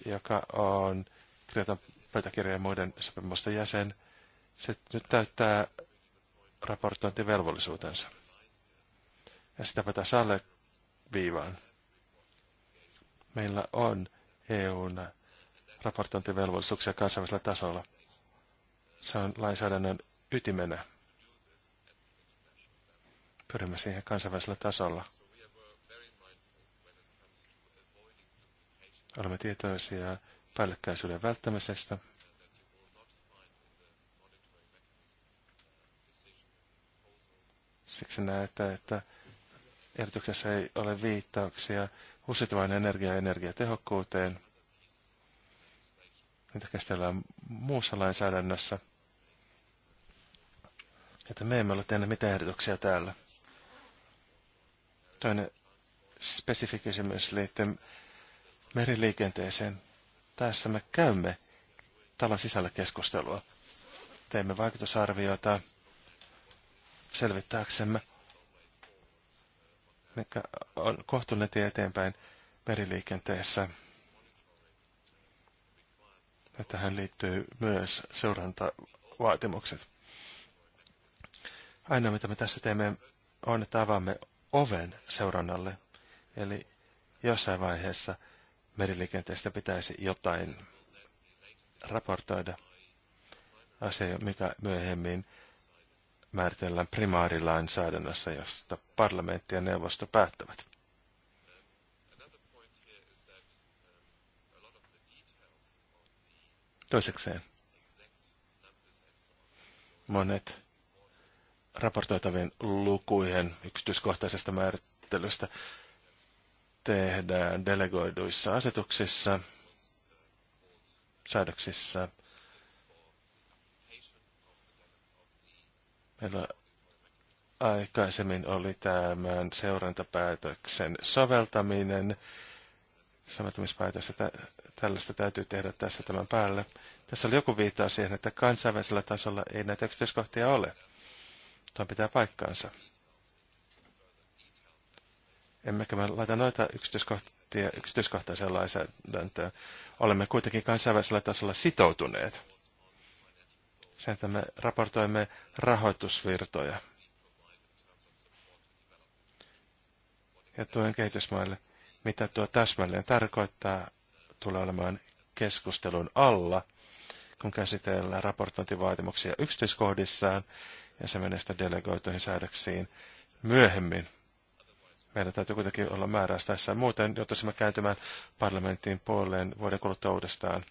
joka on Kreetan pöytäkirjan muiden sopimusten jäsen. Se nyt täyttää raportointivelvollisuutensa. Ja sitä pitää alle viivaan. Meillä on EUna raportointivelvollisuuksia kansainvälisellä tasolla. Se on lainsäädännön ytimenä. Pyrimme siihen kansainvälisellä tasolla. Olemme tietoisia päällekkäisyyden välttämisestä. Siksi näette, että erityksessä ei ole viittauksia uusiutuvan energia- ja energiatehokkuuteen – niitä käsitellään muussa lainsäädännössä. Että me emme ole tehneet mitään ehdotuksia täällä. Toinen spesifi kysymys liittyy meriliikenteeseen. Tässä me käymme talon sisällä keskustelua. Teemme vaikutusarvioita, selvittääksemme, mikä on kohtuullinen tie eteenpäin meriliikenteessä. Ja tähän liittyy myös seurantavaatimukset. Aina, mitä me tässä teemme, on, että avaamme oven seurannalle. Eli jossain vaiheessa meriliikenteestä pitäisi jotain raportoida. Asia, mikä myöhemmin määritellään primaarilainsäädännössä, josta parlamentti ja neuvosto päättävät. Toisekseen monet raportoitavien lukujen yksityiskohtaisesta määrittelystä tehdään delegoiduissa asetuksissa, säädöksissä. Meillä aikaisemmin oli tämän seurantapäätöksen soveltaminen soveltamispäätöstä. Tällaista täytyy tehdä tässä tämän päälle. Tässä oli joku viittaa siihen, että kansainvälisellä tasolla ei näitä yksityiskohtia ole. Tuo pitää paikkaansa. Emmekä me laita noita yksityiskohtia yksityiskohtaisia lainsäädäntöä. Olemme kuitenkin kansainvälisellä tasolla sitoutuneet. Sen, että me raportoimme rahoitusvirtoja ja tuen kehitysmaille mitä tuo täsmälleen tarkoittaa, tulee olemaan keskustelun alla, kun käsitellään raportointivaatimuksia yksityiskohdissaan ja se menee sitten delegoituihin säädöksiin myöhemmin. Meidän täytyy kuitenkin olla määräys tässä. Muuten joutuisimme kääntymään parlamentin puoleen vuoden kuluttua uudestaan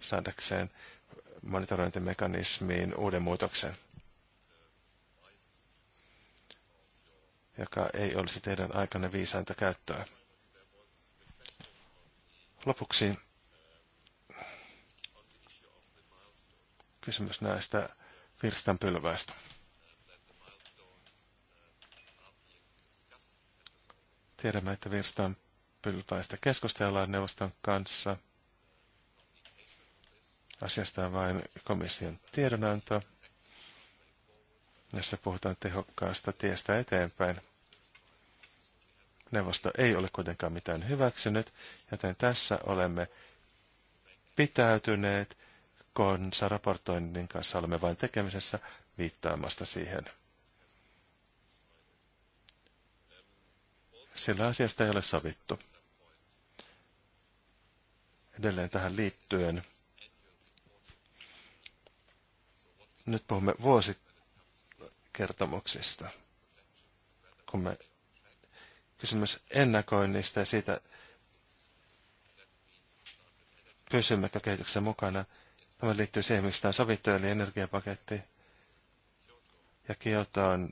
saadakseen monitorointimekanismiin uuden muutoksen, joka ei olisi teidän aikana viisainta käyttöä. Lopuksi kysymys näistä pylväistä. Tiedämme, että pylväistä keskustellaan neuvoston kanssa. Asiasta on vain komission tiedonanto, jossa puhutaan tehokkaasta tiestä eteenpäin. Neuvosto ei ole kuitenkaan mitään hyväksynyt, joten tässä olemme pitäytyneet, konsa raportoinnin kanssa olemme vain tekemisessä viittaamasta siihen. Sillä asiasta ei ole sovittu. Edelleen tähän liittyen. Nyt puhumme vuosikertomuksista, kun me kysymys ennakoinnista ja siitä, pysymmekö kehityksen mukana. Tämä liittyy siihen, mistä on sovittu, eli energiapaketti. Ja on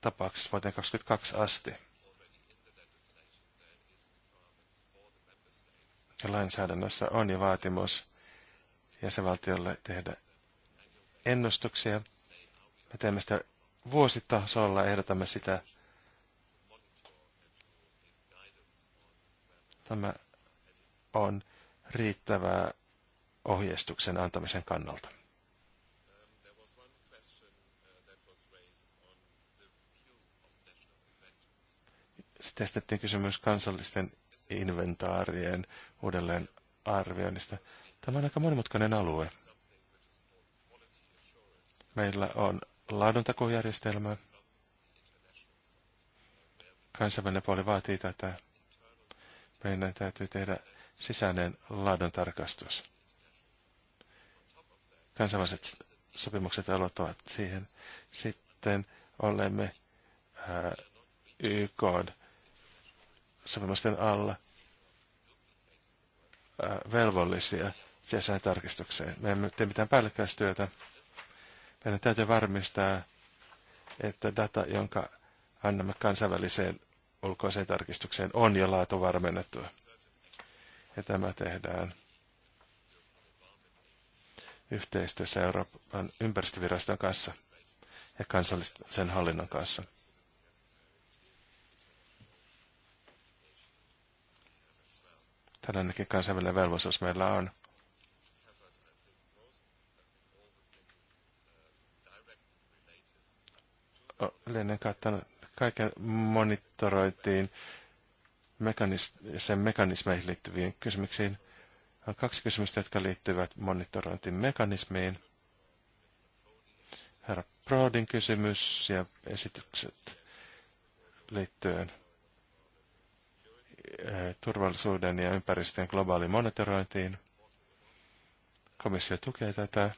tapauksessa vuoteen 22 asti. Ja lainsäädännössä on jo vaatimus jäsenvaltiolle tehdä ennustuksia. Me teemme sitä vuositasolla, ehdotamme sitä Tämä on riittävää ohjeistuksen antamisen kannalta. Sitten esitettiin kysymys kansallisten inventaarien uudelleen arvioinnista. Tämä on aika monimutkainen alue. Meillä on laaduntakojärjestelmä. Kansainvälinen puoli vaatii tätä meidän täytyy tehdä sisäinen laadun tarkastus. Kansainväliset sopimukset aloittavat siihen. Sitten olemme ää, äh, YK sopimusten alla äh, velvollisia sisäiseen tarkistukseen. Me emme tee mitään päällekkäistyötä. Meidän täytyy varmistaa, että data, jonka annamme kansainväliseen ulkoiseen tarkistukseen on jo laatu varmennettu. Ja tämä tehdään yhteistyössä Euroopan ympäristöviraston kanssa ja kansallisen hallinnon kanssa. Tällainenkin kansainvälinen velvollisuus meillä on. Olen kattanut kaiken monitoroitiin mekanis- sen mekanismeihin liittyviin kysymyksiin. On kaksi kysymystä, jotka liittyvät mekanismiin. Herra Prodin kysymys ja esitykset liittyen eh, turvallisuuden ja ympäristön globaaliin monitorointiin. Komissio tukee tätä.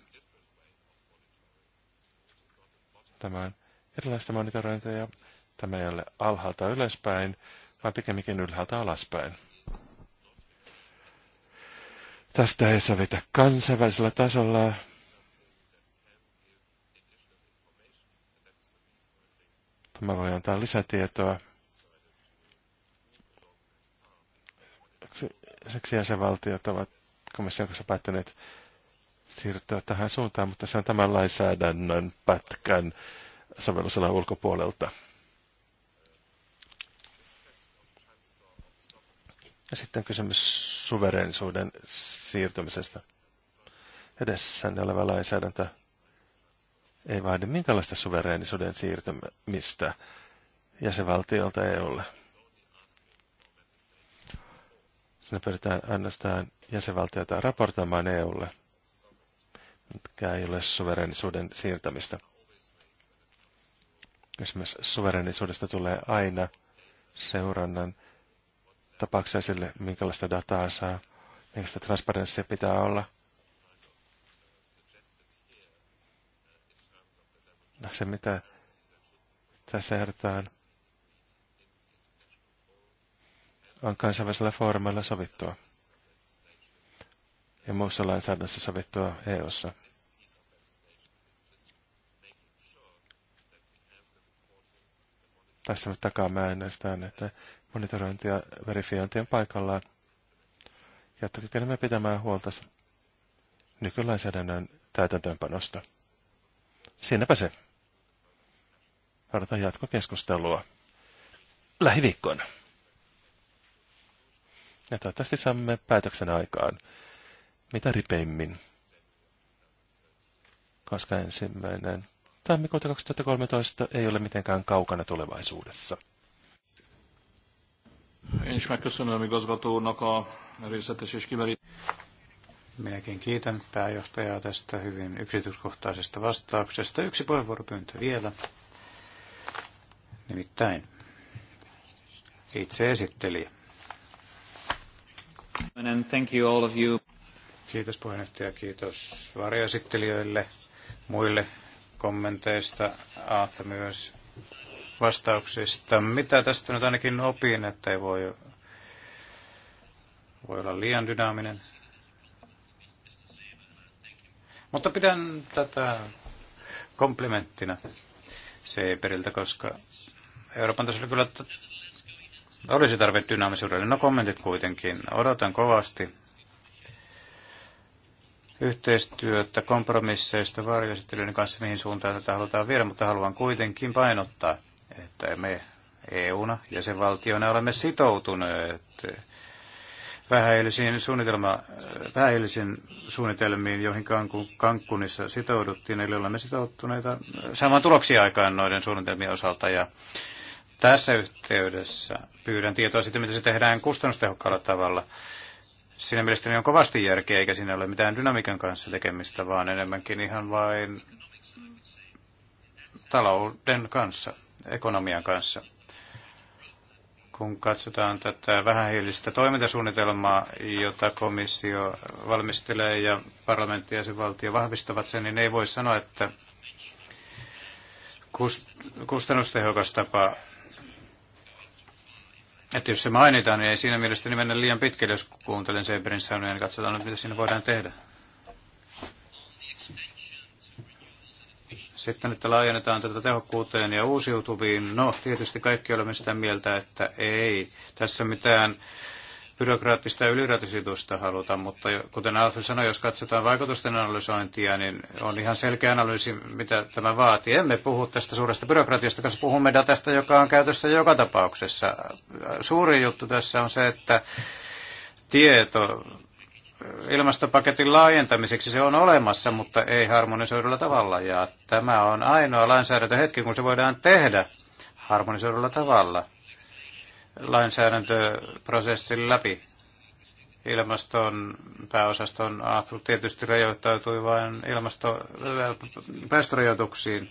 Tämä on erilaista monitorointia ja Tämä ei ole alhaalta ylöspäin, vaan pikemminkin ylhäältä alaspäin. Tästä ei sovita kansainvälisellä tasolla. Tämä voi antaa lisätietoa. Siksi jäsenvaltiot ovat komission kanssa päättäneet siirtyä tähän suuntaan, mutta se on tämän lainsäädännön pätkän sovellusalan ulkopuolelta. Ja sitten kysymys suverenisuuden siirtymisestä. Edessänne oleva lainsäädäntö ei vaadi minkälaista suverenisuuden siirtymistä jäsenvaltiolta EUlle. Sinne pyritään ainoastaan jäsenvaltiota raportoimaan EUlle, mitkä ei ole suverenisuuden siirtämistä. Kysymys suverenisuudesta tulee aina seurannan tapauksessa esille, minkälaista dataa saa, minkälaista transparenssia pitää olla. No, se, mitä tässä ehdotetaan, on kansainvälisellä foorumilla sovittua ja muussa lainsäädännössä sovittua EU-ssa. Tässä me takaa mä ennestään, että monitorointi ja verifiointi on paikallaan, jotta kykenemme pitämään huolta nykylainsäädännön täytäntöönpanosta. Siinäpä se. Odotan jatkokeskustelua lähiviikkoina. Ja toivottavasti saamme päätöksen aikaan mitä ripeimmin, koska ensimmäinen tammikuuta 2013 ei ole mitenkään kaukana tulevaisuudessa. Én is megköszönöm igazgató a részletes és kimerít. Minäkin kiitän pääjohtajaa tästä hyvin yksityiskohtaisesta vastauksesta. Yksi puheenvuoropyyntö vielä. Nimittäin itse esittelijä. And thank you all of you. Kiitos puheenjohtaja, kiitos varjoesittelijöille, muille kommenteista. Aatta myös vastauksista. Mitä tästä nyt ainakin opin, että ei voi, voi olla liian dynaaminen? Mutta pidän tätä komplimenttina Seiperiltä, koska Euroopan tasolla kyllä olisi tarve dynaamisuudelle. No kommentit kuitenkin. Odotan kovasti yhteistyötä kompromisseista varjoesittelyiden kanssa, mihin suuntaan tätä halutaan viedä, mutta haluan kuitenkin painottaa, että me EU-na jäsenvaltiona olemme sitoutuneet vähäilisiin, suunnitelma, vähäilisiin suunnitelmiin, joihin Kankkunissa sitouduttiin, eli olemme sitoutuneita saamaan tuloksia aikaan noiden suunnitelmien osalta. Ja tässä yhteydessä pyydän tietoa siitä, miten se tehdään kustannustehokkaalla tavalla. Siinä mielestäni on kovasti järkeä, eikä siinä ole mitään dynamiikan kanssa tekemistä, vaan enemmänkin ihan vain talouden kanssa ekonomian kanssa. Kun katsotaan tätä vähähiilistä toimintasuunnitelmaa, jota komissio valmistelee ja parlamentti ja sen valtio vahvistavat sen, niin ei voi sanoa, että kustannustehokas tapa että jos se mainitaan, niin ei siinä mielestäni mennä liian pitkälle, jos kuuntelen Seberin sanoja, niin katsotaan mitä siinä voidaan tehdä. Sitten, että laajennetaan tätä tehokkuuteen ja uusiutuviin. No, tietysti kaikki olemme sitä mieltä, että ei tässä mitään byrokraattista yliratisitusta haluta, mutta kuten Alfred sanoi, jos katsotaan vaikutusten analysointia, niin on ihan selkeä analyysi, mitä tämä vaatii. Emme puhu tästä suuresta byrokratiasta, koska puhumme datasta, joka on käytössä joka tapauksessa. Suuri juttu tässä on se, että tieto ilmastopaketin laajentamiseksi se on olemassa, mutta ei harmonisoidulla tavalla. Ja tämä on ainoa lainsäädäntöhetki, kun se voidaan tehdä harmonisoidulla tavalla lainsäädäntöprosessin läpi. Ilmaston pääosaston Arthur tietysti rajoittautui vain ilmastopäästörajoituksiin,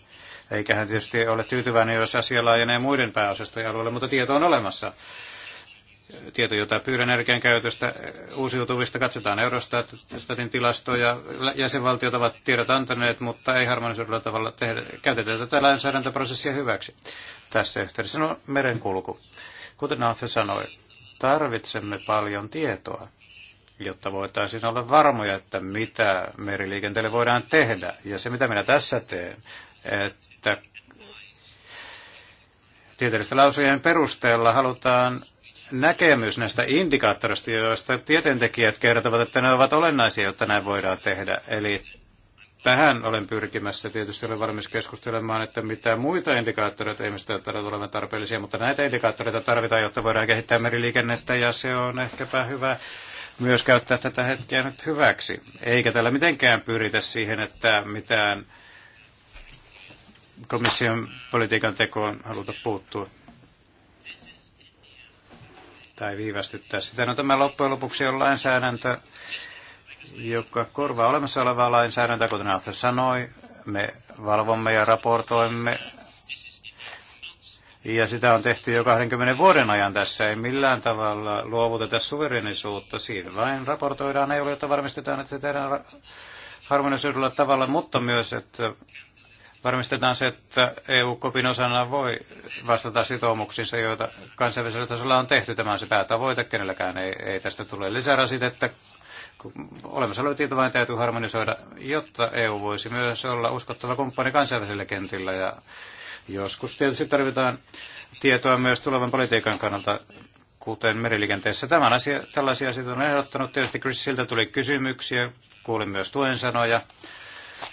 eikä hän tietysti ole tyytyväinen, jos asia laajenee muiden pääosastojen alueelle, mutta tieto on olemassa. Tieto, jota pyydän energian käytöstä eh, uusiutuvista, katsotaan Eurostatin tilastoja. Jäsenvaltiot ovat tiedot antaneet, mutta ei harmonisoidulla tavalla tehdä, käytetä tätä lainsäädäntöprosessia hyväksi. Tässä yhteydessä no, merenkulku. Kuten Arthur sanoi, tarvitsemme paljon tietoa, jotta voitaisiin olla varmoja, että mitä meriliikenteelle voidaan tehdä. Ja se, mitä minä tässä teen, että tieteellisten lausujen perusteella halutaan näkemys näistä indikaattorista, joista tieteentekijät kertovat, että ne ovat olennaisia, jotta näin voidaan tehdä. Eli tähän olen pyrkimässä. Tietysti olen valmis keskustelemaan, että mitä muita indikaattoreita ei mistä olevan tarpeellisia, mutta näitä indikaattoreita tarvitaan, jotta voidaan kehittää meriliikennettä ja se on ehkäpä hyvä myös käyttää tätä hetkeä nyt hyväksi. Eikä tällä mitenkään pyritä siihen, että mitään komission politiikan tekoon haluta puuttua tai viivästyttää sitä. No tämä loppujen lopuksi on lainsäädäntö, joka korvaa olemassa olevaa lainsäädäntöä, kuten Arthur sanoi. Me valvomme ja raportoimme ja sitä on tehty jo 20 vuoden ajan tässä. Ei millään tavalla luovuteta suverenisuutta. Siinä vain raportoidaan ei ole, jotta varmistetaan, että tehdään harmonisoidulla tavalla, mutta myös, että varmistetaan se, että EU-kopin osana voi vastata sitoumuksiinsa, joita kansainvälisellä tasolla on tehty. Tämä on se päätavoite, kenelläkään ei, ei tästä tule lisärasitetta. Olemassa olevia tietoja täytyy harmonisoida, jotta EU voisi myös olla uskottava kumppani kansainvälisellä kentillä. Ja joskus tietysti tarvitaan tietoa myös tulevan politiikan kannalta, kuten meriliikenteessä. Tämän asia, tällaisia asioita on ehdottanut. Tietysti Chris siltä tuli kysymyksiä, kuulin myös tuen sanoja.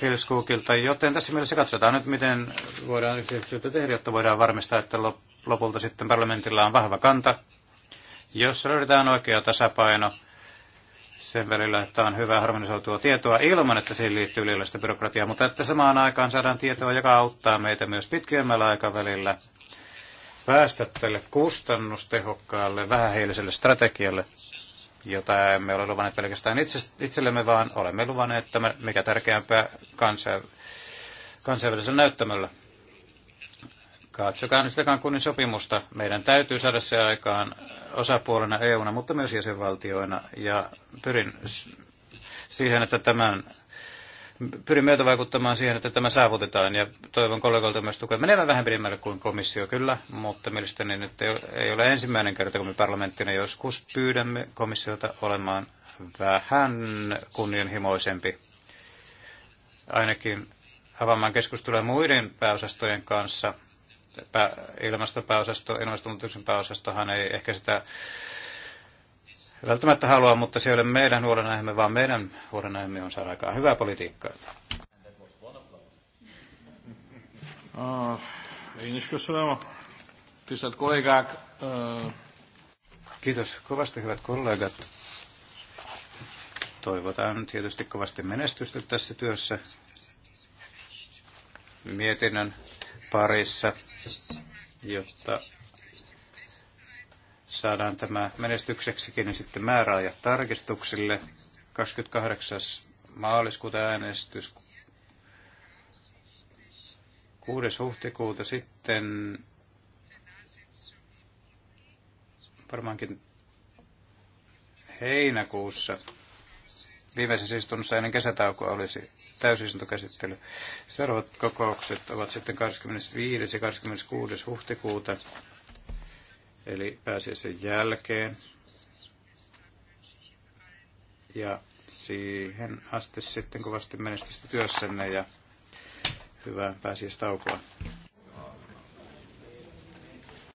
Hillscookilta, joten tässä mielessä katsotaan nyt, miten voidaan yhteistyötä tehdä, jotta voidaan varmistaa, että lopulta sitten parlamentilla on vahva kanta, jossa löydetään oikea tasapaino sen välillä, että on hyvä harmonisoitua tietoa ilman, että siihen liittyy liiallista byrokratiaa, mutta että samaan aikaan saadaan tietoa, joka auttaa meitä myös pitkämmällä aikavälillä päästä tälle kustannustehokkaalle, vähähiiliselle strategialle, jota emme ole luvanneet pelkästään itsellemme, vaan olemme luvanneet tämän, mikä tärkeämpää, kansainvälisellä näyttämöllä. Katsokaa nyt sitä kunnin sopimusta. Meidän täytyy saada se aikaan osapuolena EUna, mutta myös jäsenvaltioina. Ja pyrin siihen, että tämän pyrin myötä vaikuttamaan siihen, että tämä saavutetaan ja toivon kollegoilta myös tukea. Menevän vähän pidemmälle kuin komissio kyllä, mutta mielestäni nyt ei ole ensimmäinen kerta, kun me parlamenttina joskus pyydämme komissiota olemaan vähän kunnianhimoisempi. Ainakin avaamaan keskustelua muiden pääosastojen kanssa. Pää, ilmastopääosasto, ilmastonmuutoksen pääosastohan ei ehkä sitä välttämättä halua, mutta se ei ole meidän huolenaiheemme, vaan meidän huolenaiheemme on saada aikaan hyvää politiikkaa. Ah, eh, Kiitos kovasti, hyvät kollegat. Toivotan tietysti kovasti menestystä tässä työssä mietinnön parissa, jotta saadaan tämä menestykseksikin, niin sitten määräajat tarkistuksille 28. maaliskuuta äänestys 6. huhtikuuta sitten varmaankin heinäkuussa viimeisessä istunnossa ennen kesätaukoa olisi täysistuntokäsittely. Seuraavat kokoukset ovat sitten 25. ja 26. huhtikuuta eli pääsiäisen jälkeen. Ja siihen asti sitten kovasti menestystä työssänne ja hyvää pääsiäistaukoa.